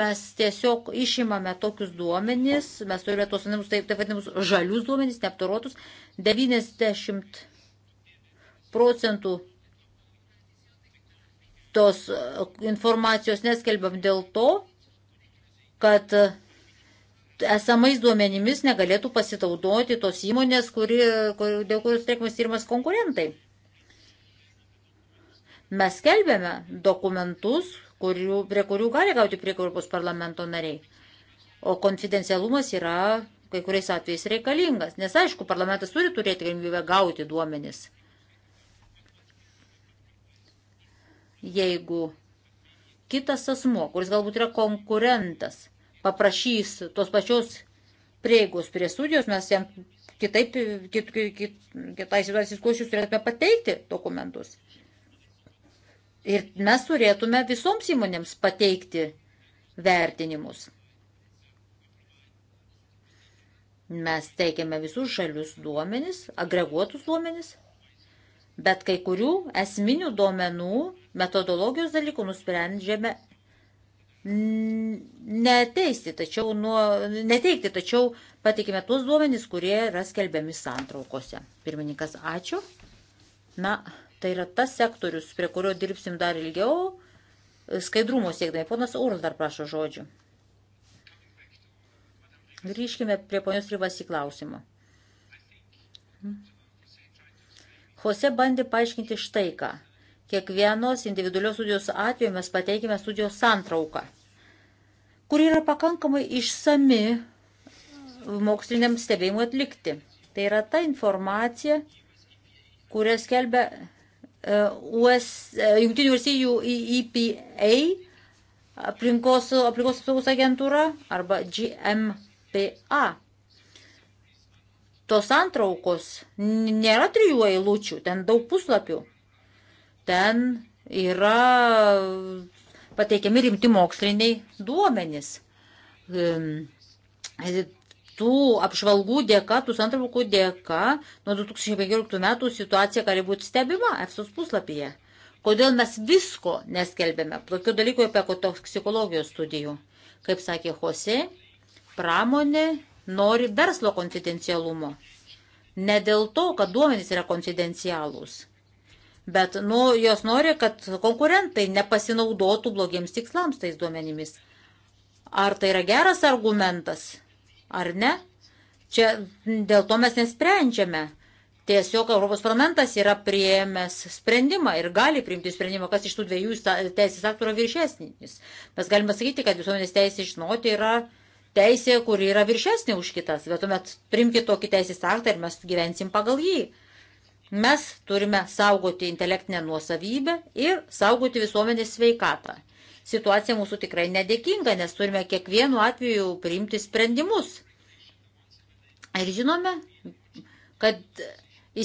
Mes tiesiog išimame tokius duomenys, mes turime tos taip, taip vadinamus žalius duomenys, neaptorotus, 90 procentų tos e, informacijos neskelbiam dėl to, kad esamais duomenimis negalėtų pasitaudoti tos įmonės, kuri, kur, dėl kurios tiekimas tyrimas konkurentai. Mes kelbėme dokumentus, kurių, prie kurių gali gauti prie Europos parlamento nariai. O konfidencialumas yra kai kuriais atvejais reikalingas, nes aišku, parlamentas turi turėti galimybę gauti duomenis. Jeigu kitas asmo, kuris galbūt yra konkurentas, paprašys tos pačios prieigos prie studijos, mes jam kitaip, kit, kit, kitai situacijai skūšius turėtume pateikti dokumentus. Ir mes turėtume visoms įmonėms pateikti vertinimus. Mes teikiame visus šalius duomenis, agreguotus duomenis, bet kai kurių esminių duomenų metodologijos dalykų nusprendžiame neteisti, tačiau nuo, neteikti, tačiau pateikime tuos duomenys, kurie yra skelbiami santraukose. Pirmininkas, ačiū. Na, tai yra tas sektorius, prie kurio dirbsim dar ilgiau, skaidrumo siekdami. Ponas Url dar prašo žodžių. Grįžkime prie ponios ribas į klausimą. Jose bandė paaiškinti štai ką. Kiekvienos individualios studijos atveju mes pateikime studijos santrauką kur yra pakankamai išsami moksliniam stebėjimui atlikti. Tai yra ta informacija, kurią skelbia e, US, e, Junktinių valstybių EPA, aplinkos, aplinkos apsaugos agentūra arba GMPA. Tos antraukos nėra trijų eilučių, ten daug puslapių. Ten yra pateikiami rimti moksliniai duomenys. Tų apžvalgų dėka, tų santraukų dėka, nuo 2015 metų situacija gali būti stebima EFSOS puslapyje. Kodėl mes visko neskelbėme? Tokių dalykų apie toksikologijos studijų. Kaip sakė Jose, pramonė nori verslo konfidencialumo. Ne dėl to, kad duomenys yra konfidencialūs, bet nu, jos nori, kad konkurentai nepasinaudotų blogiems tikslams tais duomenimis. Ar tai yra geras argumentas, ar ne? Čia dėl to mes nesprendžiame. Tiesiog Europos parlamentas yra prieėmęs sprendimą ir gali priimti sprendimą, kas iš tų dviejų teisės aktų yra viršesnis. Mes galime sakyti, kad visuomenės teisė žinoti yra teisė, kuri yra viršesnė už kitas, bet tuomet primkite tokį teisės aktą ir mes gyvensim pagal jį. Mes turime saugoti intelektinę nuosavybę ir saugoti visuomenės sveikatą. Situacija mūsų tikrai nedėkinga, nes turime kiekvienu atveju priimti sprendimus. Ir žinome, kad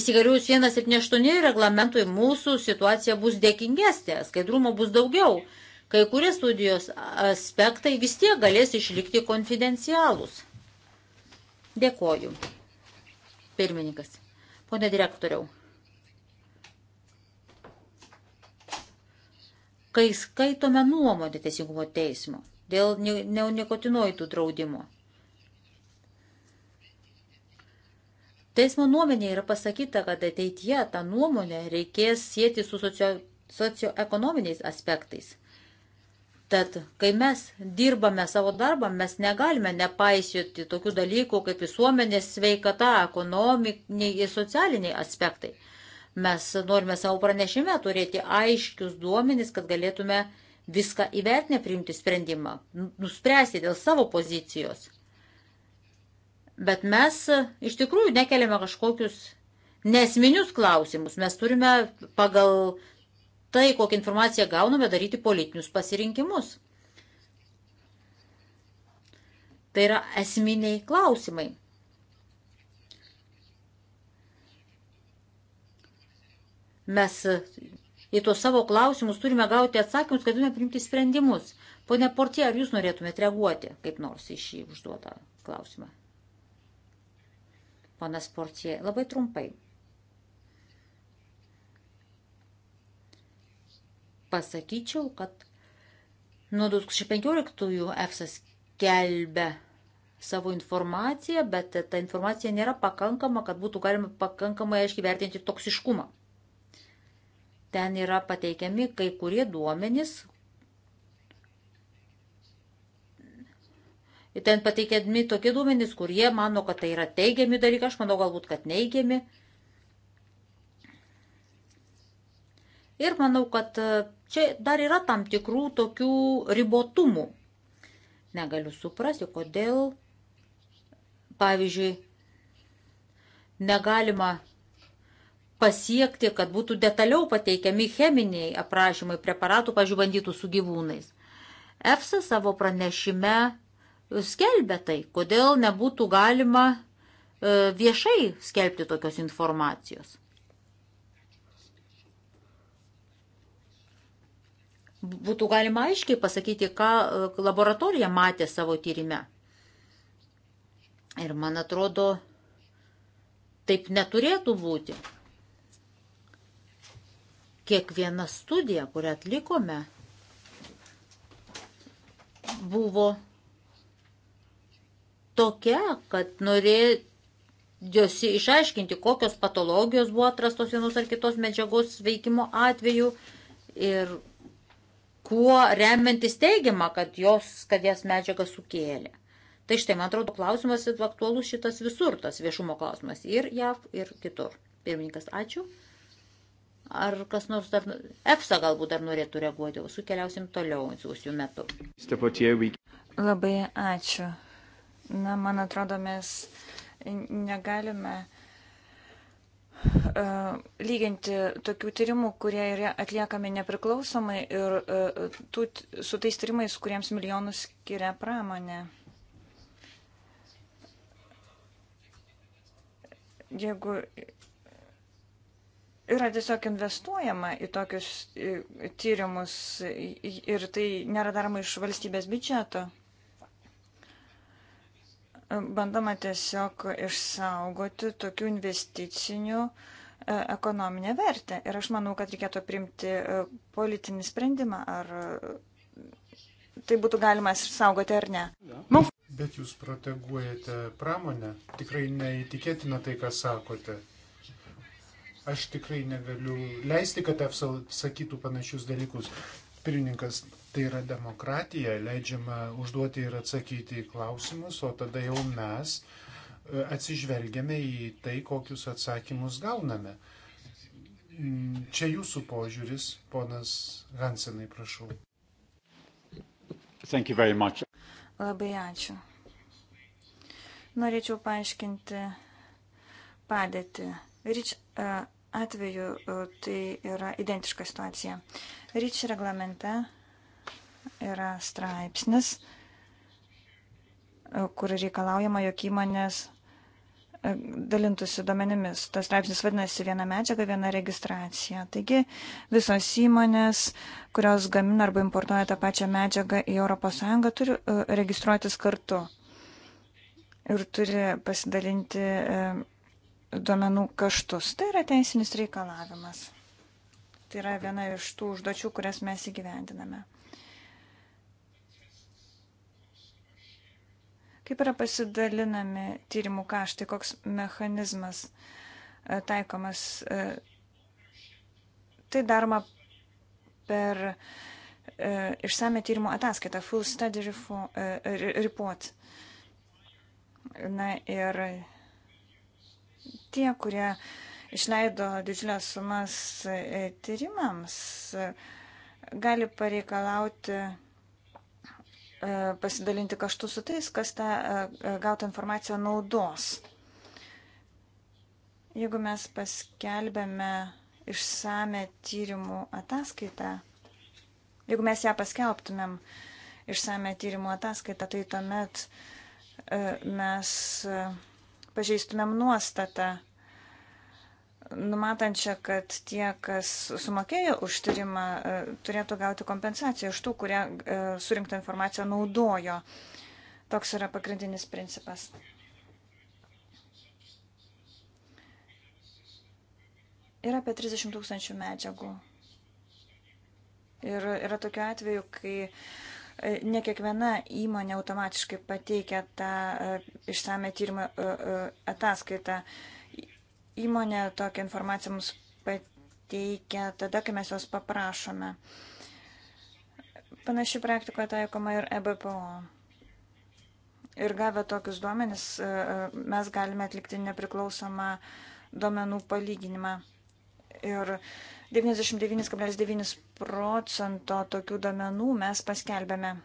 Įsigaliojus 178 reglamentui mūsų situacija bus dėkingesnė, skaidrumo bus daugiau. Kai kurie studijos aspektai vis tiek galės išlikti konfidencialūs. Dėkoju. Pirmininkas. Pone direktoriau, kai skaitome nuomonę teisingumo teismo dėl neonikotinoidų draudimo, Teismo nuomonė yra pasakyta, kad ateityje tą nuomonę reikės sieti su socio, socioekonominiais aspektais. Tad, kai mes dirbame savo darbą, mes negalime nepaisyti tokių dalykų kaip visuomenės sveikata, ekonominiai ir socialiniai aspektai. Mes norime savo pranešime turėti aiškius duomenys, kad galėtume viską įvertinę priimti sprendimą, nu, nuspręsti dėl savo pozicijos. Bet mes iš tikrųjų nekeliame kažkokius nesminius klausimus. Mes turime pagal tai, kokią informaciją gauname, daryti politinius pasirinkimus. Tai yra esminiai klausimai. Mes į tos savo klausimus turime gauti atsakymus, kad turime priimti sprendimus. Pone Portie, ar jūs norėtumėte reaguoti kaip nors į šį užduotą klausimą? Ponas Portie, labai trumpai. pasakyčiau, kad nuo 2015 EFSA skelbia savo informaciją, bet ta informacija nėra pakankama, kad būtų galima pakankamai aiškiai vertinti toksiškumą. Ten yra pateikiami kai kurie duomenys. Ten pateikiami tokie duomenys, kurie mano, kad tai yra teigiami dalykai, aš manau galbūt, kad neigiami. Ir manau, kad e, čia dar yra tam tikrų tokių ribotumų. Negaliu suprasti, kodėl, pavyzdžiui, negalima pasiekti, kad būtų detaliau pateikiami cheminiai aprašymai preparatų, pažiūrėjau, bandytų su gyvūnais. EFSA savo pranešime skelbia tai, kodėl nebūtų galima e, viešai skelbti tokios informacijos. būtų galima aiškiai pasakyti, ką e, laboratorija matė savo tyrimę. Ir man atrodo, taip neturėtų būti. Kiekviena studija, kurią atlikome, buvo tokia, kad norėjosi išaiškinti, kokios patologijos buvo atrastos vienos ar kitos medžiagos veikimo atveju ir kuo remiantis teigiama, kad, jos, kad jas medžiaga sukėlė. Tai štai, man atrodo, klausimas aktualus šitas visur, tas viešumo klausimas ir JAV, ir kitur. Pirmininkas, ačiū. Ar kas nors dar, EFSA galbūt dar norėtų reaguoti, o sukeliausim toliau diskusijų metu.
Labai ačiū. Na, man atrodo, mes negalime E, lyginti tokių tyrimų, kurie yra atliekami nepriklausomai ir e, tų, su tais tyrimais, kuriems milijonus skiria pramonė. Jeigu yra tiesiog investuojama į tokius tyrimus ir tai nėra daroma iš valstybės biudžeto bandoma tiesiog išsaugoti tokių investicinių e, ekonominę vertę. Ir aš manau, kad reikėtų priimti e, politinį sprendimą, ar e, tai būtų galima išsaugoti ar ne.
Bet jūs proteguojate pramonę. Tikrai neįtikėtina tai, ką sakote. Aš tikrai negaliu leisti, kad apsakytų panašius dalykus. Pirininkas, Tai yra demokratija, leidžiama užduoti ir atsakyti į klausimus, o tada jau mes e, atsižvelgiame į tai, kokius atsakymus gauname. Mm, čia jūsų požiūris, ponas Hansenai, prašau.
Labai ačiū. Norėčiau paaiškinti padėtį. Rič e, atveju e, tai yra identiška situacija. Rič reglamente yra straipsnis, e, kur reikalaujama, jog įmonės e, dalintųsi duomenimis. Tas straipsnis vadinasi viena medžiaga, viena registracija. Taigi visos įmonės, kurios gamina arba importuoja tą pačią medžiagą į ES, turi e, registruotis kartu ir turi pasidalinti duomenų kaštus. Tai yra teisinis reikalavimas. Tai yra viena iš tų užduočių, kurias mes įgyvendiname. Kaip yra pasidalinami tyrimų kaštai, koks mechanizmas e, taikomas. E, tai daroma per e, išsame tyrimo ataskaitą, Full Study Report. Na ir tie, kurie išleido didžiulės sumas tyrimams, gali pareikalauti E, pasidalinti kaštų su tais, kas tą e, gautą informaciją naudos. Jeigu mes paskelbėme išsame tyrimų ataskaitą, jeigu mes ją paskelbtumėm išsame tyrimų ataskaitą, tai tuomet e, mes pažeistumėm nuostatą numatančią, kad tie, kas sumokėjo už tyrimą, e, turėtų gauti kompensaciją iš tų, kurie e, surinktą informaciją naudojo. Toks yra pagrindinis principas. Yra apie 30 tūkstančių medžiagų. Ir yra tokiu atveju, kai e, ne kiekviena įmonė automatiškai pateikia tą išsame tyrimo ataskaitą. Uh, uh, Įmonė tokią informaciją mums pateikia tada, kai mes jos paprašome. Panaši praktikoje taikoma ir EBPO. Ir gavę tokius duomenis e, e, mes galime atlikti nepriklausomą duomenų palyginimą. Ir 99,9 procento tokių duomenų mes paskelbėme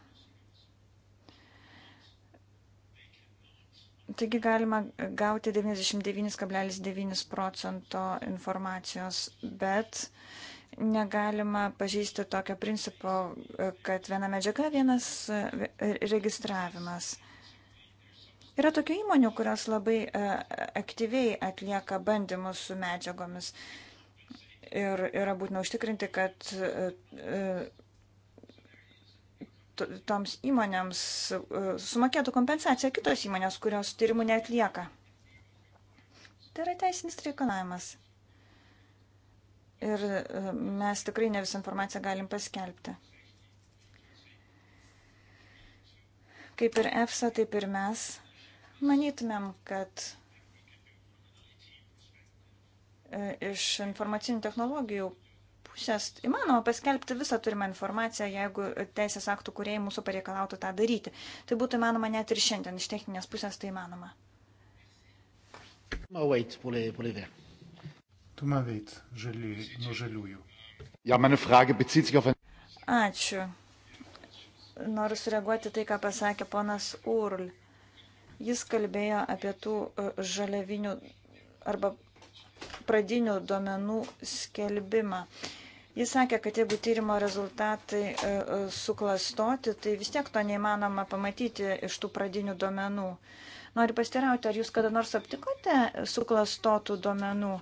Taigi galima gauti 99,9 procento informacijos, bet negalima pažįsti tokio principo, kad viena medžiaga, vienas registravimas. Yra tokių įmonių, kurios labai e, aktyviai atlieka bandymus su medžiagomis ir yra būtina užtikrinti, kad e, e, toms įmonėms e, sumokėtų kompensaciją kitos įmonės, kurios tyrimų netlieka. Tai yra teisinis reikalavimas. Ir e, mes tikrai ne visą informaciją galim paskelbti. Kaip ir EFSA, taip ir mes manytumėm, kad e, iš informacinių technologijų šias įmanoma paskelbti visą turimą informaciją, jeigu teisės aktų kuriejai mūsų pareikalautų tą daryti. Tai būtų įmanoma net ir šiandien, iš techninės pusės tai įmanoma. Ačiū. Noriu sureaguoti tai, ką pasakė ponas Url. Jis kalbėjo apie tų e, žaliavinių arba pradinių duomenų skelbimą. Uh, Jis sakė, kad jeigu tyrimo rezultatai e, e, suklastoti, tai vis tiek to neįmanoma pamatyti iš tų pradinių duomenų. Noriu pastirauti, ar jūs kada nors aptikote suklastotų duomenų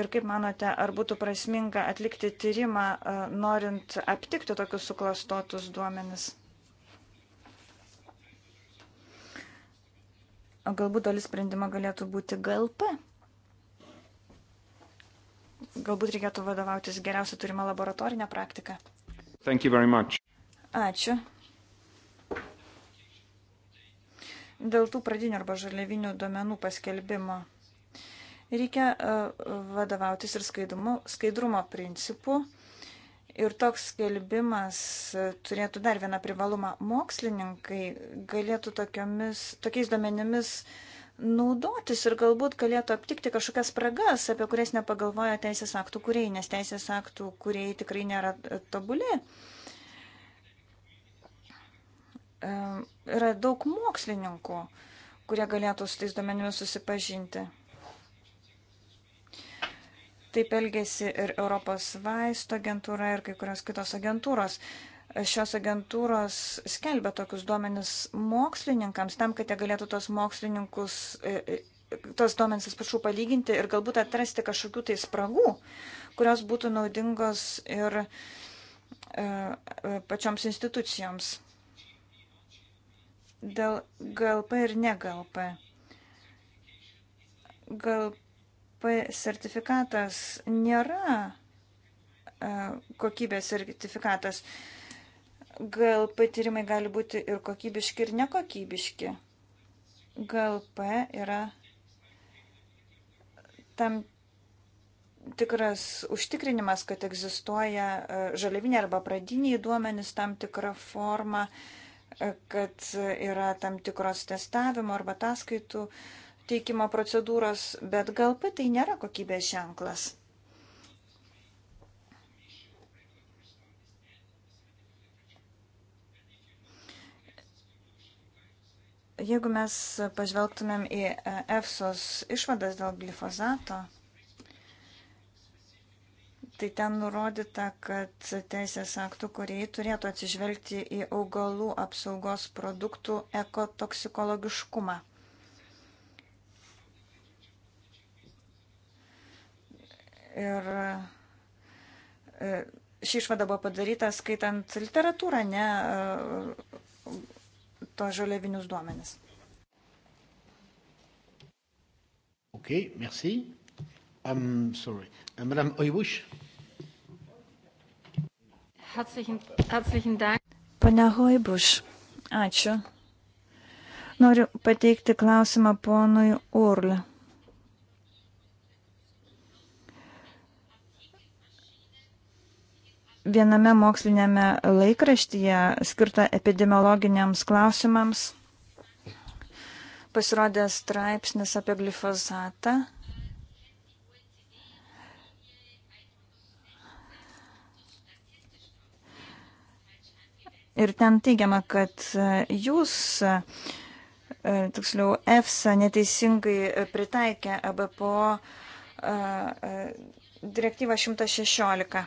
ir kaip manote, ar būtų prasminga atlikti tyrimą, e, norint aptikti tokius suklastotus duomenis? O galbūt dalis sprendimo galėtų būti GLP galbūt reikėtų vadovautis geriausia turima laboratorinė praktika. Ačiū. Dėl tų pradinių arba žaliavinių duomenų paskelbimo reikia e, vadovautis ir skaidrumo, skaidrumo principu. Ir toks skelbimas e, turėtų dar vieną privalumą. Mokslininkai galėtų tokiomis, tokiais duomenimis uh, naudotis ir galbūt galėtų aptikti kažkokias spragas, apie kurias nepagalvoja teisės aktų kuriai, nes teisės aktų kuriai tikrai nėra e, tobuli. E, yra daug mokslininkų, kurie galėtų su tais duomenimis susipažinti. Taip elgėsi ir Europos vaisto agentūra ir kai kurios kitos agentūros. Uh, šios agentūros skelbia tokius duomenis mokslininkams, tam, kad jie galėtų tos mokslininkus, e, e, tos duomenis atsiprašau, palyginti ir galbūt atrasti kažkokių tai spragų, kurios būtų naudingos ir e, pačioms institucijoms. Dėl GLP ir negalp. GLP sertifikatas nėra kokybės sertifikatas. Uh, GLP tyrimai gali būti ir kokybiški, ir nekokybiški. GLP yra tam tikras užtikrinimas, kad egzistuoja e, žaliavinė arba pradiniai duomenys tam tikrą formą, e, kad yra tam tikros testavimo arba ataskaitų teikimo procedūros, bet gal tai nėra kokybės ženklas. Jeigu mes pažvelgtumėm į e, EFSOS išvadas dėl glifozato, tai ten nurodyta, kad teisės aktų, kurie turėtų atsižvelgti į augalų apsaugos produktų ekotoksikologiškumą. Ir e, ši išvada buvo padaryta skaitant literatūrą, ne to žaliavinius duomenis.
Okay, merci. I'm um, sorry. Uh, Madame Oibush.
Herzlichen, herzlichen Dank. Pane Hoibuš, ačiū. Noriu pateikti klausimą ponui Urliui. viename mokslinėme laikraštyje skirta epidemiologiniams klausimams pasirodė straipsnis apie glifosatą. Ir ten teigiama, kad jūs, e, tiksliau, EFSA neteisingai pritaikė ABPO e, e, direktyvą 116.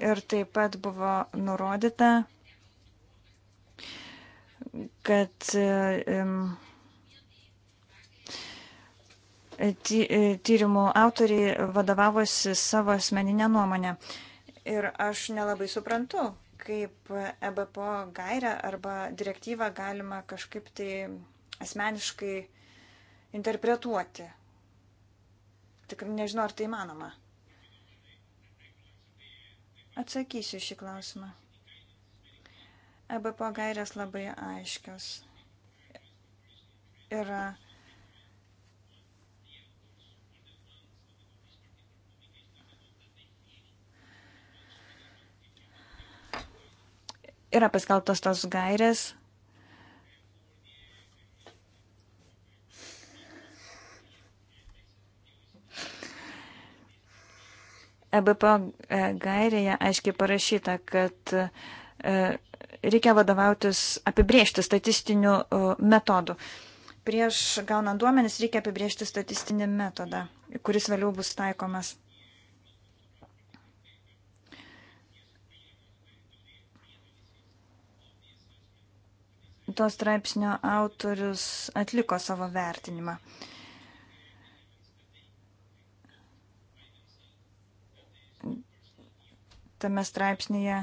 Ir taip pat buvo nurodyta, kad tyrimų autoriai vadovavosi savo asmeninę nuomonę. Ir aš nelabai suprantu, kaip EBPO gairę arba direktyvą galima kažkaip tai asmeniškai interpretuoti. Tik nežinau, ar tai įmanoma. Atsakysiu šį klausimą. EBPO gairės labai aiškios. Yra Yra paskelbtos tos gairės, EBPO e, gairėje aiškiai parašyta, kad e, reikia vadovautis apibriežti statistinių e, metodų. Prieš gaunant duomenis reikia apibriežti statistinį metodą, kuris vėliau bus taikomas. To straipsnio autorius atliko savo vertinimą. Uh, tame straipsnėje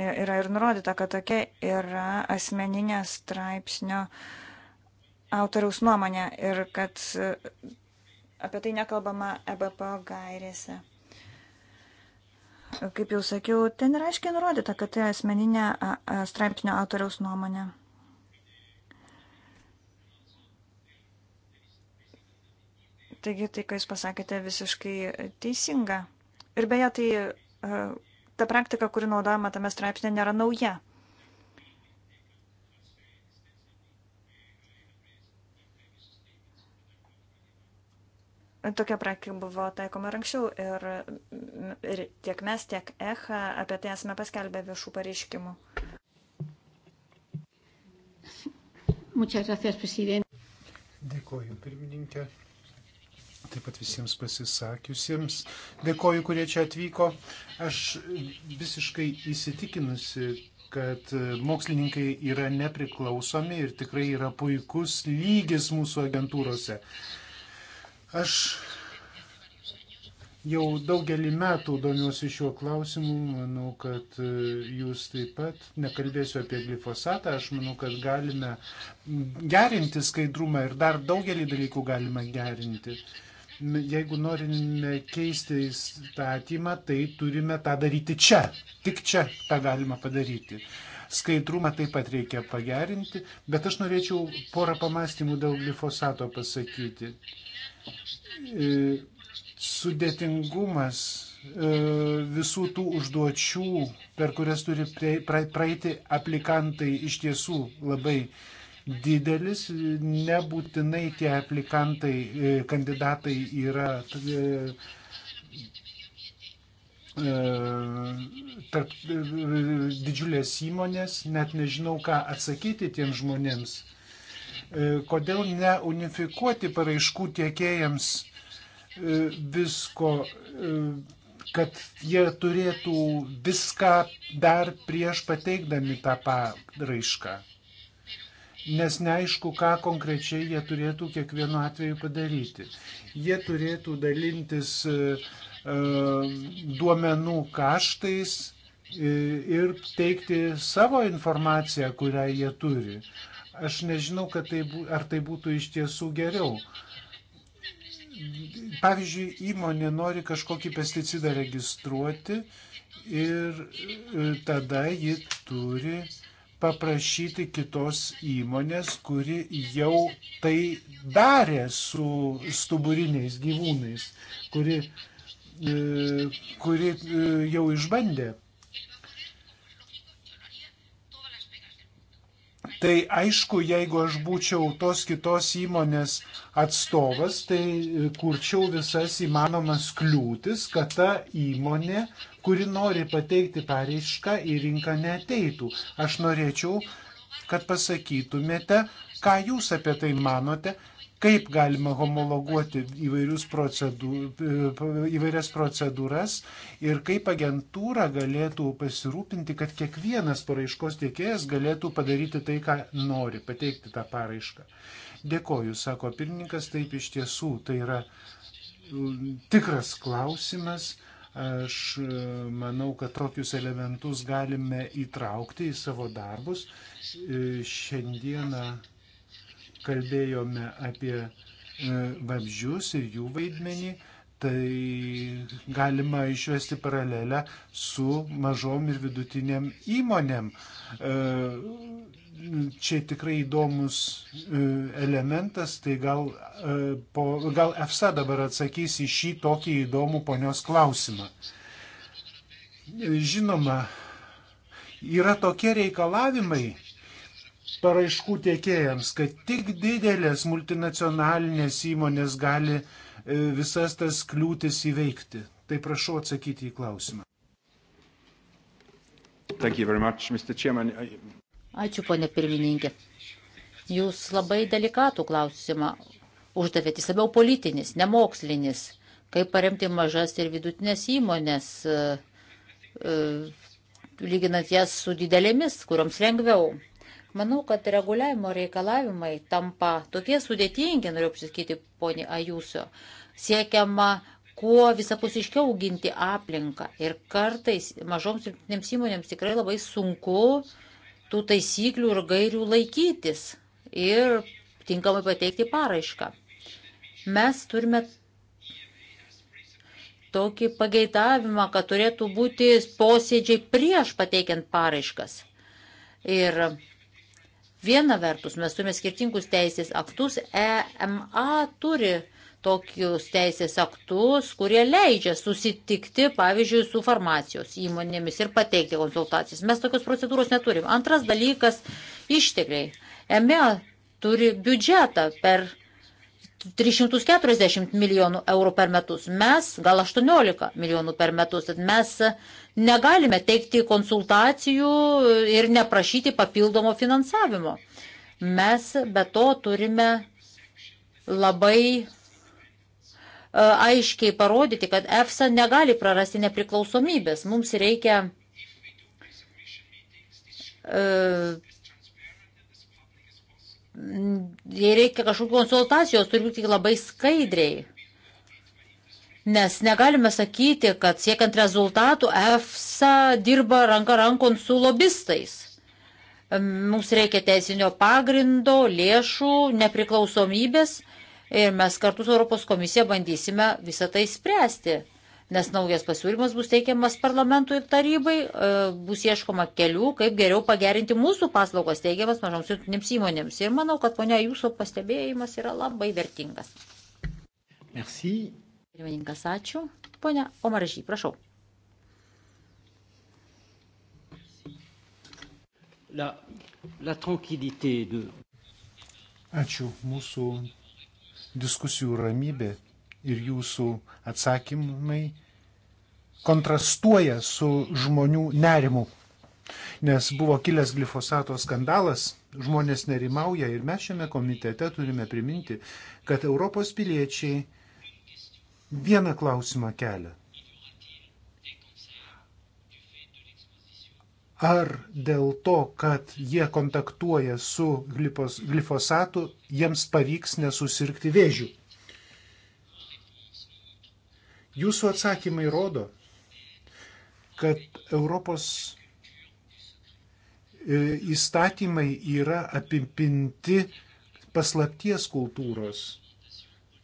e, yra ir nurodyta, kad tokia yra asmeninė straipsnio autoriaus nuomonė ir kad e, apie tai nekalbama EBPO gairėse. Kaip jau sakiau, ten yra aiškiai nurodyta, kad tai asmeninė straipsnio autoriaus nuomonė. Taigi tai, ką jūs pasakėte, visiškai teisinga. Ir beje, tai e, ta praktika, kuri naudojama tame straipsnė, nėra nauja. Tokia praktika buvo taikoma ir anksčiau ir, ir tiek mes, tiek EHA apie tai esame paskelbę viešų pareiškimų.
Dėkuoju, pirmininkė taip pat visiems pasisakiusiems. Dėkoju, kurie čia atvyko. Aš visiškai įsitikinusi, kad mokslininkai yra nepriklausomi ir tikrai yra puikus lygis mūsų agentūrose. Aš jau daugelį metų domiuosi šiuo klausimu, manau, kad jūs taip pat, nekalbėsiu apie glifosatą, aš manau, kad galime gerinti skaidrumą ir dar daugelį dalykų galime gerinti. Uh, jeigu norime keisti įstatymą, tai turime tą daryti čia. Tik čia tą galima padaryti. Skaidrumą taip pat reikia pagerinti, bet aš norėčiau porą pamastymų dėl glifosato pasakyti. E, sudėtingumas e, visų tų užduočių, per kurias turi praeiti aplikantai, iš tiesų labai uh, didelis, nebūtinai tie aplikantai, e, kandidatai yra e, e, tarp didžiulės įmonės, net nežinau, ką atsakyti tiems žmonėms. Kodėl neunifikuoti paraiškų tiekėjams visko, kad jie turėtų viską dar prieš pateikdami tą paraišką nes neaišku, ką konkrečiai jie turėtų kiekvienu atveju padaryti. Jie turėtų dalintis e, e, duomenų kaštais e, ir teikti savo informaciją, kurią jie turi. Aš nežinau, tai, ar tai būtų iš tiesų geriau pavyzdžiui, įmonė nori kažkokį pesticidą registruoti ir tada ji turi paprašyti kitos įmonės, kuri jau tai darė su stuburiniais gyvūnais, kuri, e, kuri e, jau išbandė Tai aišku, jeigu aš būčiau tos kitos įmonės atstovas, tai e, kurčiau visas įmanomas kliūtis, kad ta įmonė, kuri nori pateikti pareišką į rinką, neteitų. Aš norėčiau, kad pasakytumėte, ką jūs apie tai manote, kaip galima homologuoti įvairius procedūr, įvairias procedūras ir kaip agentūra galėtų pasirūpinti, kad kiekvienas paraiškos tiekėjas galėtų padaryti tai, ką nori, pateikti tą paraišką. Dėkoju, sako pirmininkas, taip iš tiesų tai yra mm, tikras klausimas. Aš e, manau, kad tokius elementus galime įtraukti į savo darbus. E, šiandieną kalbėjome apie e, vabzdžius ir jų vaidmenį, tai galima išvesti paralelę su mažom ir vidutiniam įmonėm. E, čia tikrai įdomus e, elementas, tai gal, po, gal EFSA dabar atsakys į šį tokį įdomų ponios klausimą. Žinoma, yra tokie reikalavimai, paraiškų tiekėjams, kad tik didelės multinacionalinės įmonės gali e, visas tas kliūtis įveikti. Tai prašau atsakyti į klausimą. Much,
Ačiū, ponė pirmininkė. Jūs labai delikatų klausimą uždavėte, jis labiau politinis, nemokslinis, kaip paremti mažas ir vidutinės įmonės, e, e, lyginant jas su didelėmis, kuriuoms lengviau. Manau, kad reguliavimo reikalavimai tampa tokie sudėtingi, noriu pasakyti, poni Ajusio. Siekiama kuo visapusiškiau ginti aplinką ir kartais mažoms silpnėms įmonėms tikrai labai sunku tų taisyklių ir gairių laikytis ir tinkamai pateikti paraišką. Mes turime tokį pageidavimą, kad turėtų būti posėdžiai prieš pateikiant paraiškas. Ir Viena vertus, mes turime skirtingus teisės aktus, EMA turi tokius teisės aktus, kurie leidžia susitikti, pavyzdžiui, su farmacijos įmonėmis ir pateikti konsultacijas. Mes tokios procedūros neturim. Antras dalykas - ištekliai. EMA turi biudžetą, per 340 milijonų eurų per metus, mes gal 18 milijonų per metus, tad mes negalime teikti konsultacijų ir neprašyti papildomo finansavimo. Mes be to turime labai e, aiškiai parodyti, kad EFSA negali prarasti nepriklausomybės. Mums reikia e, jei reikia kažkokių konsultacijos, turi būti labai skaidriai. Nes negalime sakyti, kad siekiant rezultatų EFSA dirba ranka rankon su lobistais. Mums reikia teisinio pagrindo, lėšų, nepriklausomybės ir mes kartu su Europos komisija bandysime visą tai spręsti nes naujas pasiūlymas bus teikiamas parlamentui ir tarybai, e, bus ieškoma kelių, kaip geriau pagerinti mūsų paslaugos teigiamas mažoms jūtinėms įmonėms. Ir manau, kad ponia jūsų pastebėjimas yra labai vertingas. Merci. Pirmininkas, ačiū. Pone Omaržy, prašau.
La, la tranquillité de.
Ačiū. Mūsų diskusijų ramybė ir jūsų atsakymai kontrastuoja su žmonių nerimu. Nes buvo kilęs glifosato skandalas, žmonės nerimauja ir mes šiame komitete turime priminti, kad Europos piliečiai vieną klausimą kelia. Ar dėl to, kad jie kontaktuoja su glifosatu, jiems pavyks nesusirgti vėžių? Jūsų atsakymai rodo, kad Europos e, įstatymai yra apipinti paslapties kultūros.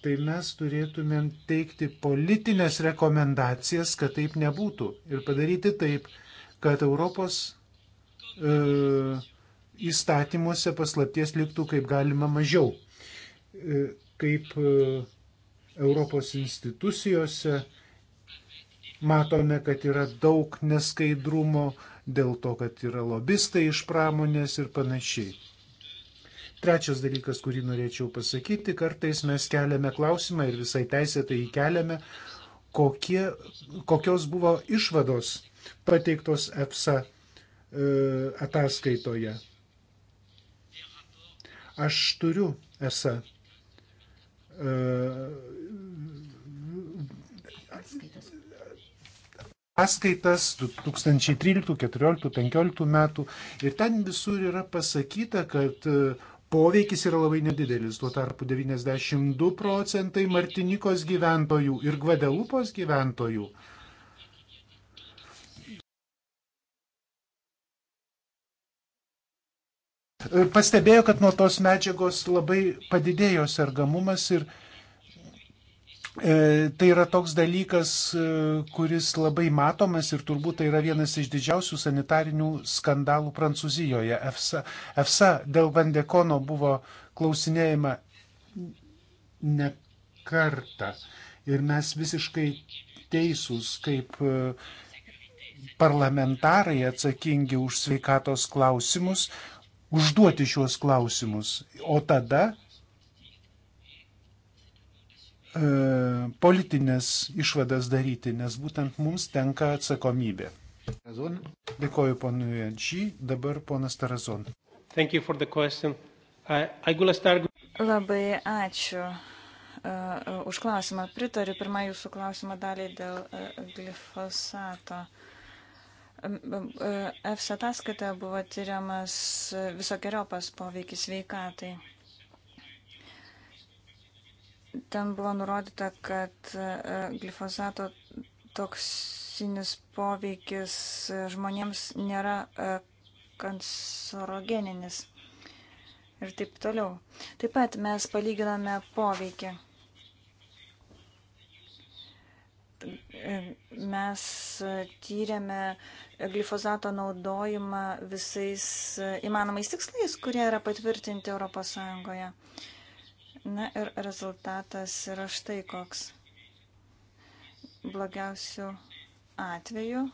Tai mes turėtumėm teikti politinės rekomendacijas, kad taip nebūtų. Ir padaryti taip, kad Europos e, įstatymuose paslapties liktų kaip galima mažiau. E, kaip e, Europos institucijose matome, kad yra daug neskaidrumo dėl to, kad yra lobistai iš pramonės ir panašiai. Trečias dalykas, kurį norėčiau pasakyti, kartais mes keliame klausimą ir visai teisėtai jį keliame, kokie, kokios buvo išvados pateiktos EFSA e, ataskaitoje. Aš turiu EFSA paskaitas 2013, 2014, 2015 metų ir ten visur yra pasakyta, kad e, poveikis yra labai nedidelis. Tuo tarpu 92 procentai Martinikos gyventojų ir Gvadelupos gyventojų uh, E, pastebėjo, kad nuo tos medžiagos labai padidėjo sergamumas ir e, Tai yra toks dalykas, e, kuris labai matomas ir turbūt tai yra vienas iš didžiausių sanitarinių skandalų Prancūzijoje. EFSA, EFSA dėl Vandekono buvo klausinėjama ne kartą. Ir mes visiškai teisūs kaip parlamentarai atsakingi už sveikatos klausimus, užduoti šiuos klausimus. O tada e, politinės išvadas daryti, nes būtent mums tenka atsakomybė. Dėkoju ponui Ančy, dabar ponas Tarazon.
I, I start...
Labai ačiū uh, už klausimą. Pritariu pirmą jūsų klausimą dalį dėl uh, glifosato. Uh, EFSA ataskaita buvo tyriamas visokiojopas poveikis veikatai. Ten buvo nurodyta, kad e, glifosato toksinis poveikis žmonėms nėra e, kancerogeninis ir taip toliau. Taip pat mes palyginame poveikį. Mes tyrėme glifozato naudojimą visais įmanomais tikslais, kurie yra patvirtinti ES. Na ir rezultatas yra štai koks. Blogiausių atveju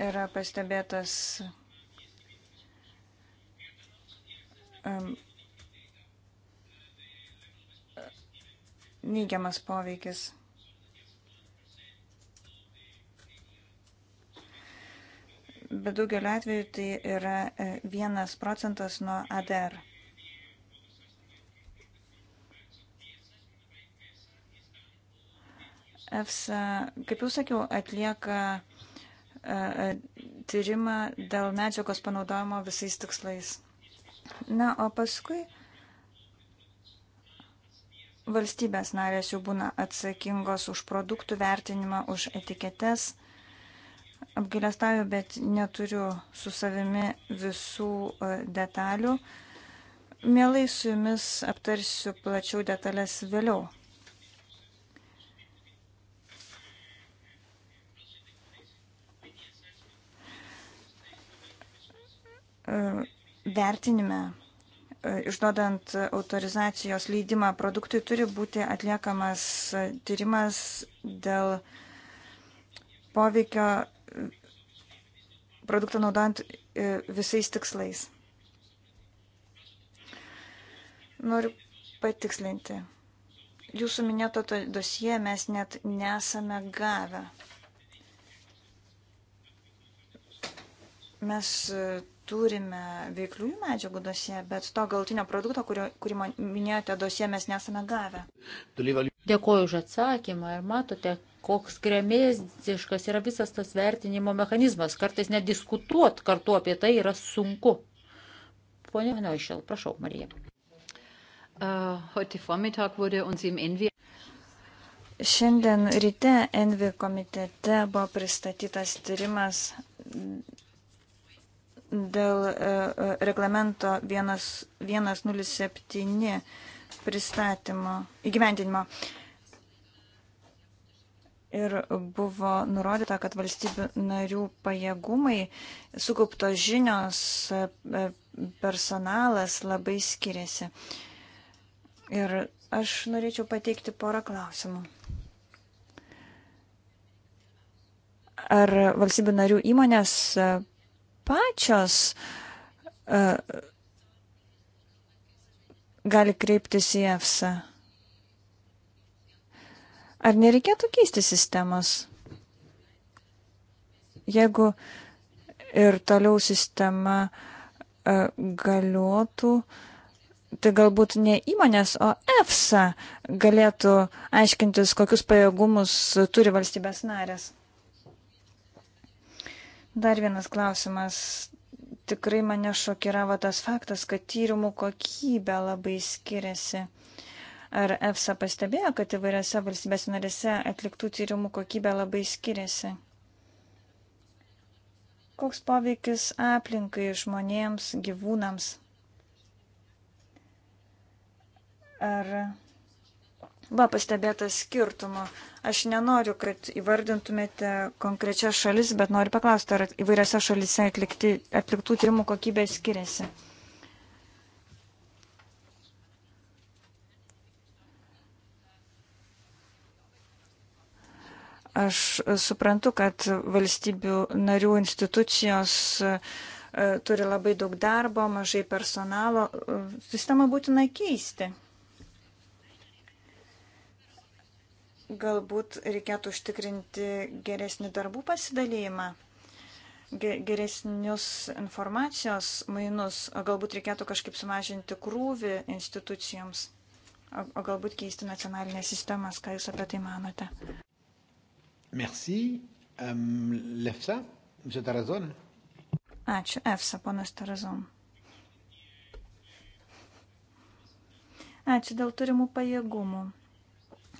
yra pastebėtas um, neigiamas poveikis. Bet daugeliu atveju tai yra e, vienas procentas nuo ADR. EFSA, kaip jau sakiau, atlieka E, e, tyrimą dėl medžiagos panaudojimo visais tikslais. Na, o paskui valstybės narės jau būna atsakingos už produktų vertinimą, už etiketes. Apgailestauju, bet neturiu su savimi visų e, detalių. Mielai su jumis aptarsiu plačiau detalės vėliau. E, vertinime, e, išduodant autorizacijos leidimą produktui, turi būti atliekamas tyrimas dėl poveikio e, produktą naudojant visais tikslais. Noriu patikslinti. Jūsų minėto dosie mes net nesame gavę. Mes turime veikliųjų medžiagų dosie, bet to galtinio produkto, kurio, kurį minėjote dosie, mes nesame gavę. Dėkuoju už atsakymą ir matote, koks gremėziškas
yra visas tas vertinimo mechanizmas. Kartais nediskutuot kartu apie tai yra sunku. Pone Noišel, prašau, Marija. Äh,
Šiandien ryte Envi komitete buvo pristatytas tyrimas dėl e, e, reglamento 107 pristatymo įgyvendinimo. Ir buvo nurodyta, kad valstybių narių pajėgumai, sukauptos žinios, e, personalas labai skiriasi. Ir aš norėčiau pateikti porą klausimų. Ar valstybių narių įmonės pačios uh, gali kreiptis į EFSA? Ar nereikėtų keisti sistemos? Jeigu ir toliau sistema uh, galiotų, tai galbūt ne įmonės, o EFSA galėtų aiškintis, kokius pajėgumus turi valstybės narės. Dar vienas klausimas. Tikrai mane šokiravo tas faktas, kad tyrimų kokybė labai skiriasi. Ar EFSA pastebėjo, kad įvairiose valstybės narėse atliktų tyrimų kokybė labai skiriasi? Koks poveikis aplinkai žmonėms, gyvūnams? Ar Buvo pastebėta skirtumų. Aš nenoriu, kad įvardintumėte konkrečias šalis, bet noriu paklausti, ar įvairiose šalise atlikti, atliktų tyrimų kokybė skiriasi. Aš suprantu, kad valstybių narių institucijos e, turi labai daug darbo, mažai personalo. Sistemą būtina keisti. Galbūt reikėtų užtikrinti geresnį darbų pasidalymą, geresnius informacijos mainus, o galbūt reikėtų kažkaip sumažinti krūvį institucijoms, o galbūt keisti nacionalinės sistemas, ką Jūs apie tai manote.
Merci. Um, Lefsa, M. Tarazon.
Ačiū, EFSA, ponas Tarazon. Ačiū dėl turimų pajėgumų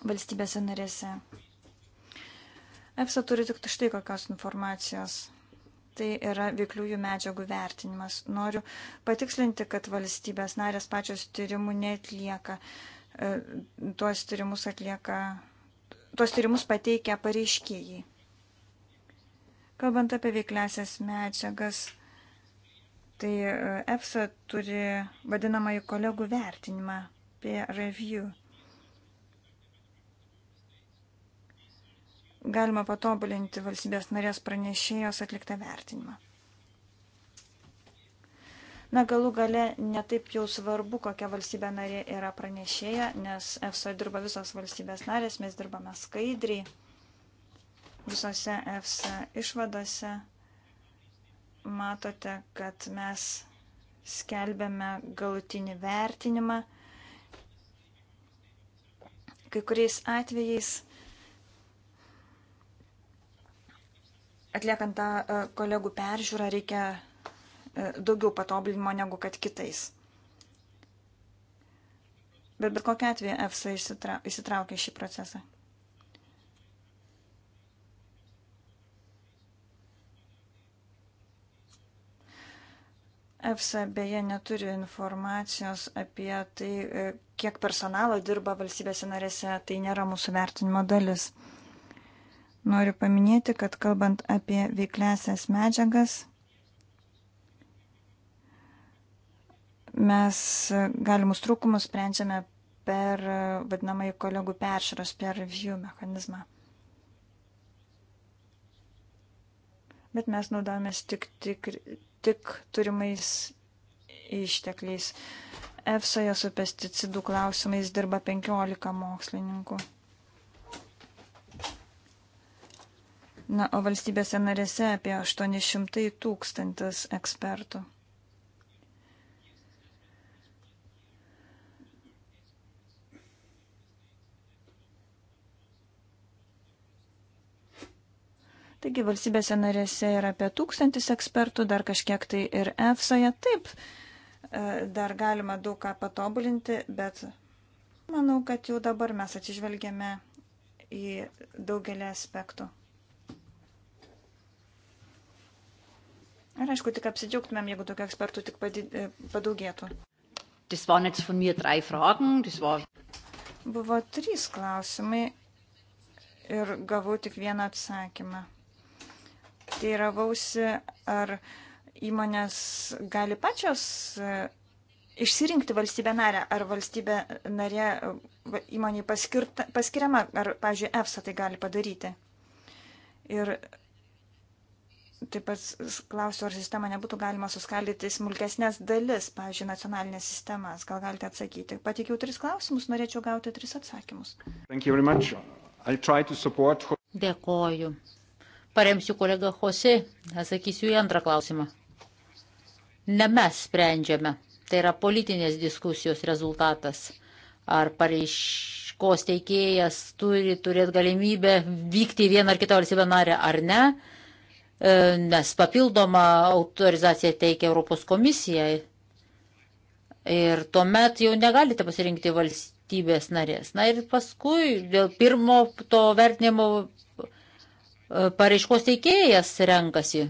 valstybėse narėse. EFSA turi tik štai kokios informacijos. Tai yra veikliųjų medžiagų vertinimas. Noriu patikslinti, kad valstybės narės pačios tyrimų netlieka. E, tuos tyrimus atlieka, tuos tyrimus pateikia pareiškėjai. Kalbant apie veikliasias medžiagas, tai e, EFSA turi vadinamąjį kolegų vertinimą, peer review. galima patobulinti valstybės narės pranešėjos atliktą vertinimą. Na, galų gale netaip jau svarbu, kokia valstybė narė yra pranešėja, nes EFSA dirba visos valstybės narės, mes dirbame skaidriai visose EFSA išvadose. Matote, kad mes skelbėme galutinį vertinimą. Kai kuriais atvejais atliekant tą e, kolegų peržiūrą reikia e, daugiau patobulinimo negu kad kitais. Bet bet kokia atveju EFSA įsitra, įsitraukia šį procesą. EFSA beje neturi informacijos apie tai, e, kiek personalo dirba valstybėse narėse, tai nėra mūsų vertinimo dalis. Noriu paminėti, kad kalbant apie veiklesias medžiagas, mes galimus trūkumus sprendžiame per vadinamąjį kolegų peršaros, per review mechanizmą. Bet mes naudojamės tik, tik, tik turimais ištekliais. EFSA su pesticidų klausimais dirba 15 mokslininkų. Na, o valstybėse narėse apie 800 tūkstantis ekspertų. Taigi valstybėse narėse yra apie tūkstantis ekspertų, dar kažkiek tai ir EFSA-je. Taip, e, dar galima daug ką patobulinti, bet manau, kad jau dabar mes atsižvelgėme į daugelį aspektų. Ir aišku, tik apsidžiaugtumėm, jeigu tokių ekspertų tik padid... E, padaugėtų. Buvo trys klausimai ir gavau tik vieną atsakymą. Teiravausi, ar įmonės gali pačios e, išsirinkti valstybę narę, ar valstybė narė e, įmoniai paskirta, paskiriama, ar, pavyzdžiui, EFSA tai gali padaryti. Ir taip pat klausiu, ar sistemą nebūtų galima suskaldyti smulkesnės dalis, pavyzdžiui, nacionalinės sistemas. Gal galite atsakyti? Pateikiau tris klausimus, norėčiau gauti tris atsakymus.
Support... Dėkoju. Paremsiu kolegą Hosi, atsakysiu į antrą klausimą. Ne mes sprendžiame, tai yra politinės diskusijos rezultatas. Ar pareiškos teikėjas turi turėti galimybę vykti į vieną ar kitą valstybę narę ar ne E, nes papildomą autorizaciją teikia Europos komisija. Ir tuomet jau negalite pasirinkti valstybės narės. Na ir paskui dėl pirmo to vertinimo e, pareiškos teikėjas renkasi,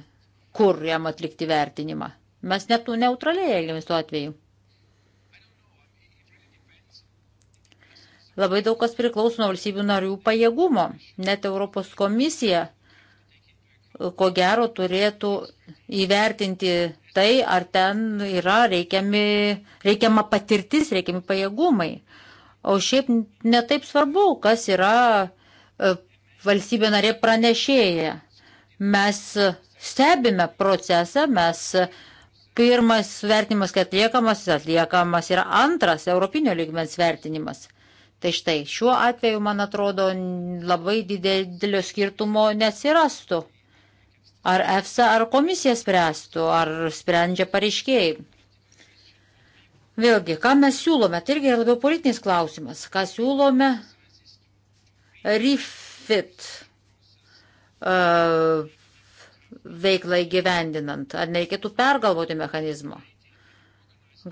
kur jam atlikti vertinimą. Mes net neutraliai elgiamės tuo atveju. Labai daug kas priklauso nuo valstybių narių pajėgumo. Net Europos komisija ko gero turėtų įvertinti tai, ar ten yra reikiami, reikiama patirtis, reikiami pajėgumai. O šiaip netaip svarbu, kas yra e, valstybė narė pranešėja. Mes stebime procesą, mes e, pirmas vertinimas, kai atliekamas, atliekamas yra antras europinio lygmens vertinimas. Tai štai šiuo atveju, man atrodo, labai didelio skirtumo nesirastų. Ar EFSA, ar komisija spręstų, ar sprendžia pareiškėjai. Vėlgi, ką mes siūlome, tai irgi yra labiau politinis klausimas. Ką siūlome? Refit uh, veiklą įgyvendinant. Ar nereikėtų pergalvoti mechanizmo?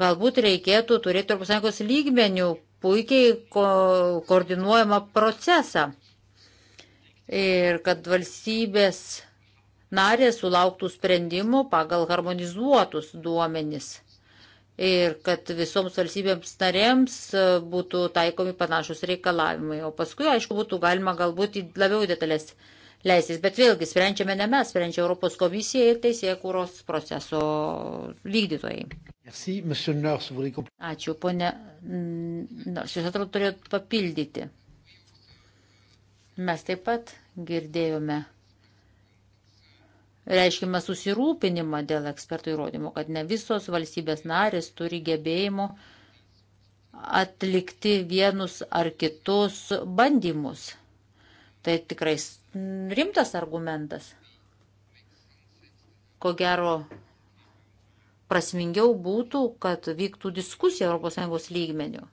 Galbūt reikėtų turėti Europos Sąjungos lygmenių puikiai ko koordinuojamą procesą. Ir kad valstybės narės sulauktų sprendimų pagal harmonizuotus duomenis ir kad visoms valstybėms narėms e, būtų taikomi panašus reikalavimai. O paskui, aišku, būtų galima galbūt labiau detalės leistis, bet vėlgi sprendžiame ne mes, sprendžia Europos komisija ir teisėjai kūros proceso vykdytojai. Merci, Nors, Ačiū, ponė. Nors jūs atrodo turėjot papildyti. Mes taip pat girdėjome reiškime susirūpinimą dėl ekspertų įrodymų, kad ne visos valstybės narės turi gebėjimų atlikti vienus ar kitus bandymus. Tai tikrai rimtas argumentas. Ko gero, prasmingiau būtų, kad vyktų diskusija ES lygmenių.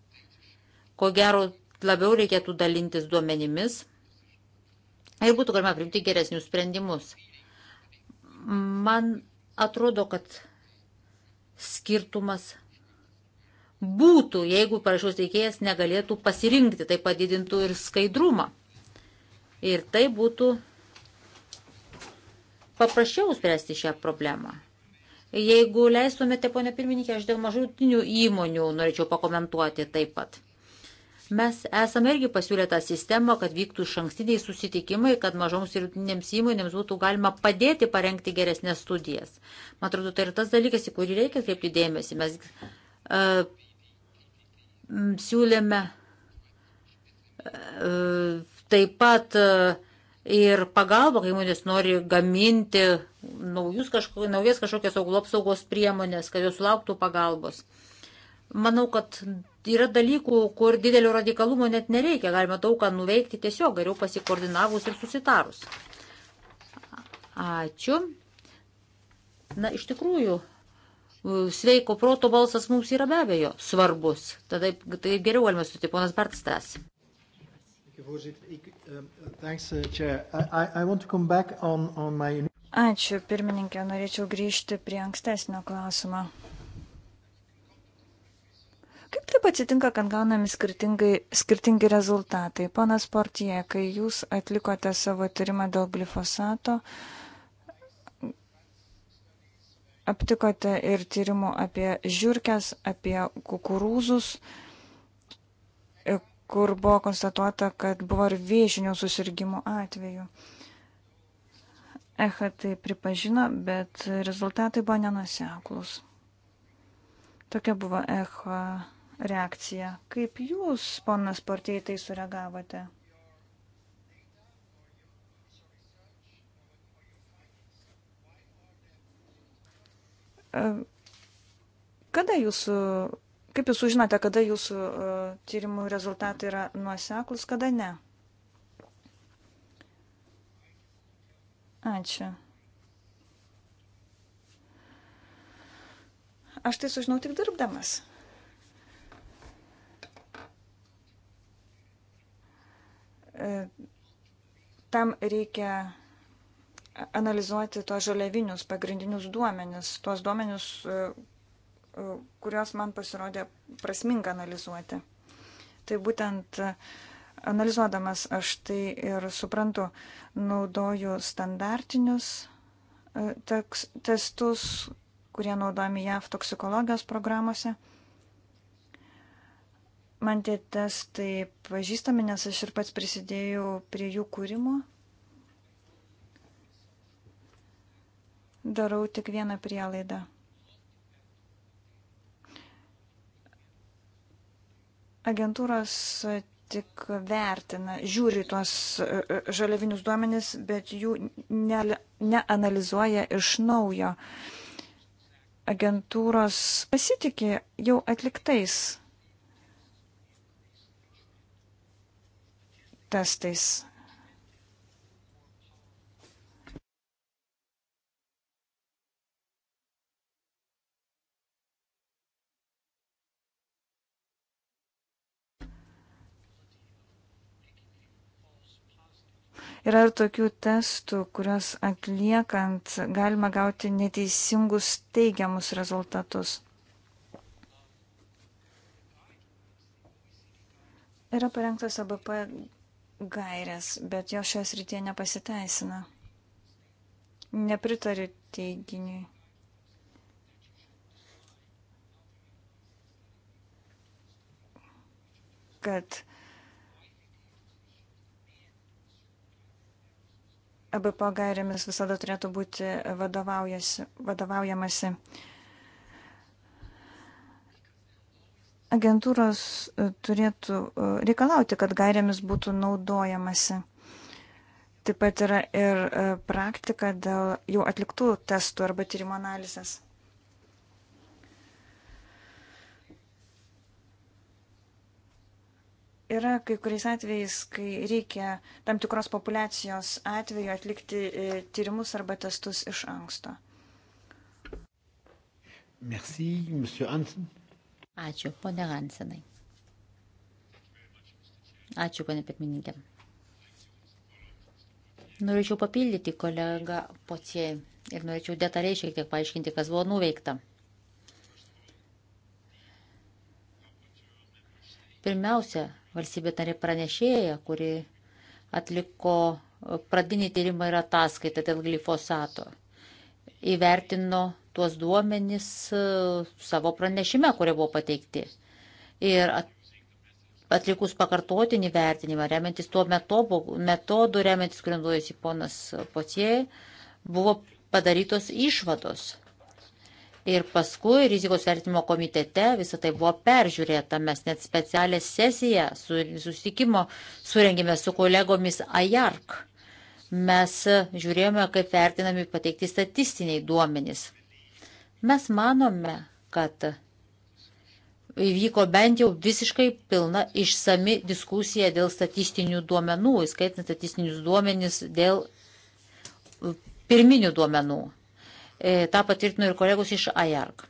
Ko gero, labiau reikėtų dalintis duomenimis ir būtų galima priimti geresnius sprendimus. Man atrodo, kad skirtumas būtų, jeigu parašos teikėjas negalėtų pasirinkti, tai padidintų ir skaidrumą. Ir tai būtų paprasčiau spręsti šią problemą. Jeigu leistumėte, ponė pirmininkė, aš dėl mažutinių įmonių norėčiau pakomentuoti taip pat. Mes esame irgi pasiūlę tą sistemą, kad vyktų šankstiniai susitikimai, kad mažoms ir vidutinėms įmonėms būtų galima padėti parengti geresnės studijas. Man atrodo, tai yra tas dalykas, į kurį reikia kreipti dėmesį. Mes uh, siūlėme uh, taip pat uh, ir pagalbą, kai įmonės nori gaminti naujus kažko, naujas kažkokias augalų apsaugos priemonės, kad jos lauktų pagalbos. Uh, Manau, kad yra dalykų, kur didelio radikalumo net nereikia, galima daug ką nuveikti tiesiog geriau pasikoordinavus ir susitarus. Ačiū. Na, iš tikrųjų, sveiko proto balsas mums yra be abejo svarbus. Tada tai geriau galime sutikti, ponas Bartstas.
Ehm,
eh,
Ačiū, pirmininkė, norėčiau grįžti prie ankstesnio klausimo. Kaip taip atsitinka, kad gaunami skirtingi rezultatai? Panas Portie, kai jūs atlikote savo tyrimą dėl glifosato, aptikote ir tyrimų apie žiūrkės, apie kukurūzus, kur buvo konstatuota, kad buvo ir viešinių susirgymų atveju. Echa tai pripažino, bet rezultatai buvo nenuseklus. Tokia buvo Echa reakcija. Kaip jūs, ponas Portėjai, tai sureagavote? E, kada jūsų, kaip jūs sužinote, kada jūsų e, tyrimų rezultatai yra nuoseklus, kada ne? Ačiū. Aš tai sužinau tik dirbdamas. E, tam reikia analizuoti tos žaliavinius pagrindinius duomenis, tuos duomenis, e, e, kuriuos man pasirodė prasminga analizuoti. Tai būtent analizuodamas aš tai ir suprantu, naudoju standartinius teks, testus, kurie naudojami JAV toksikologijos programuose. Man tie testai pažįstami, nes aš ir pats prisidėjau prie jų kūrimo. Darau tik vieną prielaidą. Agentūros tik vertina, žiūri tuos e, e, žaliavinius duomenis, bet jų ne, neanalizuoja iš naujo. Agentūros pasitikė jau atliktais testais. Yra ir tokių testų, kuriuos atliekant galima gauti neteisingus teigiamus rezultatus. Yra parengtas ABP gairias, bet jo šios rytie nepasiteisina. Nepritariu teiginiui. kad ABPO gairėmis visada turėtų būti vadovaujamasi. agentūros e, turėtų e, reikalauti, kad gairėmis būtų naudojamasi. Taip pat yra ir e, praktika dėl jau atliktų testų arba tyrimo analizės. Yra kai kuriais atvejais, kai reikia tam tikros populacijos atveju atlikti tyrimus arba testus iš anksto.
Merci, Monsieur
Hansen.
Ačiū, ponė Hansenai.
Ačiū, ponė pirmininkė. Norėčiau papildyti kolegą Pocie ir norėčiau detaliai šiek tiek paaiškinti, kas buvo nuveikta. Pirmiausia, valstybė narė pranešėja, kuri atliko pradinį tyrimą ir ataskaitą dėl glifosato, įvertino tuos duomenis e, savo pranešime, kurie buvo pateikti. Ir atlikus pakartotinį vertinimą, remiantis tuo metobu, metodu, remiantis kuriuosi ponas Potie, buvo padarytos išvados. Ir paskui rizikos vertimo komitete visą tai buvo peržiūrėta. Mes net specialią sesiją susitikimo surengėme su kolegomis AJARK. Mes žiūrėjome, kaip vertinami pateikti statistiniai duomenys. Mes manome, kad įvyko bent jau visiškai pilna išsami diskusija dėl statistinių duomenų, įskaitant statistinius duomenys dėl e, pirminių duomenų. E, tą patvirtino ir kolegos iš AJARK.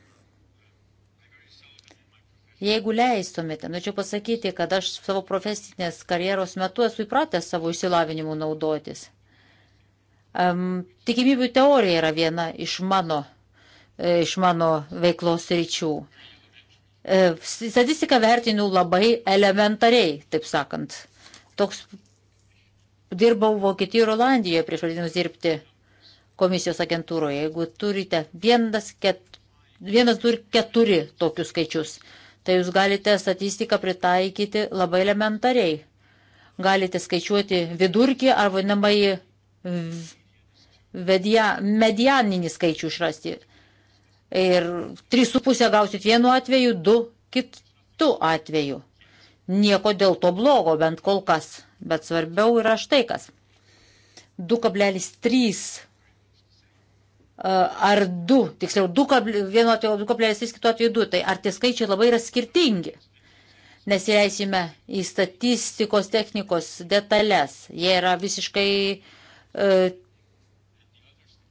Jeigu leistumėte, norėčiau pasakyti, kad aš savo profesinės karjeros metu esu įpratęs savo išsilavinimu naudotis. Um, tikimybių teorija yra viena iš mano E, iš mano veiklos ryčių. E, statistiką vertinu labai elementariai, taip sakant. Toks dirbau Vokietijoje ir Olandijoje prieš pradėdamas dirbti komisijos agentūroje. Jeigu turite vienas, ket, vienas du ir keturi tokius skaičius, tai jūs galite statistiką pritaikyti labai elementariai. Galite skaičiuoti vidurkį ar vadinamąjį media, medianinį skaičių išrasti. Ir 3,5 gausit vienu atveju, 2 kitų atveju. Nieko dėl to blogo, bent kol kas. Bet svarbiau yra štai kas. 2,3 e, ar 2, tiksliau, 2, vienu atveju 2,3, kitu atveju 2. Tai ar tie skaičiai labai yra skirtingi? Nesileisime į statistikos technikos detalės. Jie yra visiškai e,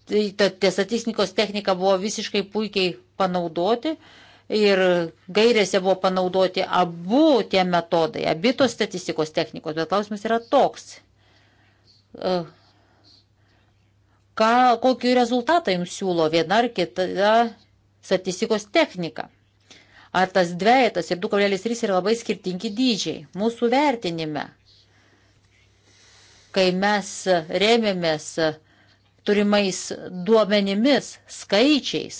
Tai ta, tie statistikos technika buvo visiškai puikiai panaudoti ir gairėse buvo panaudoti abu tie metodai, abi tos statistikos technikos, bet klausimas yra toks. E, ką, kokį rezultatą jums siūlo viena ar kita statistikos technika? Ar tas dviejatas ir 2,3 yra labai skirtingi dydžiai mūsų vertinime? Kai mes rėmėmės uh, turimais duomenimis, skaičiais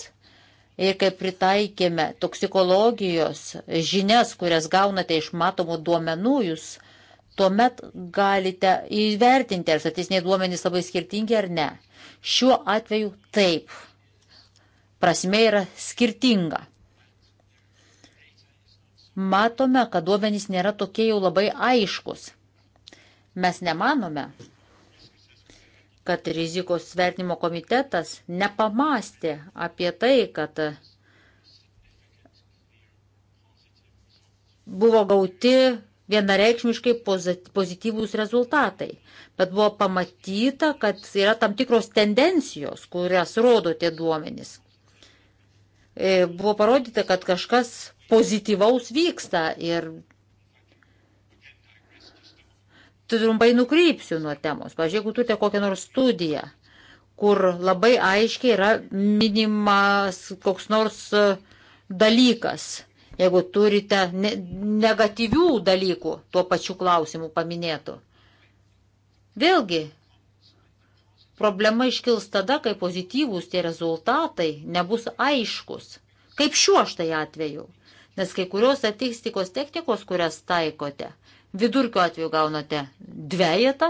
ir kai pritaikėme toksikologijos žinias, kurias gaunate iš matomų duomenų, jūs tuomet galite įvertinti, ar statistiniai duomenys labai skirtingi ar ne. Šiuo atveju taip. Prasme yra skirtinga. Matome, kad duomenys nėra tokie jau labai aiškus. Mes nemanome, kad rizikos vertinimo komitetas nepamastė apie tai, kad buvo gauti vienareikšmiškai pozityvūs rezultatai, bet buvo pamatyta, kad yra tam tikros tendencijos, kurias rodo tie duomenys. E, buvo parodyta, kad kažkas pozityvaus vyksta ir trumpai nukrypsiu nuo temos. Pavyzdžiui, jeigu turite kokią nors studiją, kur labai aiškiai yra minimas koks nors e, dalykas, jeigu turite negatyvių dalykų tuo pačiu klausimu paminėtų. Vėlgi, problema iškils tada, kai pozityvūs tie rezultatai nebus aiškus, kaip šiuo štai atveju, nes kai kurios statistikos technikos, kurias taikote, Vidurkiu atveju gaunate dviejatą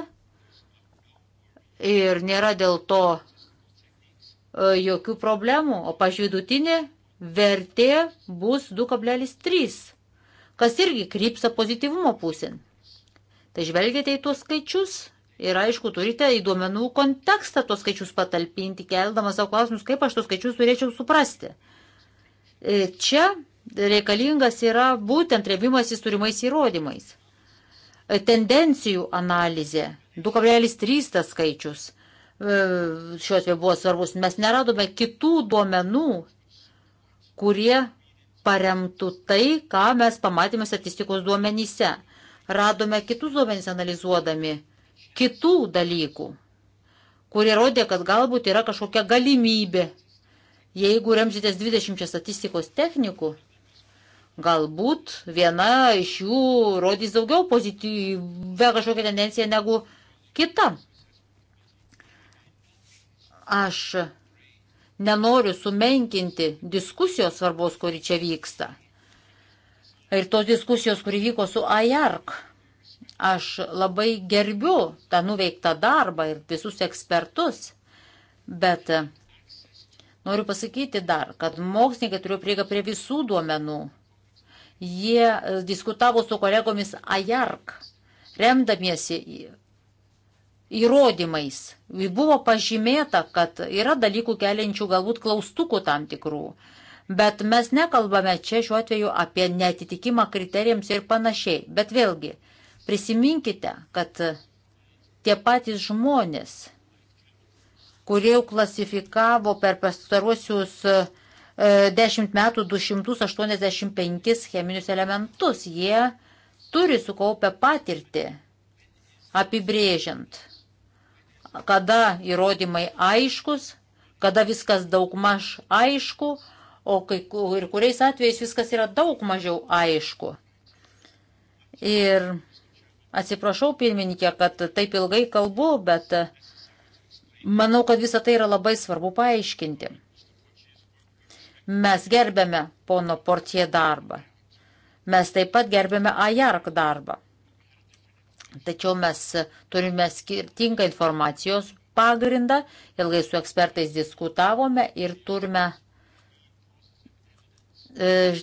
ir nėra dėl to e, jokių problemų, o pažvidutinė vertė bus 2,3, kas irgi krypsa pozityvumo pusėn. Tai žvelgiate į tuos skaičius ir aišku, turite į duomenų kontekstą tuos skaičius patalpinti, keldamas savo klausimus, kaip aš tuos skaičius turėčiau suprasti. E, čia reikalingas yra būtent rebimasis turimais įrodymais tendencijų analizė. 2,3 tas skaičius e, šiuo atveju buvo svarbus. Mes neradome kitų duomenų, kurie paremtų tai, ką mes pamatėme statistikos duomenyse. Radome kitus duomenys analizuodami kitų dalykų, kurie rodė, kad galbūt yra kažkokia galimybė. Jeigu remsitės 20 statistikos technikų, Galbūt viena iš jų rodys daugiau pozityvę kažkokią tendenciją negu kita. Aš nenoriu sumenkinti diskusijos svarbos, kuri čia vyksta. Ir tos diskusijos, kuri vyko su AJARK. Aš labai gerbiu tą nuveiktą darbą ir visus ekspertus, bet noriu pasakyti dar, kad mokslininkai turėjo prieigą prie visų duomenų Jie e, diskutavo su kolegomis AJARK, remdamiesi įrodymais. Buvo pažymėta, kad yra dalykų keliančių galbūt klaustukų tam tikrų. Bet mes nekalbame čia šiuo atveju apie netitikimą kriterijams ir panašiai. Bet vėlgi, prisiminkite, kad tie patys žmonės, kurie klasifikavo per pastaruosius e, 10 metų 285 cheminius elementus. Jie turi sukaupę patirtį apibrėžiant, kada įrodymai aiškus, kada viskas daug maž aišku, o kai, ir kuriais atvejais viskas yra daug mažiau aišku. Ir atsiprašau, pirmininkė, kad taip ilgai kalbu, bet manau, kad visą tai yra labai svarbu paaiškinti. Mes gerbėme pono Portie darbą. Mes taip pat gerbėme Ajark darbą. Tačiau mes turime skirtingą informacijos pagrindą, ilgai su ekspertais diskutavome ir turime e,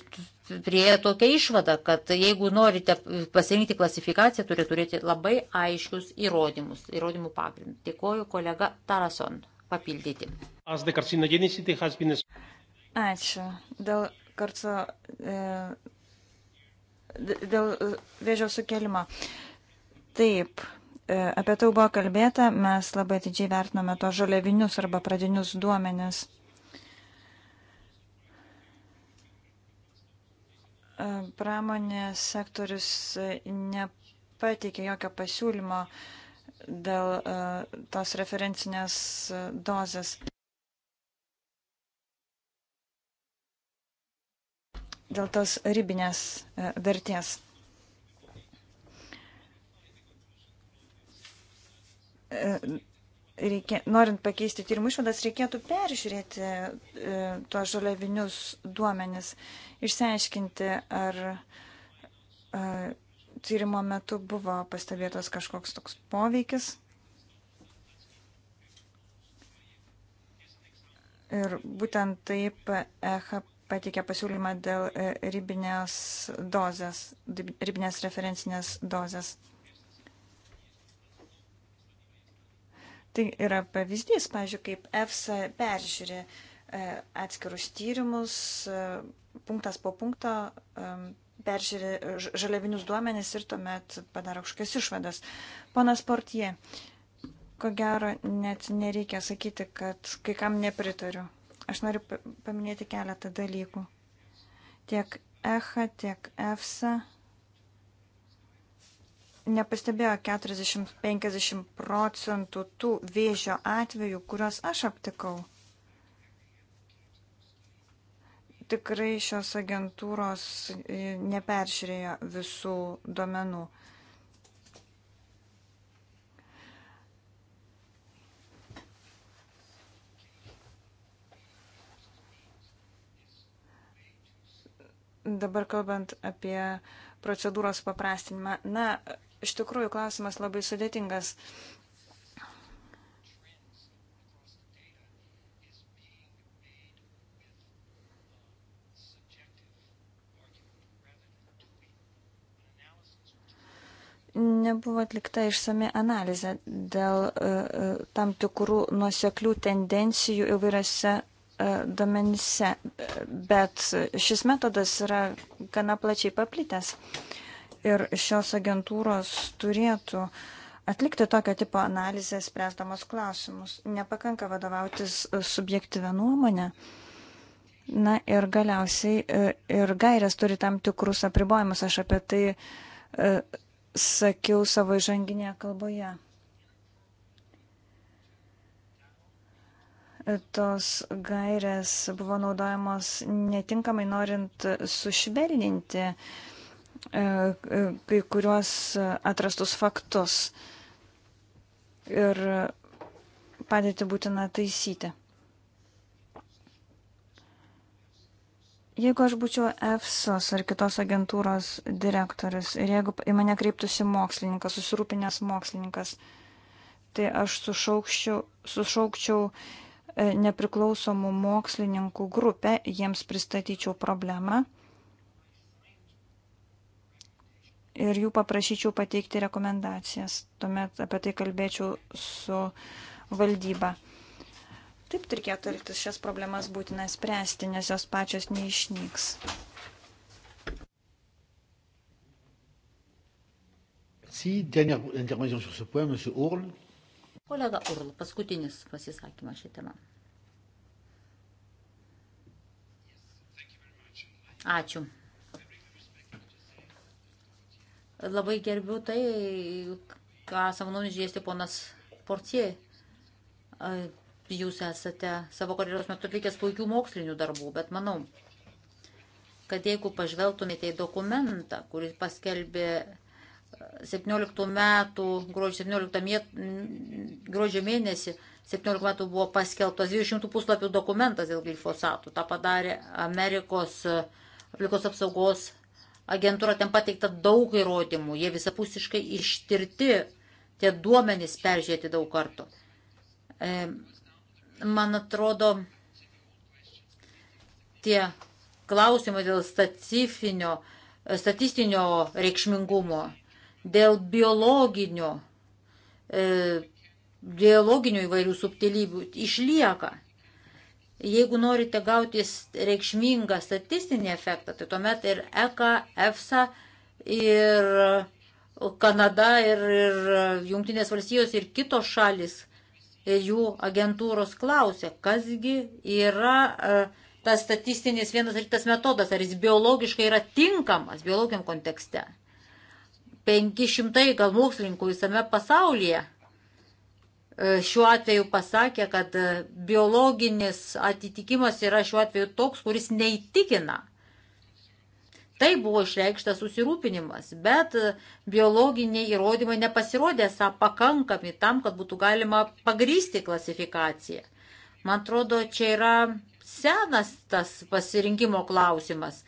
prie tokią išvadą, kad jeigu norite pasirinkti klasifikaciją, turi turėti labai aiškius įrodymus, įrodymų pagrindą. Dėkoju kolega Tarason papildyti.
Ačiū. Dėl kartu. E, dėl e, vėžio sukelimo. Taip, e, apie tai buvo kalbėta, mes labai atidžiai vertiname to žaliavinius arba pradinius duomenis. Pramonės sektorius nepateikė jokio pasiūlymo dėl tos referencinės dozės. dėl tos ribinės e, vertės. E, reikia, norint pakeisti tyrimų išvadas, reikėtų peržiūrėti e, tuos žaliavinius duomenis, išsiaiškinti, ar e, tyrimo metu buvo pastebėtas kažkoks toks poveikis. Ir būtent taip EHP pateikė pasiūlymą dėl e, ribinės dozės, ribinės referencinės dozės. Tai yra pavyzdys, pažiūrėjau, kaip EFSA peržiūrė e, atskirus tyrimus, e, punktas po punkto peržiūrė žaliavinius duomenis ir tuomet padaro kažkokias išvadas. Ponas Portie, ko gero net nereikia sakyti, kad kai kam nepritariu. Aš noriu paminėti keletą dalykų. Tiek EHA, tiek EFSA nepastebėjo 40-50 procentų tų vėžio atvejų, kuriuos aš aptikau. Tikrai šios agentūros e, neperžiūrėjo visų duomenų. Dabar kalbant apie procedūros paprastinimą. Na, iš tikrųjų klausimas labai sudėtingas. nebuvo atlikta išsami analizė dėl uh, tam tikrų nuoseklių tendencijų įvairiose E, domenyse, bet šis metodas yra gana plačiai paplitęs ir šios agentūros turėtų atlikti tokio tipo analizę, spręsdamos klausimus. Nepakanka vadovautis subjektyvę nuomonę. Na ir galiausiai e, ir gairės turi tam tikrus apribojimus. Aš apie tai e, sakiau savo žanginėje kalboje. Tos gairės buvo naudojamos netinkamai norint sušvelninti e, e, kai kuriuos atrastus faktus ir padėti būtina taisyti. Jeigu aš būčiau EFSOS ar kitos agentūros direktorius ir jeigu į mane kreiptųsi mokslininkas, susirūpinęs mokslininkas, tai aš sušaukščiau, sušaukčiau E, nepriklausomų mokslininkų grupę, jiems pristatyčiau problemą ir jų paprašyčiau pateikti rekomendacijas. Tuomet apie tai kalbėčiau su valdyba. Taip reikėtų elgtis, šias problemas būtina spręsti, nes jos pačios neišnyks.
Si, dernière intervention sur ce point, M. Ourle.
Kolega Url, paskutinis pasisakymas šią temą. Ačiū. Labai gerbiu tai, ką savo nuomonį išdėstė ponas Porcijai. Jūs esate savo karjeros metu atlikęs puikių mokslinių darbų, bet manau, kad jeigu pažvelgtumėte į dokumentą, kurį paskelbė 17 metų, gruodžio 17 gruodžio mėnesį 17 metų buvo paskelbtas 200 puslapių dokumentas dėl glifosatų. Ta padarė Amerikos e, aplinkos apsaugos agentūra, ten pateikta daug įrodymų, jie visapusiškai ištirti, tie duomenys peržiūrėti daug kartų. E, man atrodo, tie klausimai dėl statistinio reikšmingumo dėl biologinio, e, biologinių įvairių subtilybių išlieka. Jeigu norite gauti reikšmingą statistinį efektą, tai tuomet ir ECA, EFSA ir Kanada ir, ir Junktinės valstijos ir kitos šalis ir jų agentūros klausia, kasgi yra e, tas statistinis vienas ir tas metodas, ar jis biologiškai yra tinkamas biologiniam kontekste. 500 gal mokslininkų visame pasaulyje e, šiuo atveju pasakė, kad e, biologinis atitikimas yra šiuo atveju toks, kuris neįtikina. Tai buvo išreikštas susirūpinimas, bet e, biologiniai įrodymai nepasirodė esą pakankami tam, kad būtų galima pagrysti klasifikaciją. Man atrodo, čia yra senas tas pasirinkimo klausimas.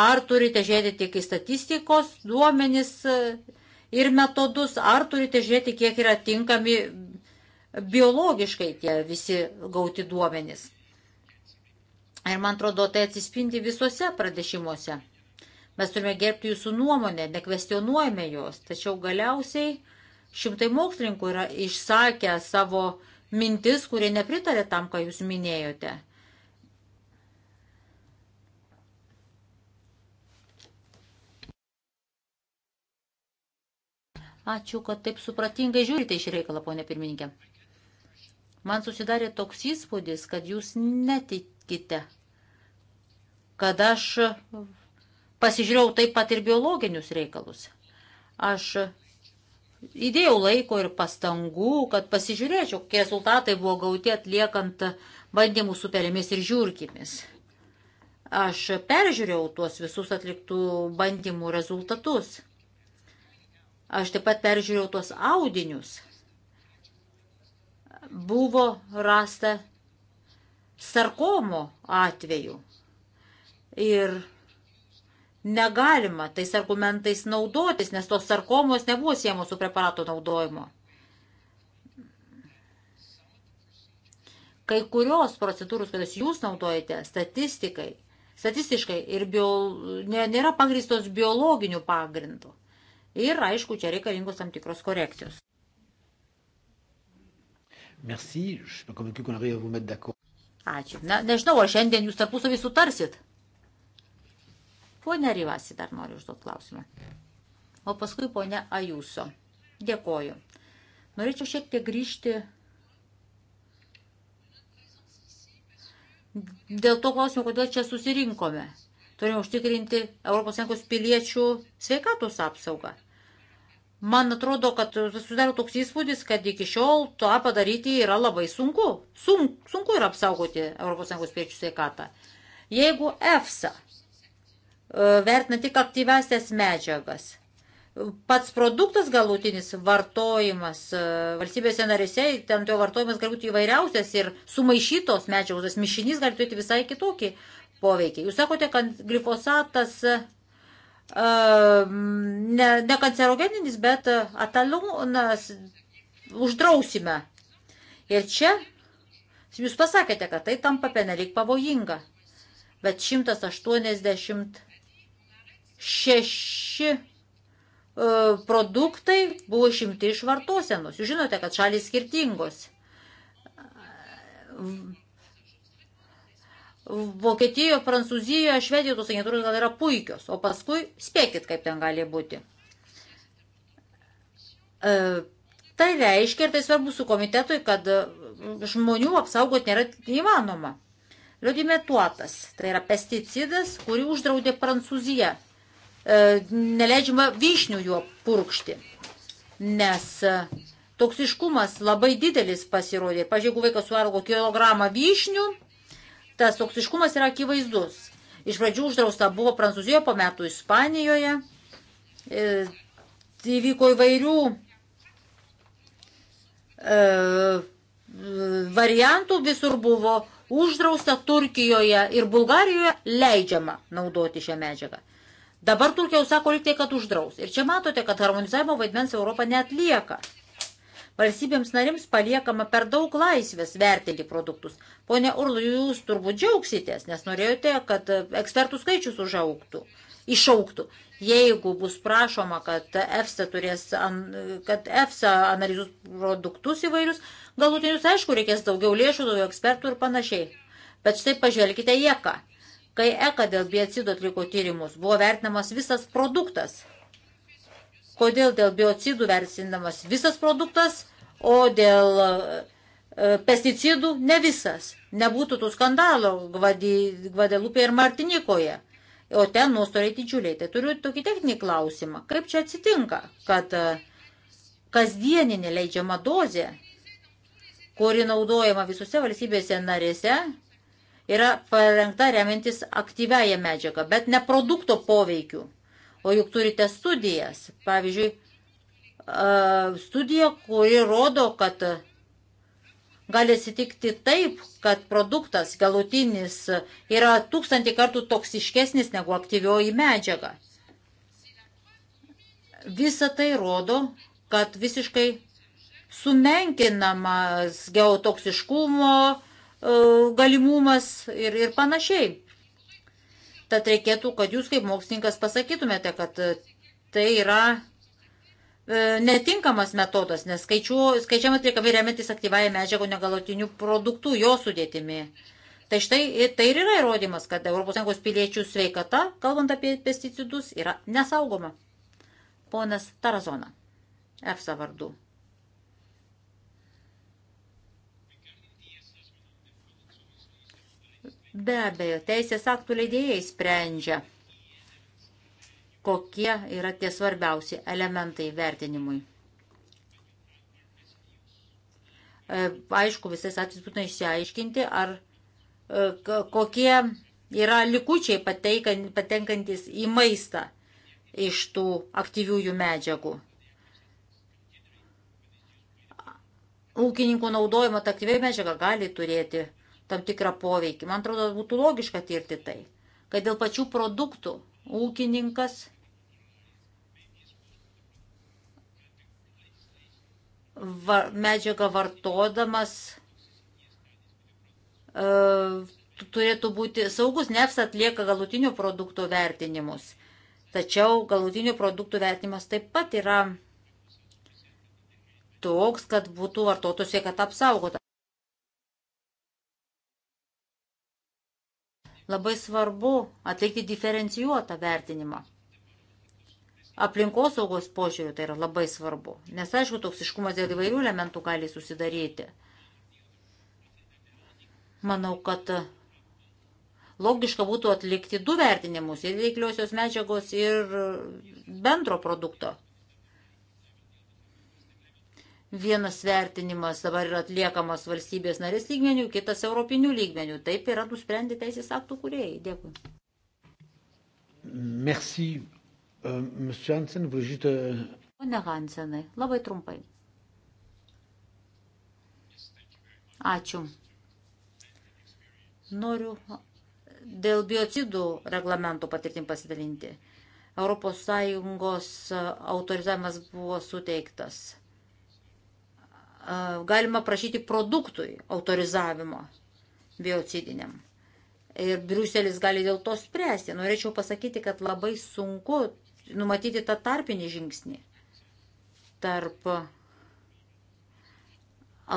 Ar turite žiūrėti tik į statistikos duomenis e, ir metodus, ar turite žiūrėti, kiek yra tinkami biologiškai tie visi gauti duomenys. Ir man atrodo, tai atsispindi visuose pradėšimuose. Mes turime gerbti jūsų nuomonę, nekvestionuojame jos, tačiau galiausiai šimtai mokslininkų yra išsakę savo mintis, kurie nepritarė tam, ką jūs minėjote. Ačiū, kad taip supratingai žiūrite iš reikalą, ponė pirmininkė. Man susidarė toks įspūdis, kad jūs netikite, kad aš pasižiūrėjau taip pat ir biologinius reikalus. Aš įdėjau laiko ir pastangų, kad pasižiūrėčiau, kokie rezultatai buvo gauti atliekant bandymus su pelėmis ir žiūrkimis. Aš peržiūrėjau tuos visus atliktų bandymų rezultatus. Aš taip pat peržiūrėjau tuos audinius. Buvo rasta sarkomo atveju. Ir negalima tais argumentais naudotis, nes tos sarkomos nebuvo siemos su preparato naudojimo. Kai kurios procedūros, kurias jūs naudojate statistikai, statistiškai ir bio, nėra pagristos biologinių pagrindų. Ir aišku, čia reikalingos tam tikros korekcijos.
Merci, je suis pas convaincu qu'on arrive à vous mettre d'accord.
Ačiū. Na, nežinau, ar šiandien jūs tarpusavį sutarsit. Pone Ryvasi dar noriu užduoti klausimą. O paskui pone Ajuso. Dėkoju. Norėčiau šiek tiek grįžti dėl to klausimo, kodėl čia susirinkome. Turime užtikrinti ES piliečių sveikatos apsaugą. Man atrodo, kad susidaro toks įspūdis, kad iki šiol to padaryti yra labai sunku. Sunk, sunku yra apsaugoti ES piliečių sveikatą. Jeigu EFSA e, vertina tik aktyvesias medžiagas, pats produktas galutinis vartojimas e, valstybėse narėse, ten jo vartojimas gali būti įvairiausias ir sumaišytos medžiagos, tas mišinys gali turėti visai kitokį poveikį. Jūs sakote, kad glifosatas Ehm, ne, ne kancerogeninis, bet e, atalūnas uždrausime. Ir čia jūs pasakėte, kad tai tampa penelik pavojinga. Bet 186 e, produktai buvo išimti iš vartosenos. Jūs žinote, kad šalis skirtingos Vokietijoje, Prancūzijoje, Švedijoje tos agentūros gal yra puikios, o paskui spėkit, kaip ten gali būti. E, tai reiškia, ir tai svarbu su komitetui, kad e, žmonių apsaugoti nėra įmanoma. Liudimetuotas, tai yra pesticidas, kurį uždraudė Prancūzija. E, neleidžiama vyšnių juo purkšti, nes e, toksiškumas labai didelis pasirodė. Pavyzdžiui, jeigu vaikas suvalgo kilogramą vyšnių, Tas toksiškumas yra akivaizdus. Iš pradžių uždrausta buvo Prancūzijoje, po metų Ispanijoje. E, įvyko tai įvairių e, variantų, visur buvo uždrausta Turkijoje ir Bulgarijoje leidžiama naudoti šią medžiagą. Dabar Turkija jau sako liktai, kad uždraus. Ir čia matote, kad harmonizavimo vaidmens Europą netlieka. lieka valstybėms narims paliekama per daug laisvės vertinti produktus. Pone Urlu, jūs turbūt džiaugsitės, nes norėjote, kad ekspertų skaičius užauktų, išauktų. Jeigu bus prašoma, kad EFSA, turės, kad EFSA analizuos produktus įvairius, galutinius, aišku, reikės daugiau lėšų, daugiau ekspertų ir panašiai. Bet štai pažvelkite į ECA. Kai ECA dėl biocidų atliko tyrimus, buvo vertinamas visas produktas – kodėl dėl biocidų versinamas visas produktas, o dėl e, pesticidų ne visas. Nebūtų tų skandalų Gvadelupėje ir Martinikoje. O ten nuostoliai didžiuliai. Tai turiu tokį techninį klausimą. Kaip čia atsitinka, kad e, kasdieninė leidžiama dozė, kuri naudojama visose valstybėse narėse, yra parengta remiantis aktyviają medžiagą, bet ne produkto poveikiu o juk turite studijas. Pavyzdžiui, studija, kuri rodo, kad gali atsitikti taip, kad produktas galutinis yra tūkstantį kartų toksiškesnis negu aktyvioji medžiaga. Visa tai rodo, kad visiškai sumenkinamas geotoksiškumo e, galimumas ir, ir panašiai. Tad reikėtų, kad jūs kaip mokslininkas pasakytumėte, kad e, tai yra e, netinkamas metodas, nes skaičiam atliekami remiantis aktyvąją medžiagų negalutinių produktų, jo sudėtimi. Tai štai tai ir yra įrodymas, kad ES piliečių sveikata, kalbant apie pesticidus, yra nesaugoma. Ponas Tarazona, EFSA vardu. Be abejo, teisės aktų leidėjai sprendžia, kokie yra tie svarbiausi elementai vertinimui. E, aišku, visais atvejais būtina išsiaiškinti, ar e, kokie yra likučiai patenkantis į maistą iš tų aktyviųjų medžiagų. Ūkininkų naudojama ta aktyviai medžiaga gali turėti tam tikrą poveikį. Man atrodo, būtų logiška tirti tai, kad dėl pačių produktų ūkininkas va, medžiagą vartodamas e, turėtų būti saugus, nefs atlieka galutinių produktų vertinimus. Tačiau galutinių produktų vertinimas taip pat yra toks, kad būtų vartotojų sveikata apsaugota. Labai svarbu atlikti diferencijuotą vertinimą. Aplinkosaugos požiūrių tai yra labai svarbu, nes aišku, toksiškumas dėl įvairių elementų gali susidaryti. Manau, kad logiška būtų atlikti du vertinimus - ir veikliosios medžiagos, ir bendro produkto Vienas vertinimas dabar yra atliekamas valstybės narės lygmenių, kitas europinių lygmenių. Taip yra nusprendę teisės aktų kuriejai. Dėkui.
Merci, Ms. Jansen, Brigitte.
Pone Hansenai, labai trumpai. Ačiū. Noriu dėl biocidų reglamento patirtim pasidalinti. ES autorizavimas buvo suteiktas galima prašyti produktui autorizavimo biocidiniam. Ir Briuselis gali dėl to spręsti. Norėčiau pasakyti, kad labai sunku numatyti tą tarpinį žingsnį tarp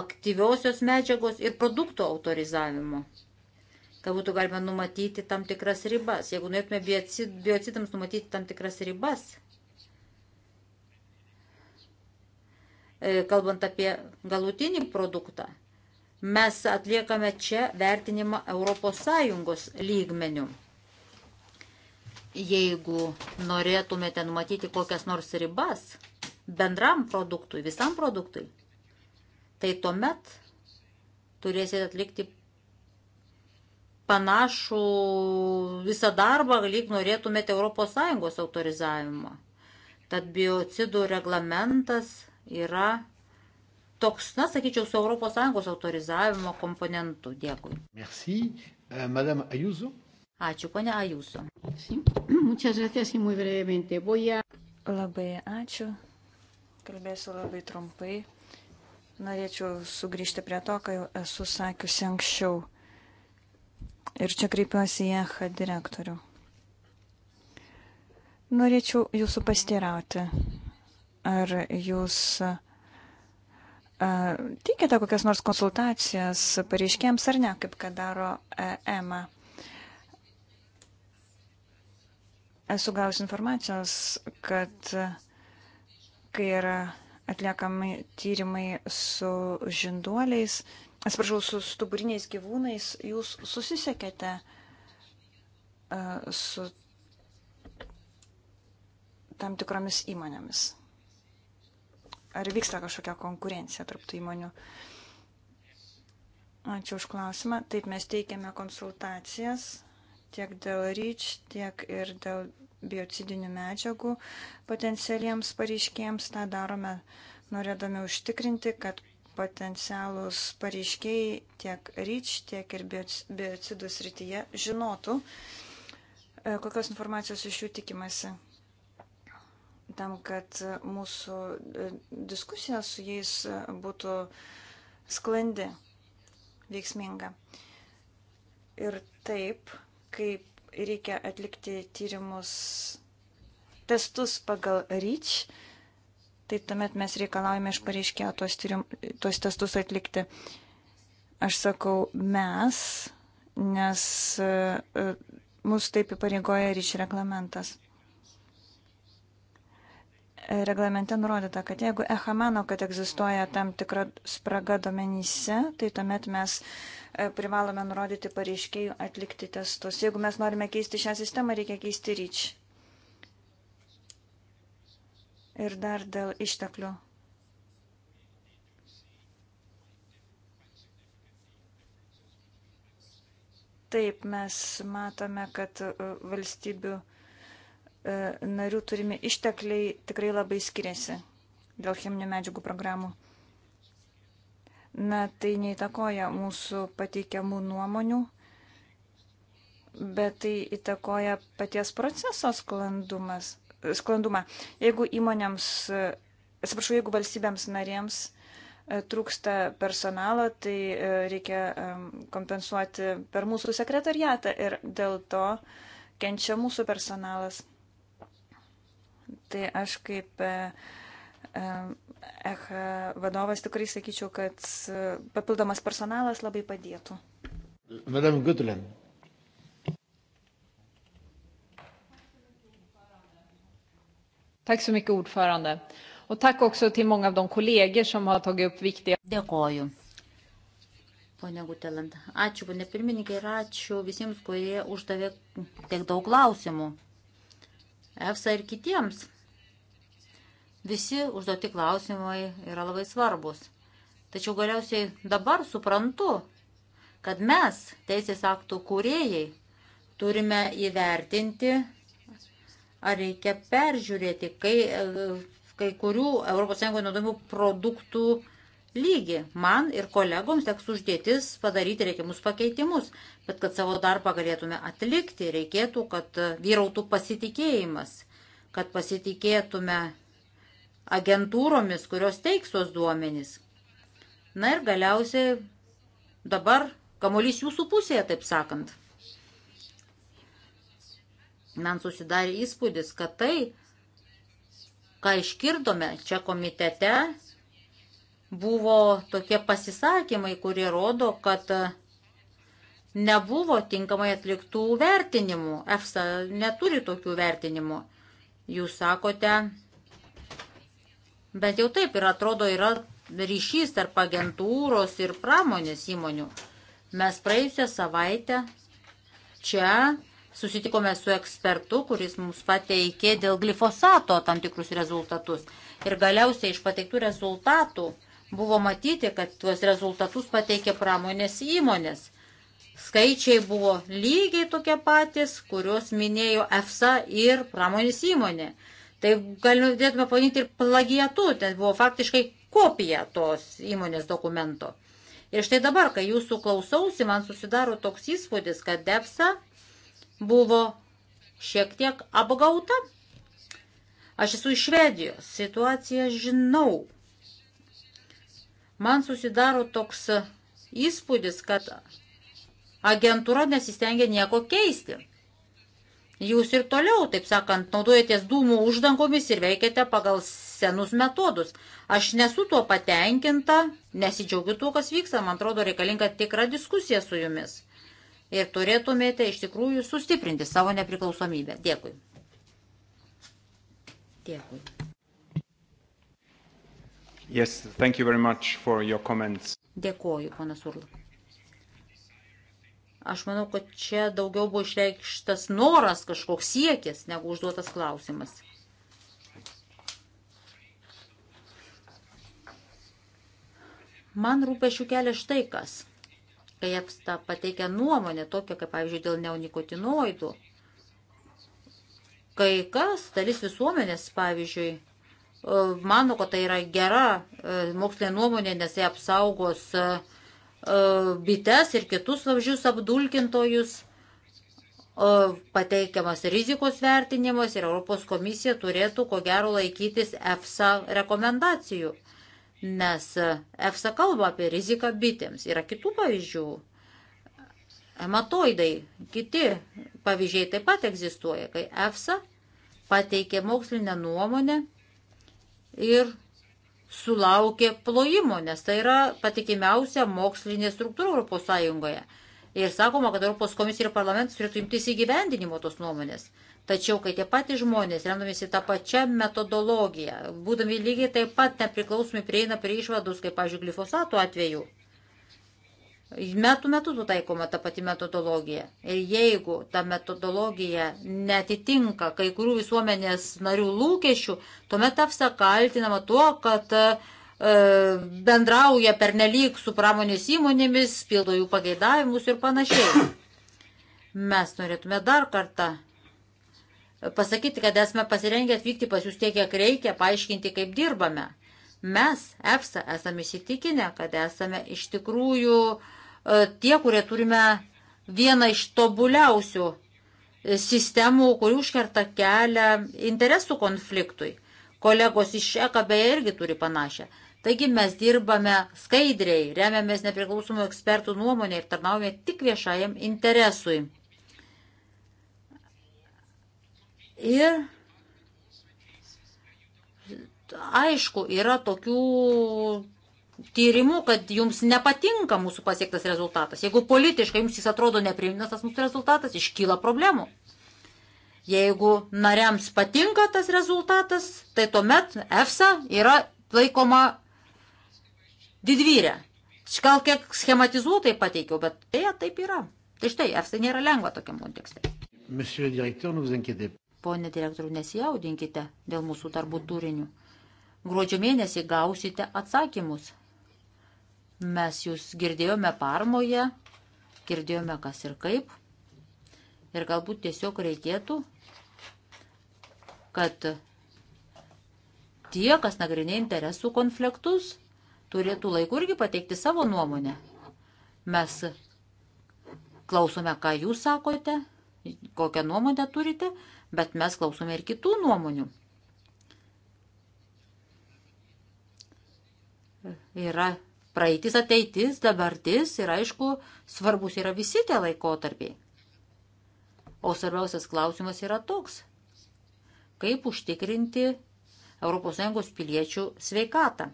aktyviosios medžiagos ir produkto autorizavimo. Kad būtų galima numatyti tam tikras ribas. Jeigu norėtume biocidams numatyti tam tikras ribas, E, kalbant apie galutinį produktą, mes atliekame čia vertinimą ES lygmenių. Jeigu norėtumėte numatyti kokias nors ribas bendram produktui, visam produktui, tai tuomet turėsite atlikti panašų visą darbą, lyg norėtumėte ES autorizavimo. Tad biocidų reglamentas yra toks, na, sakyčiau, su ES autorizavimo komponentu. Dėkui. Merci, euh, Madame Ajuso. Ačiū, ponia Ajuso.
Labai ačiū. Kalbėsiu labai trumpai. Norėčiau sugrįžti prie to, ką jau esu sakiusi anksčiau. Ir čia kreipiuosi į EHA direktorių. Norėčiau jūsų pastirauti Ar jūs teikiate kokias nors konsultacijas pareiškėms ar ne, kaip kad daro e, EMA? Esu gausi informacijos, kad kai yra atliekami tyrimai su žinduoliais, atsiprašau, su stuburiniais gyvūnais, jūs susisiekėte su tam tikromis įmonėmis ar vyksta kažkokia konkurencija tarp tų įmonių? Ačiū už klausimą. Taip, mes teikiame konsultacijas tiek dėl ryč, tiek ir dėl biocidinių medžiagų potencialiems pareiškėjams. Ta darome norėdami užtikrinti, kad potencialus pareiškėjai tiek ryč, tiek ir biocidų srityje žinotų, e, kokios informacijos iš jų tikimasi tam, kad mūsų e, diskusija su jais būtų sklandi, veiksminga. Ir taip, kaip reikia atlikti tyrimus, testus pagal REACH, tai tuomet mes reikalaujame iš pareiškėjo tuos, tyrim, tuos testus atlikti. Aš sakau mes, nes e, e, mus taip įpareigoja REACH reglamentas reglamente nurodyta, kad jeigu EHA mano, kad egzistuoja tam tikra spraga domenyse, tai tuomet mes e, privalome nurodyti pareiškėjų atlikti testus. Jeigu mes norime keisti šią sistemą, reikia keisti ryč. Ir dar dėl išteklių. Taip, mes matome, kad e, valstybių E, narių turimi ištekliai tikrai labai skiriasi dėl cheminių medžiagų programų. Na, tai neįtakoja mūsų pateikiamų nuomonių, bet tai įtakoja paties proceso sklandumą. Jeigu įmonėms, e, atsiprašau, jeigu valstybėms narėms e, trūksta personalo, tai reikia kompensuoti per mūsų sekretariatą ir dėl to kenčia mūsų personalas tai aš kaip EHA e, vadovas tikrai sakyčiau, kad e, papildomas personalas labai padėtų.
Madame Gutulin.
Tack så mycket ordförande. Och tack också till många av de kollegor
som har tagit upp viktiga... Dėkoju. Pone Gutelant, ačiū, pone pirmininkė, ir ačiū visiems, kurie uždavė tiek daug klausimų. EFSA ir kitiems Visi užduoti klausimai yra labai svarbus. Tačiau galiausiai dabar suprantu, kad mes, teisės aktų kūrėjai, turime įvertinti, ar reikia peržiūrėti kai, kai kurių ES naudojimų produktų lygį. Man ir kolegoms teks uždėtis padaryti reikiamus pakeitimus, bet kad savo darbą galėtume atlikti, reikėtų, kad vyrautų pasitikėjimas, kad pasitikėtume agentūromis, kurios teiks tos duomenys. Na ir galiausiai dabar kamolys jūsų pusėje, taip sakant. Man susidarė įspūdis, kad tai, ką iškirdome čia komitete, buvo tokie pasisakymai, kurie rodo, kad nebuvo tinkamai atliktų vertinimų. EFSA neturi tokių vertinimų. Jūs sakote, Bet jau taip ir atrodo yra ryšys tarp agentūros ir pramonės įmonių. Mes praėjusią savaitę čia susitikome su ekspertu, kuris mums pateikė dėl glifosato tam tikrus rezultatus. Ir galiausiai iš pateiktų rezultatų buvo matyti, kad tuos rezultatus pateikė pramonės įmonės. Skaičiai buvo lygiai tokie patys, kuriuos minėjo EFSA ir pramonės įmonė. Tai galėtume pavadinti ir plagiatu, tai buvo faktiškai kopija tos įmonės dokumento. Ir štai dabar, kai jūsų klausausi, man susidaro toks įspūdis, kad Depsa buvo šiek tiek apgauta. Aš esu iš Švedijos, situaciją žinau. Man susidaro toks įspūdis, kad agentūra nesistengia nieko keisti jūs ir toliau, taip sakant, naudojatės dūmų uždangomis ir veikiate pagal senus metodus. Aš nesu tuo patenkinta, nesidžiaugiu tuo, kas vyksta, man atrodo, reikalinga tikra diskusija su jumis. Ir turėtumėte iš tikrųjų sustiprinti savo nepriklausomybę. Dėkui. Dėkui.
Yes,
thank you very much for your comments.
Dėkoju, ponas Urla. Aš manau, kad čia daugiau buvo išreikštas noras, kažkoks siekis, negu užduotas klausimas. Man rūpešių kelia štai kas. Kai apsta pateikia nuomonę, tokią kaip, pavyzdžiui, dėl neonikotinoidų, kai kas, dalis visuomenės, pavyzdžiui, e, mano, kad tai yra gera e, mokslinė nuomonė, nes jie apsaugos uh, E, bites ir kitus vabžius apdulkintojus pateikiamas rizikos vertinimas ir Europos komisija turėtų ko gero laikytis EFSA rekomendacijų, nes EFSA kalba apie riziką bitėms. Yra kitų pavyzdžių. Hematoidai, kiti pavyzdžiai taip pat egzistuoja, kai EFSA pateikė mokslinę nuomonę ir sulaukė plojimo, nes tai yra patikimiausia mokslinė struktūra Europos Sąjungoje. Ir sakoma, kad Europos komisija ir parlamentas turėtų imtis įgyvendinimo tos nuomonės. Tačiau, kai tie patys žmonės, remdamiesi tą pačią metodologiją, būdami lygiai taip pat nepriklausomi prieina prie išvados, kaip, pavyzdžiui, glifosato atveju, Metų metu taikoma ta pati metodologija. Ir jeigu ta metodologija netitinka kai kurių visuomenės narių lūkesčių, tuomet apsa kaltinama tuo, kad e, bendrauja pernelyg su pramonės įmonėmis, pildo jų pageidavimus ir panašiai. Mes norėtume dar kartą pasakyti, kad esame pasirengę atvykti pas jūs tiek, kiek reikia, paaiškinti, kaip dirbame. Mes, EFSA, esame įsitikinę, kad esame iš tikrųjų uh, E, tie, kurie turime vieną iš tobuliausių e, sistemų, kuri užkerta kelią interesų konfliktui. Kolegos iš EKB irgi turi panašią. Taigi mes dirbame skaidriai, remiamės nepriklausomų ekspertų nuomonę ir tarnaujame tik viešajam interesui. Ir aišku, yra tokių tyrimų, kad jums nepatinka mūsų pasiektas rezultatas. Jeigu politiškai jums jis atrodo neprimtinas tas mūsų rezultatas, iškyla problemų. Jeigu nariams patinka tas rezultatas, tai tuomet EFSA yra laikoma didvyrė. Gal kiek schematizuotai pateikiau, bet tai taip yra. Tai štai, EFSA nėra lengva tokiam kontekste. Pone direktoriu, nesijaudinkite dėl mūsų darbų turinių. Gruodžio mėnesį gausite atsakymus Mes jūs girdėjome parmoje, girdėjome kas ir kaip. Ir galbūt tiesiog reikėtų, kad tie, kas nagrinėja interesų konfliktus, turėtų laiku irgi pateikti savo nuomonę. Mes klausome, ką jūs sakote, kokią nuomonę turite, bet mes klausome ir kitų nuomonių. Yra praeitis, ateitis, dabartis ir aišku, svarbus yra visi tie laikotarpiai. O svarbiausias klausimas yra toks. Kaip užtikrinti ES piliečių sveikatą?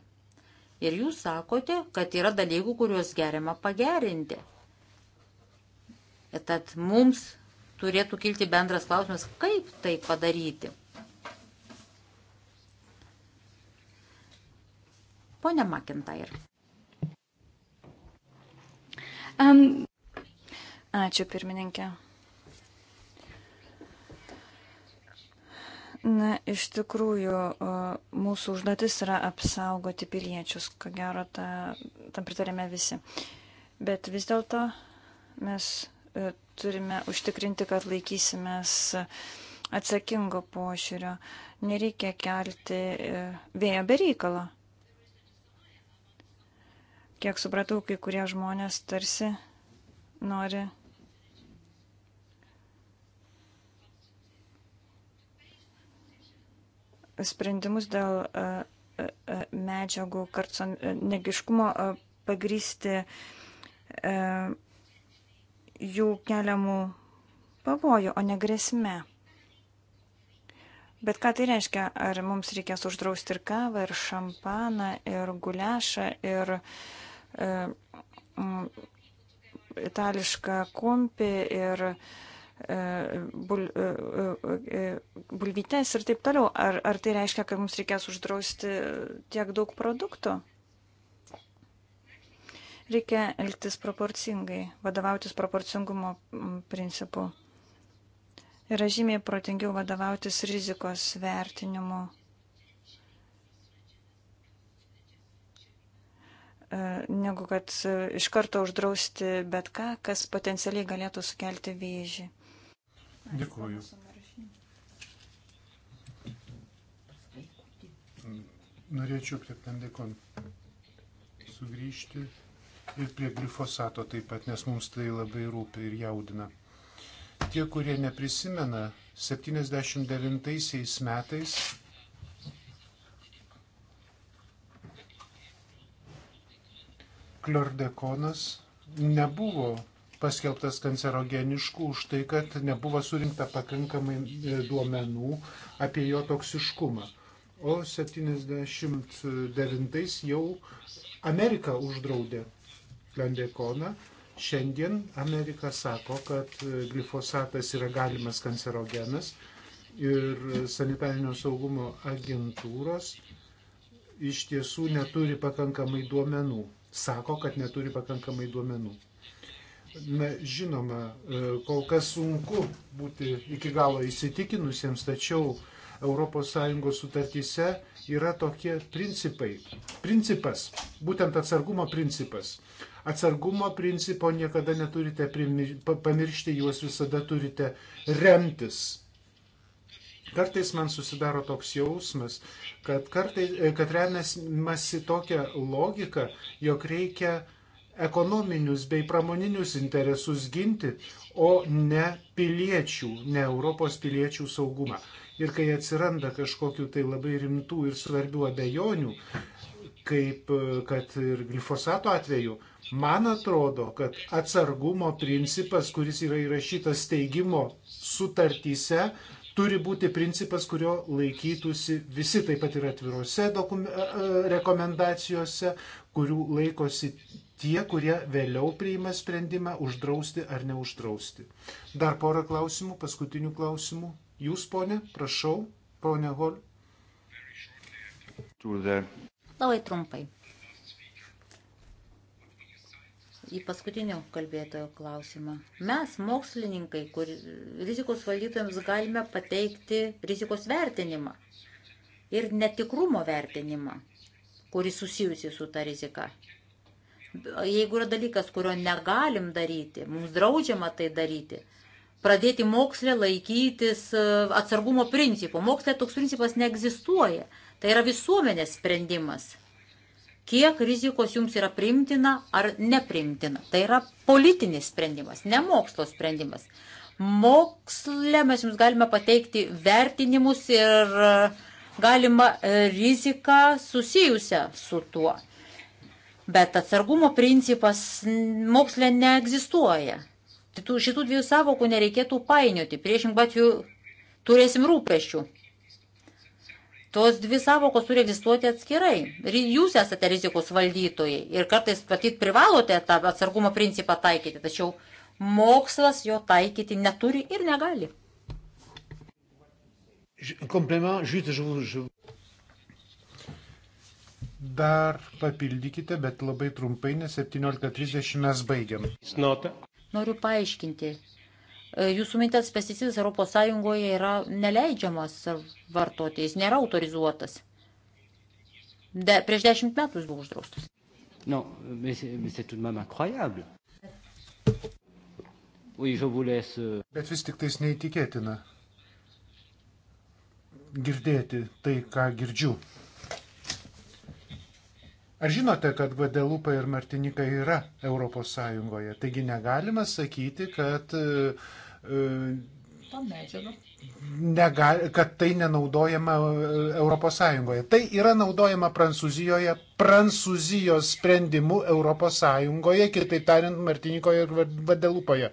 Ir jūs sakote, kad yra dalykų, kuriuos gerima pagerinti. Tad mums turėtų kilti bendras klausimas, kaip tai padaryti. Pone
McIntyre. Um... Ačiū, pirmininkė. Na, iš tikrųjų, mūsų užduotis yra apsaugoti piliečius, ko gero, ta, tam pritarėme visi. Bet vis dėlto mes e, turime užtikrinti, kad laikysimės atsakingo pošiūrio. Nereikia kelti e, vėjo be reikalo. Kiek supratau, kai kurie žmonės tarsi nori sprendimus dėl medžiagų kartson, negiškumo pagrysti jų keliamų pavojų, o ne grėsme. Bet ką tai reiškia? Ar mums reikės uždrausti ir kavą, ir šampaną, ir gulešą, ir uh, E, itališką kumpį ir e, bul, e, bulvytės ir taip toliau. Ar, ar tai reiškia, kad mums reikės uždrausti tiek daug produktų? Reikia elgtis proporcingai, vadovautis proporcingumo principu. Yra žymiai protingiau vadovautis rizikos vertinimu E, negu kad e, iš karto uždrausti bet ką, kas potencialiai galėtų sukelti vėžį.
Dėkuoju. Norėčiau prie Pendekon sugrįžti ir prie glifosato taip pat, nes mums tai labai rūpi ir jaudina. Tie, kurie neprisimena, 79 metais klordekonas nebuvo paskelbtas kancerogenišku už tai, kad nebuvo surinkta pakankamai e, duomenų apie jo toksiškumą. O 79 jau Amerika uždraudė klandekoną. Šiandien Amerika sako, kad e, glifosatas yra galimas kancerogenas ir sanitarinio saugumo agentūros iš tiesų neturi pakankamai duomenų sako, kad neturi pakankamai duomenų. Na, žinoma, e, kol kas sunku būti iki galo įsitikinusiems, tačiau ES sutartyse yra tokie principai. Principas, būtent atsargumo principas. Atsargumo principo niekada neturite pamiršti, juos visada turite remtis Kartais man susidaro toks jausmas, kad, kartai, kad remiasi tokia logika, jog reikia ekonominius bei pramoninius interesus ginti, o ne piliečių, ne Europos piliečių saugumą. Ir kai atsiranda kažkokiu tai labai rimtų ir svarbių abejonių, kaip kad ir glifosato atveju, man atrodo, kad atsargumo principas, kuris yra įrašytas steigimo sutartyse, turi būti principas, kurio laikytųsi visi, taip pat ir atvirose e, e, rekomendacijose, kurių laikosi tie, kurie vėliau priima sprendimą uždrausti ar neuždrausti. Dar porą klausimų, paskutinių klausimų. Jūs, ponė, prašau, ponė Hol. Labai
trumpai. į paskutinio kalbėtojo klausimą. Mes, mokslininkai, kur rizikos valdytojams galime pateikti rizikos vertinimą ir netikrumo vertinimą, kuris susijusi su ta rizika. Jeigu yra dalykas, kurio negalim daryti, mums draudžiama tai daryti, pradėti mokslę laikytis e, atsargumo principo. Mokslė toks principas neegzistuoja. Tai yra visuomenės sprendimas kiek rizikos jums yra primtina ar neprimtina. Tai yra politinis sprendimas, ne mokslo sprendimas. Moksle mes jums galime pateikti vertinimus ir e, galima e, riziką susijusią su tuo. Bet atsargumo principas moksle neegzistuoja. Šitų dviejų savokų nereikėtų painioti. Priešingų atveju turėsim rūpeščių. Tos dvi savokos turi egzistuoti atskirai. Jūs esate rizikos valdytojai ir kartais patit privalote tą atsargumo principą taikyti, tačiau mokslas jo taikyti neturi ir negali.
Dar papildykite, bet labai trumpai, nes 17.30 mes baigiam.
Noriu paaiškinti, E, jūsų mintas pesticidas ES yra neleidžiamas vartoti, jis nėra autorizuotas. De, prieš dešimt metų jis buvo uždraustas.
Non, mais c'est tout de même incroyable. Oui, je vous laisse. Euh, Bet vis tik tais neįtikėtina girdėti tai, ką girdžiu. Ar žinote, kad Guadalupe ir Martinika yra Europos Sąjungoje? Taigi negalima sakyti, kad, e, e, negal, kad tai nenaudojama e, Europos Sąjungoje. Tai yra naudojama Prancūzijoje, Prancūzijos sprendimu Europos Sąjungoje, kitaip tariant, Martinikoje ir Guadalupoje.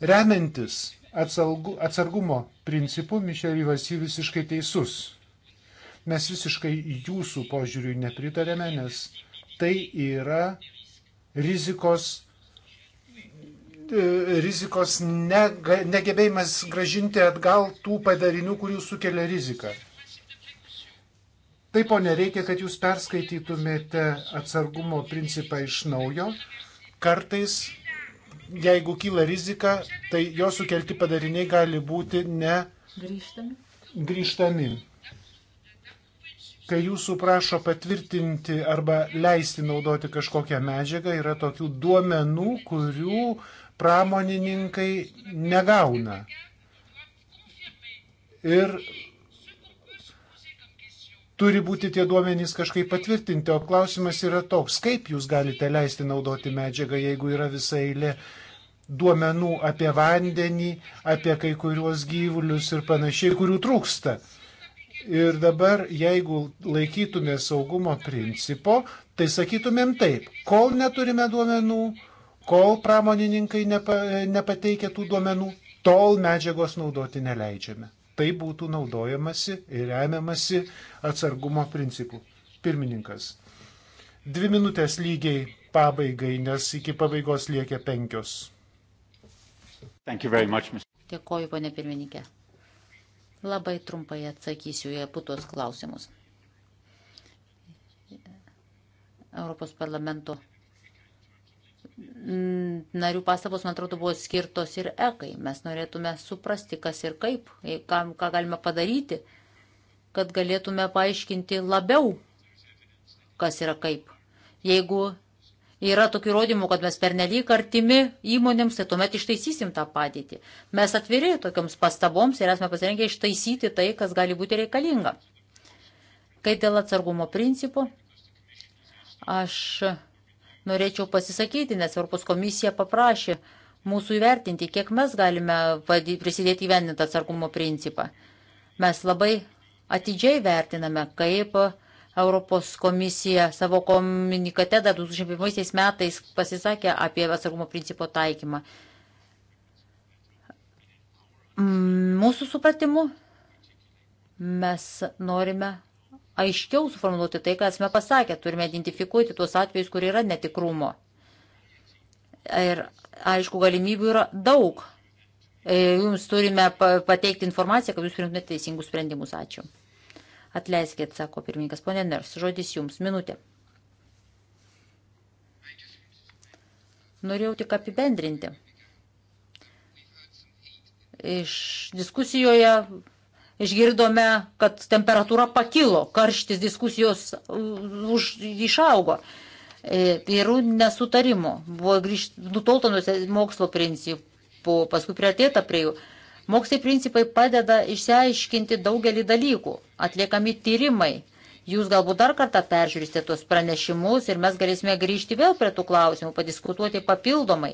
Remiantis atsargumo principu, Mišelį Vasylius visiškai teisus Mes visiškai jūsų požiūriui nepritarėme, nes tai yra rizikos, rizikos nega, negebėjimas gražinti atgal tų padarinių, kurių sukelia rizika. Taip, ponė, reikia, kad jūs perskaitytumėte atsargumo principą iš naujo. Kartais, jeigu kyla rizika, tai jo sukelti padariniai gali būti ne grįžtami. grįžtami kai jūsų prašo patvirtinti arba leisti naudoti kažkokią medžiagą, yra tokių duomenų, kurių pramonininkai negauna. Ir turi būti tie duomenys kažkaip patvirtinti, o klausimas yra toks, kaip jūs galite leisti naudoti medžiagą, jeigu yra visa eilė duomenų apie vandenį, apie kai kuriuos gyvulius ir panašiai, kurių trūksta. Ir dabar, jeigu laikytume saugumo principo, tai sakytumėm taip, kol neturime duomenų, kol pramonininkai nepa, nepateikia tų duomenų, tol medžiagos naudoti neleidžiame. Tai būtų naudojamasi ir remiamasi atsargumo principų. Pirmininkas. Dvi minutės lygiai pabaigai, nes iki pabaigos liekia penkios.
Much,
Dėkoju, ponė pirmininkė. Labai trumpai atsakysiu į abu tuos klausimus. Europos parlamento narių pastabos, man atrodo, buvo skirtos ir ekai. Mes norėtume suprasti, kas ir kaip, ką, ką galime padaryti, kad galėtume paaiškinti labiau, kas yra kaip. Jeigu yra tokių įrodymų, kad mes pernelyg artimi įmonėms, tai tuomet ištaisysim tą padėtį. Mes atviri tokiams pastaboms ir esame pasirengę ištaisyti tai, kas gali būti reikalinga. Kai dėl atsargumo principo, aš norėčiau pasisakyti, nes Europos komisija paprašė mūsų įvertinti, kiek mes galime prisidėti įvendinti atsargumo principą. Mes labai atidžiai vertiname, kaip uh, Europos komisija savo komunikate dar 2001 metais pasisakė apie atsargumo principo taikymą. Mm, mūsų supratimu mes norime aiškiau suformuoluoti tai, ką esame pasakę. Turime identifikuoti tuos atvejus, kur yra netikrumo. Ir aišku, galimybių yra daug. E, jums turime pateikti informaciją, kad jūs priimtumėte teisingus sprendimus. Ačiū. Atleiskit, sako pirmininkas, ponė Ners, žodis jums, minutė. Norėjau tik apibendrinti. Iš diskusijoje išgirdome, kad temperatūra pakilo, karštis diskusijos uh, už, išaugo. E, ir nesutarimo buvo grįžt, nutolta nuo mokslo principų, paskui prieartėta prie jų. Prie Moksliai principai padeda išsiaiškinti daugelį dalykų, atliekami tyrimai. Jūs galbūt dar kartą peržiūrėsite tuos pranešimus ir mes galėsime grįžti vėl prie tų klausimų, padiskutuoti papildomai.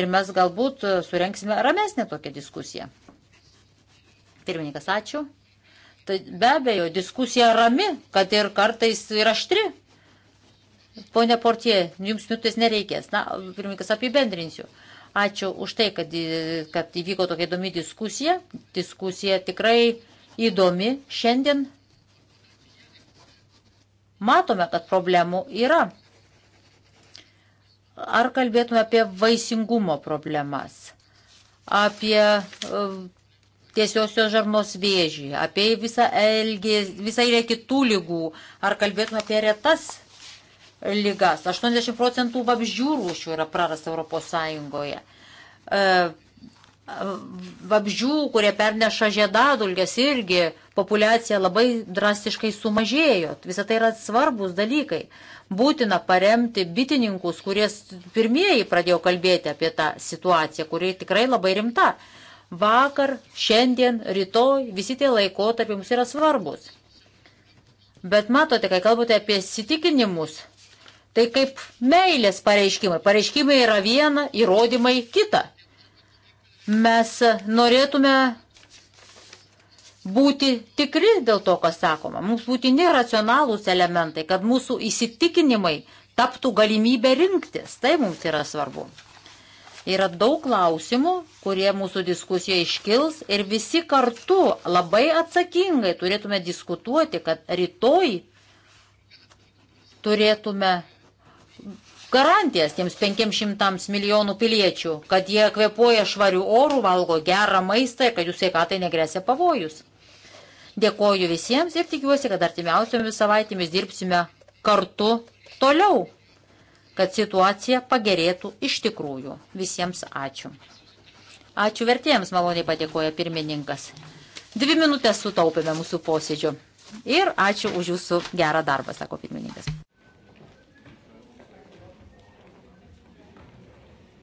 Ir mes galbūt e, surenksime ramesnę tokią diskusiją. Pirmininkas, ačiū. Tai be abejo, diskusija rami, kad ir kartais ir aštri. Pone Portie, jums minutės nereikės. Na, pirmininkas, apibendrinsiu. Uh, Ačiū už tai, kad, kad įvyko tokia įdomi diskusija. Diskusija tikrai įdomi šiandien. Matome, kad problemų yra. Ar kalbėtume apie vaisingumo problemas, apie e, tiesiosios žarnos vėžį, apie visą, elgės, visą eilę kitų lygų, ar kalbėtume apie retas lygas. 80 procentų vabzdžių rūšių yra prarasta Europos Sąjungoje. E, vabzdžių, kurie perneša žiedadulkės, irgi populiacija labai drastiškai sumažėjo. Visą tai yra svarbus dalykai. Būtina paremti bitininkus, kurie pirmieji pradėjo kalbėti apie tą situaciją, kuri tikrai labai rimta. Vakar, šiandien, rytoj, visi tie laikotarpiai mums yra svarbus. Bet matote, kai kalbate apie sitikinimus, Tai kaip meilės pareiškimai. Pareiškimai yra viena, įrodymai kita. Mes norėtume būti tikri dėl to, kas sakoma. Mums būtini racionalūs elementai, kad mūsų įsitikinimai taptų galimybę rinktis. Tai mums yra svarbu. Yra daug klausimų, kurie mūsų diskusijoje iškils ir visi kartu labai atsakingai turėtume diskutuoti, kad rytoj turėtume garantijas tiems 500 milijonų piliečių, kad jie kvepuoja švarių orų, valgo gerą maistą ir kad jų sveikatai negresia pavojus. Dėkoju visiems ir tikiuosi, kad artimiausiomis savaitėmis dirbsime kartu toliau, kad situacija pagerėtų iš tikrųjų. Visiems ačiū. Ačiū vertėjams, maloniai padėkoja pirmininkas. Dvi minutės sutaupėme mūsų posėdžio. Ir ačiū už jūsų gerą darbą, sako pirmininkas.